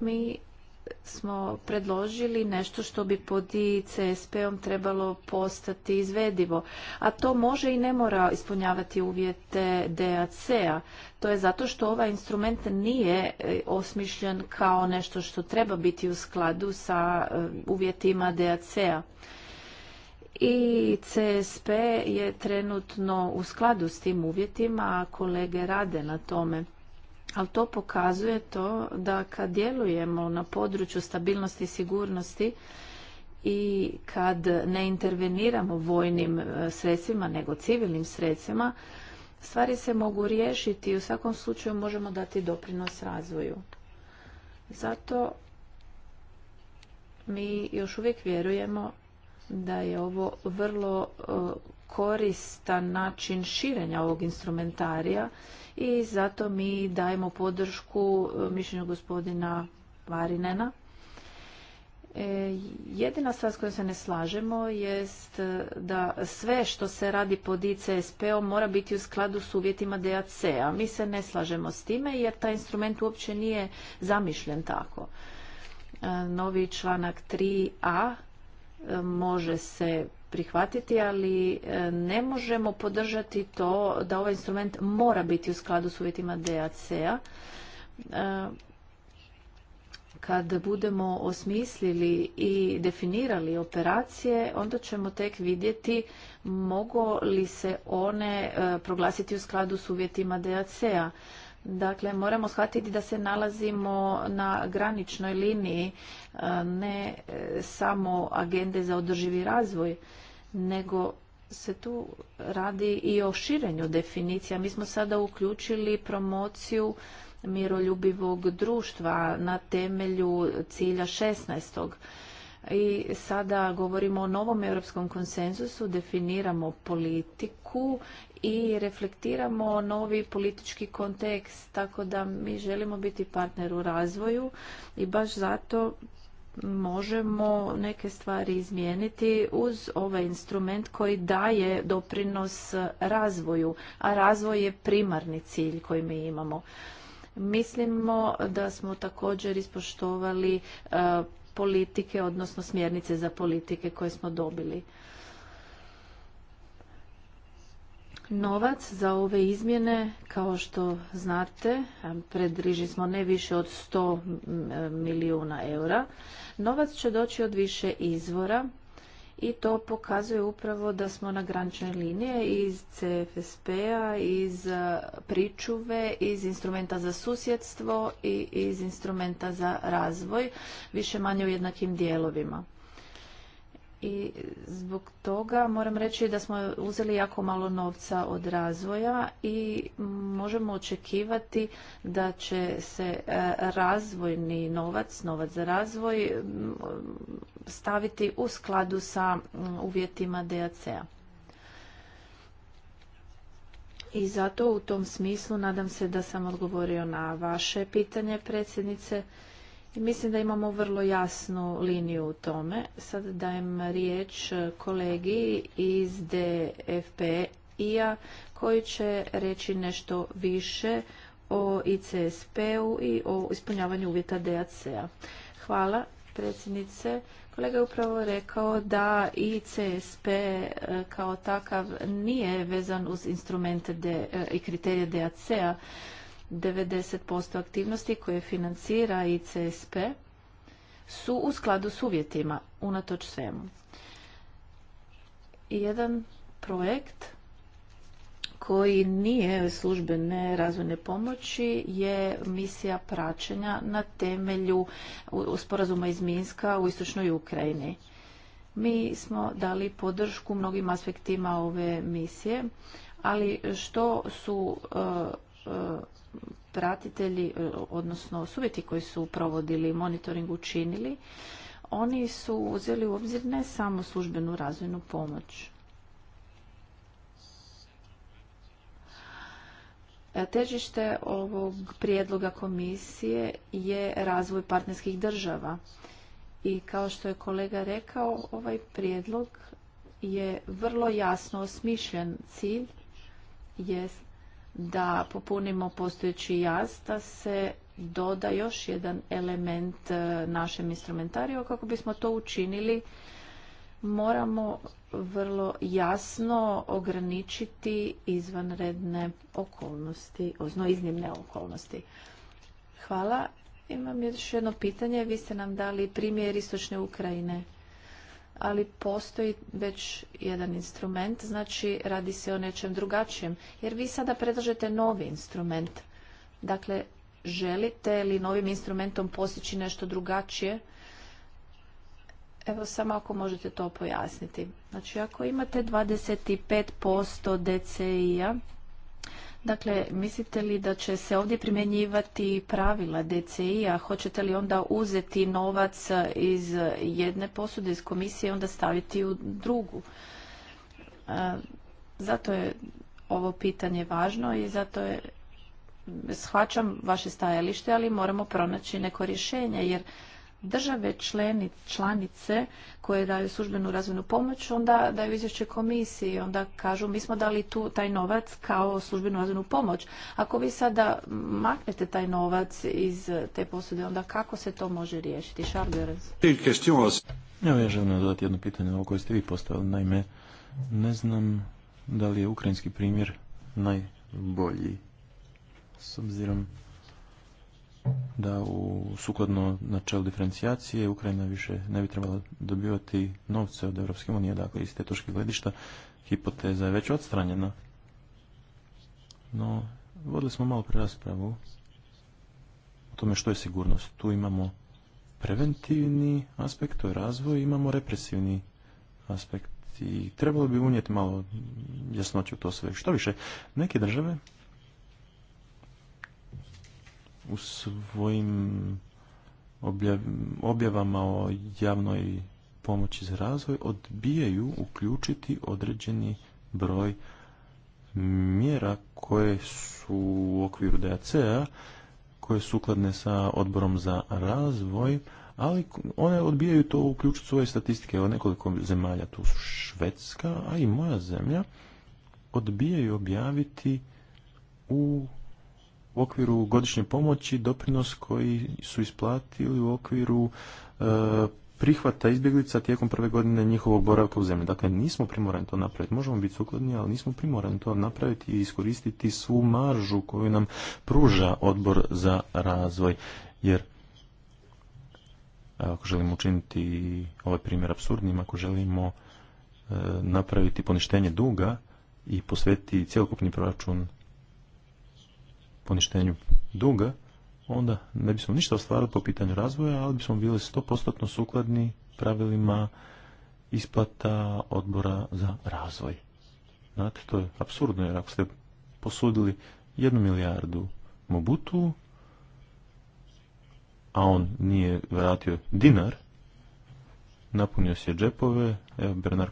Mi smo predložili nešto što bi pod ICSP-om trebalo postati izvedivo. A to može i ne mora ispunjavati uvjete DAC-a. To je zato što ovaj instrument nije e, osmišljen kao nešto što treba biti u skladu sa e, uvjetima DAC-a. I CSP je trenutno u skladu s tim uvjetima, a kolege rade na tome ali to pokazuje to da kad djelujemo na području stabilnosti i sigurnosti i kad ne interveniramo vojnim e, sredstvima nego civilnim sredstvima, stvari se mogu riješiti i u svakom slučaju možemo dati doprinos razvoju. Zato mi još uvijek vjerujemo da je ovo vrlo e, koristan način širenja ovog instrumentarija i zato mi dajemo podršku e, mišljenju gospodina Varinena. E, jedina stvar s kojom se ne slažemo jest e, da sve što se radi pod ICSP-om mora biti u skladu s uvjetima DAC-a. Mi se ne slažemo s time jer taj instrument uopće nije zamišljen tako. novi članak 3a može se prihvatiti, ali e, ne možemo podržati to da ovaj instrument mora biti u skladu s uvjetima DAC-a. E, kad budemo osmislili i definirali operacije, onda ćemo tek vidjeti mogu li se one e, proglasiti u skladu s uvjetima DAC-a. Dakle, moramo shvatiti da se nalazimo na graničnoj liniji, ne samo agende za održivi razvoj nego se tu radi i o širenju definicija. Mi smo sada uključili promociju miroljubivog društva na temelju cilja 16. I sada govorimo o novom europskom konsenzusu, definiramo politiku i reflektiramo novi politički kontekst, tako da mi želimo biti partner u razvoju i baš zato možemo neke stvari izmijeniti uz ovaj instrument koji daje doprinos razvoju, a razvoj je primarni cilj koji mi imamo. Mislimo da smo također ispoštovali e, politike, odnosno smjernice za politike koje smo dobili. Novac za ove izmjene, kao što znate, predriži smo ne više od 100 e, milijuna eura. Novac će doći od više izvora i to pokazuje upravo da smo na granične linije iz CFSP-a, iz e, pričuve, iz instrumenta za susjedstvo i iz instrumenta za razvoj, više manje u jednakim dijelovima i zbog toga moram reći da smo uzeli jako malo novca od razvoja i možemo očekivati da će se e, razvojni novac, novac za razvoj staviti u skladu sa uvjetima DAC-a. I zato u tom smislu nadam se da sam odgovorio na vaše pitanje predsjednice. Mislim da imamo vrlo jasnu liniju u tome. Sad dajem riječ kolegi iz DFPI-a koji će reći nešto više o ICSP-u i o ispunjavanju uvjeta DAC-a. Hvala predsjednice. Kolega je upravo rekao da ICSP e, kao takav nije vezan uz instrumente e, i kriterije DAC-a 90% aktivnosti koje financira CSP su u skladu s uvjetima, unatoč svemu. Jedan projekt koji nije službene razvojne pomoći je misija praćenja na temelju sporazuma iz Minska u istočnoj Ukrajini. Mi smo dali podršku mnogim aspektima ove misije, ali što su e, e, pratitelji, e, odnosno subjekti koji su provodili monitoring učinili, oni su uzeli u obzir ne samo službenu razvojnu pomoć. E, težište ovog prijedloga komisije je razvoj partnerskih država. I kao što je kolega rekao, ovaj prijedlog je vrlo jasno osmišljen cilj jest da popunimo postojeći jaz, da se doda još jedan element e, našem instrumentariju. Kako bismo to učinili, moramo vrlo jasno ograničiti izvanredne okolnosti, odnosno iznimne okolnosti. Hvala. Imam još jedno pitanje. Vi ste nam dali primjer Istočne Ukrajine ali postoji već jedan instrument, znači radi se o nečem drugačijem. Jer vi sada predlažete novi instrument. Dakle, želite li novim instrumentom postići nešto drugačije? Evo samo ako možete to pojasniti. Znači, ako imate 25% DCI-a, Dakle, mislite li da će se ovdje primjenjivati pravila DCI-a? Hoćete li onda uzeti novac iz jedne posude iz komisije i onda staviti u drugu? E, zato je ovo pitanje važno i zato je shvaćam vaše stajalište, ali moramo pronaći neko rješenje, jer države členi, članice koje daju službenu razvojnu pomoć, onda daju izvješće komisiji, onda kažu mi smo dali tu taj novac kao službenu razvojnu pomoć. Ako vi sada maknete taj novac iz te posude, onda kako se to može riješiti? Šarderez. Evo ja želim dodati jedno pitanje ovo koje ste vi postavili. Naime, ne znam da li je ukrajinski primjer najbolji s obzirom da u sukladno načelu diferencijacije Ukrajina više ne bi trebala dobivati novce od Europske unije, dakle iz te gledišta hipoteza je već odstranjena. No, vodili smo malo pre raspravu o tome što je sigurnost. Tu imamo preventivni aspekt, to je razvoj, imamo represivni aspekt i trebalo bi unijeti malo jasnoću to sve. Što više, neke države u svojim objavama o javnoj pomoći za razvoj odbijaju uključiti određeni broj mjera koje su u okviru DAC-a, koje su ukladne sa odborom za razvoj, ali one odbijaju to uključiti svoje statistike od nekoliko zemalja, tu su Švedska, a i moja zemlja, odbijaju objaviti u u okviru godišnje pomoći doprinos koji su isplatili u okviru e, prihvata izbjeglica tijekom prve godine njihovog boravka u zemlji. Dakle, nismo primorani to napraviti. Možemo biti sukladni, ali nismo primorani to napraviti i iskoristiti svu maržu koju nam pruža odbor za razvoj. Jer ako želimo učiniti ovaj primjer absurdnim, ako želimo e, napraviti poništenje duga i posvetiti cjelokupni proračun poništenju duga, onda ne bismo ništa ostvarili po pitanju razvoja, ali bismo bili 100% sukladni pravilima isplata odbora za razvoj. Znate, to je absurdno, jer ako ste posudili jednu milijardu Mobutu, a on nije vratio dinar, napunio se je džepove, evo Bernard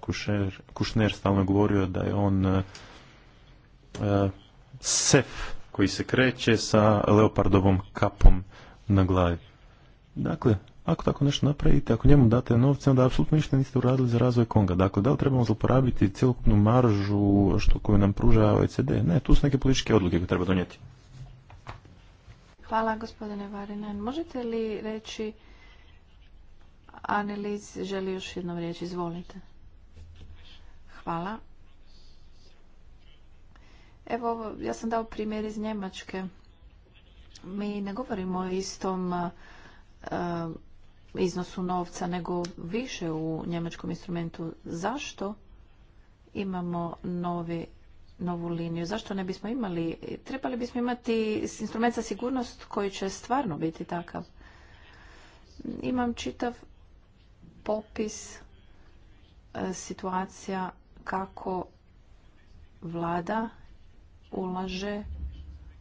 Kušner, stalno je govorio da je on eh, sef koji se kreće sa leopardovom kapom na glavi. Dakle, ako tako nešto napravite, ako njemu date novce, onda apsolutno ništa niste uradili za razvoj Konga. Dakle, da li trebamo zloporabiti cjelokupnu maržu što koju nam pruža OECD? Ne, tu su neke političke odluke koje treba donijeti. Hvala, gospodine Varinan. Možete li reći, Anneliz želi još jednom riječ, izvolite. Hvala. Evo, ja sam dao primjer iz Njemačke. Mi ne govorimo o istom iznosu novca, nego više u njemačkom instrumentu. Zašto imamo novi novu liniju. Zašto ne bismo imali? Trebali bismo imati instrument za sigurnost koji će stvarno biti takav. Imam čitav popis e, situacija kako vlada ulaže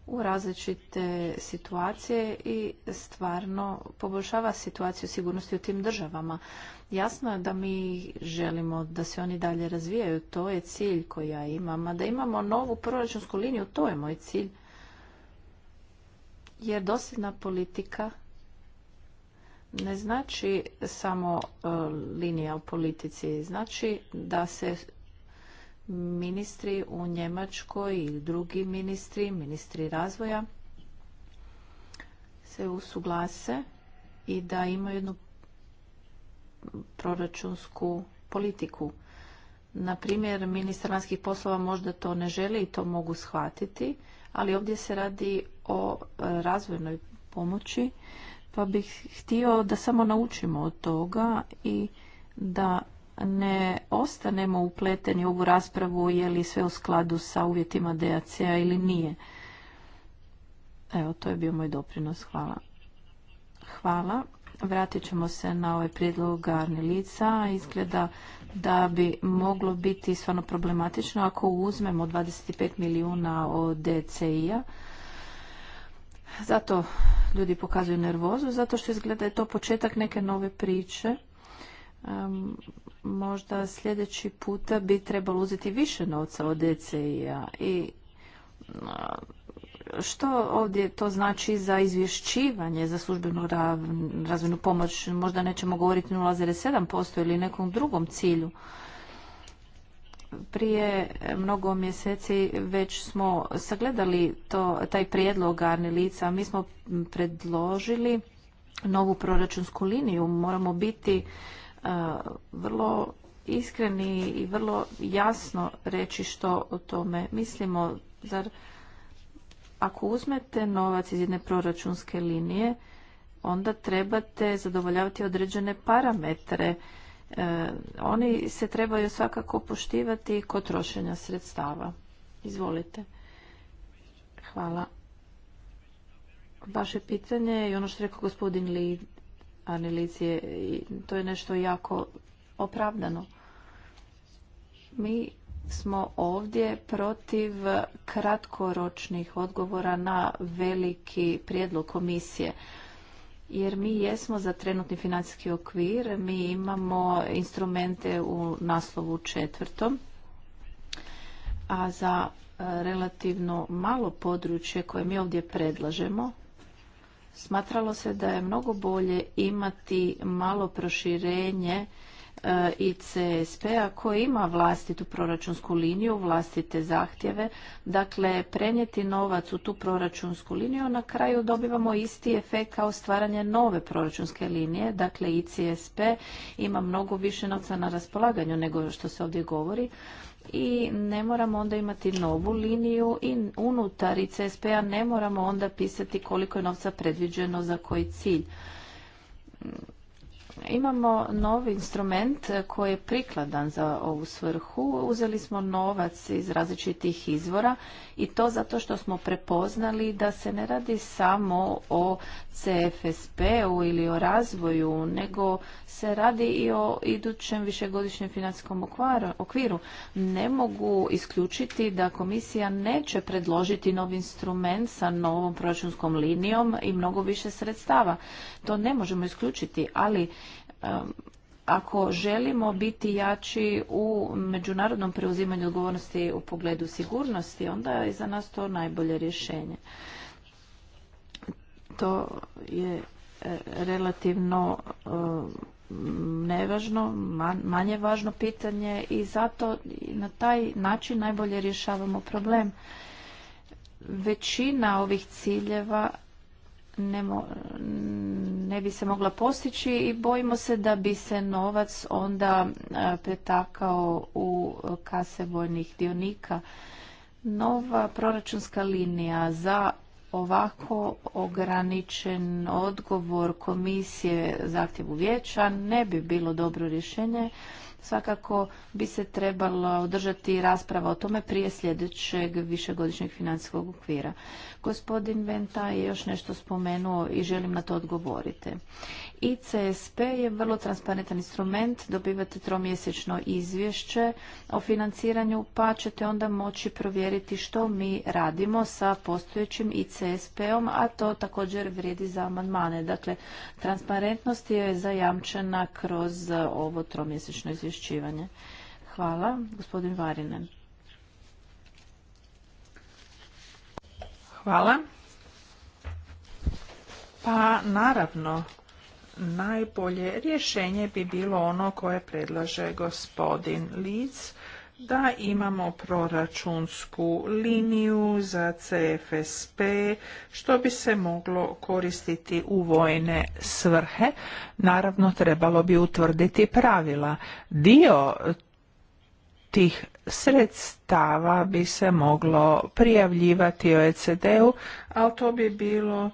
u različite situacije i stvarno poboljšava situaciju sigurnosti u tim državama. Jasno je da mi želimo da se oni dalje razvijaju, to je cilj koji ja imam, a da imamo novu proračunsku liniju, to je moj cilj. Jer dosljedna politika ne znači samo e, linija u politici, znači da se ministri u Njemačkoj i drugi ministri, ministri razvoja se usuglase i da imaju jednu proračunsku politiku. Na primjer, ministar vanjskih poslova možda to ne želi i to mogu shvatiti, ali ovdje se radi o e, razvojnoj pomoći, pa bih htio da samo naučimo od toga i da ne ostanemo upleteni u ovu raspravu je li sve u skladu sa uvjetima DAC-a ili nije. Evo, to je bio moj doprinos. Hvala. Hvala. Vratit ćemo se na ovaj prijedlog Garni Lica. Izgleda da bi moglo biti stvarno problematično ako uzmemo 25 milijuna od DCI-a. Zato ljudi pokazuju nervozu, zato što izgleda je to početak neke nove priče možda sljedeći puta bi trebalo uzeti više novca od DCI-a i što ovdje to znači za izvješćivanje za službenu razvojnu pomoć? Možda nećemo govoriti 0,7% ili nekom drugom cilju. Prije mnogo mjeseci već smo sagledali taj prijedlog Lica. Mi smo predložili novu proračunsku liniju. Moramo biti vrlo iskreni i vrlo jasno reći što o tome mislimo. Zar ako uzmete novac iz jedne proračunske linije, onda trebate zadovoljavati određene parametre. E, oni se trebaju svakako poštivati kod trošenja sredstava. Izvolite. Hvala. Vaše pitanje i ono što rekao gospodin Li anilicije i to je nešto jako opravdano. Mi smo ovdje protiv kratkoročnih odgovora na veliki prijedlog komisije. Jer mi jesmo za trenutni financijski okvir, mi imamo instrumente u naslovu četvrtom, a za e, relativno malo područje koje mi ovdje predlažemo, Smatralo se da je mnogo bolje imati malo proširenje e, i a p-a koji ima vlastitu proračunsku liniju, vlastite zahtjeve. Dakle, prenijeti novac u tu proračunsku liniju, na kraju dobivamo isti efekt kao stvaranje nove proračunske linije. Dakle, ICSP ima mnogo više novca na raspolaganju nego što se ovdje govori i ne moramo onda imati novu liniju i unutar icsp a ne moramo onda pisati koliko je novca predviđeno za koji cilj Imamo novi instrument koji je prikladan za ovu svrhu. Uzeli smo novac iz različitih izvora i to zato što smo prepoznali da se ne radi samo o CFSP-u ili o razvoju, nego se radi i o idućem višegodišnjem financijskom okviru. Ne mogu isključiti da komisija neće predložiti novi instrument sa novom proračunskom linijom i mnogo više sredstava. To ne možemo isključiti, ali ako želimo biti jači u međunarodnom preuzimanju odgovornosti u pogledu sigurnosti, onda je za nas to najbolje rješenje. To je e, relativno e, nevažno, manje važno pitanje i zato na taj način najbolje rješavamo problem. Većina ovih ciljeva ne, ne bi se mogla postići i bojimo se da bi se novac onda e, pretakao u kase vojnih dionika. Nova proračunska linija za ovako ograničen odgovor komisije zahtjevu vijeća ne bi bilo dobro rješenje. Svakako bi se trebalo održati rasprava o tome prije sljedećeg višegodišnjeg financijskog okvira. Gospodin Venta je još nešto spomenuo i želim na to odgovoriti. ICSP je vrlo transparentan instrument, dobivate tromjesečno izvješće o financiranju pa ćete onda moći provjeriti što mi radimo sa postojećim ICSP-om, a to također vrijedi za amandmane. Dakle, transparentnost je zajamčena kroz ovo tromjesečno izvješćivanje. Hvala. Gospodin Varinen. Hvala. Pa naravno, najbolje rješenje bi bilo ono koje predlaže gospodin Lic, da imamo proračunsku liniju za CFSP što bi se moglo koristiti u vojne svrhe. Naravno trebalo bi utvrditi pravila. Dio tih sredstava bi se moglo prijavljivati OECD-u, ali to bi bilo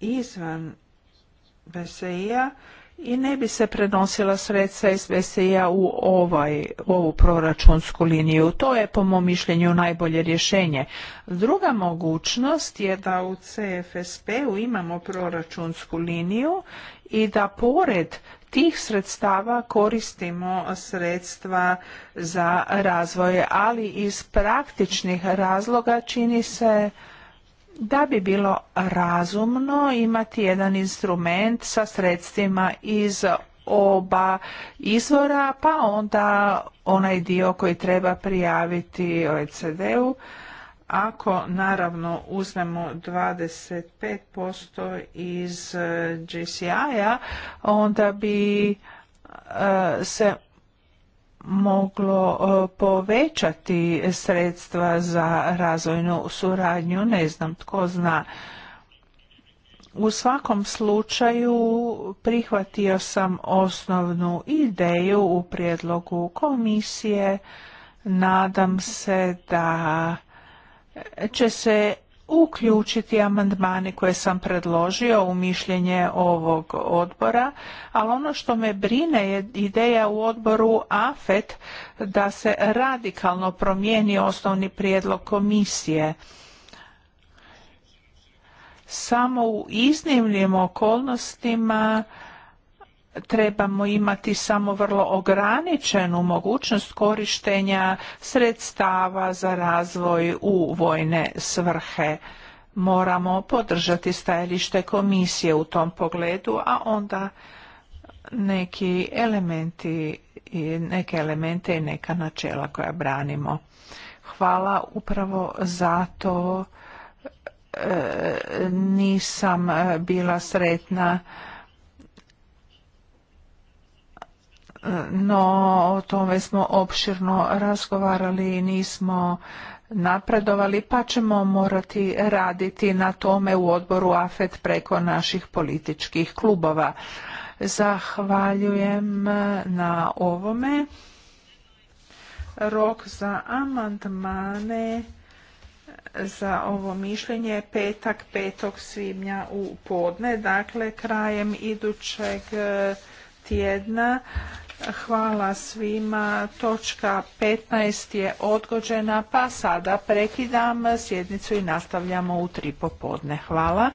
izvan BSI-a i ne bi se prenosila sredstva iz BSI-a u, ovaj, u ovu proračunsku liniju. To je po mom mišljenju najbolje rješenje. Druga mogućnost je da u CFSP-u imamo proračunsku liniju i da pored tih sredstava koristimo sredstva za razvoj, ali iz praktičnih razloga čini se da bi bilo razumno imati jedan instrument sa sredstvima iz oba izvora, pa onda onaj dio koji treba prijaviti OECD-u ako naravno uzmemo 25% iz e, GCI-a, onda bi e, se moglo e, povećati sredstva za razvojnu suradnju, ne znam tko zna. U svakom slučaju prihvatio sam osnovnu ideju u prijedlogu komisije. Nadam se da će se uključiti amandmani koje sam predložio u mišljenje ovog odbora, ali ono što me brine je ideja u odboru AFET da se radikalno promijeni osnovni prijedlog komisije. Samo u iznimnim okolnostima trebamo imati samo vrlo ograničenu mogućnost korištenja sredstava za razvoj u vojne svrhe. Moramo podržati stajalište komisije u tom pogledu, a onda neki elementi i neke elemente i neka načela koja branimo. Hvala upravo zato e, nisam bila sretna no o tome smo opširno razgovarali i nismo napredovali pa ćemo morati raditi na tome u odboru AFET preko naših političkih klubova. Zahvaljujem na ovome. Rok za amandmane za ovo mišljenje je petak 5. svibnja u podne, dakle krajem idućeg tjedna Hvala svima. Točka 15 je odgođena, pa sada prekidam sjednicu i nastavljamo u tri popodne. Hvala.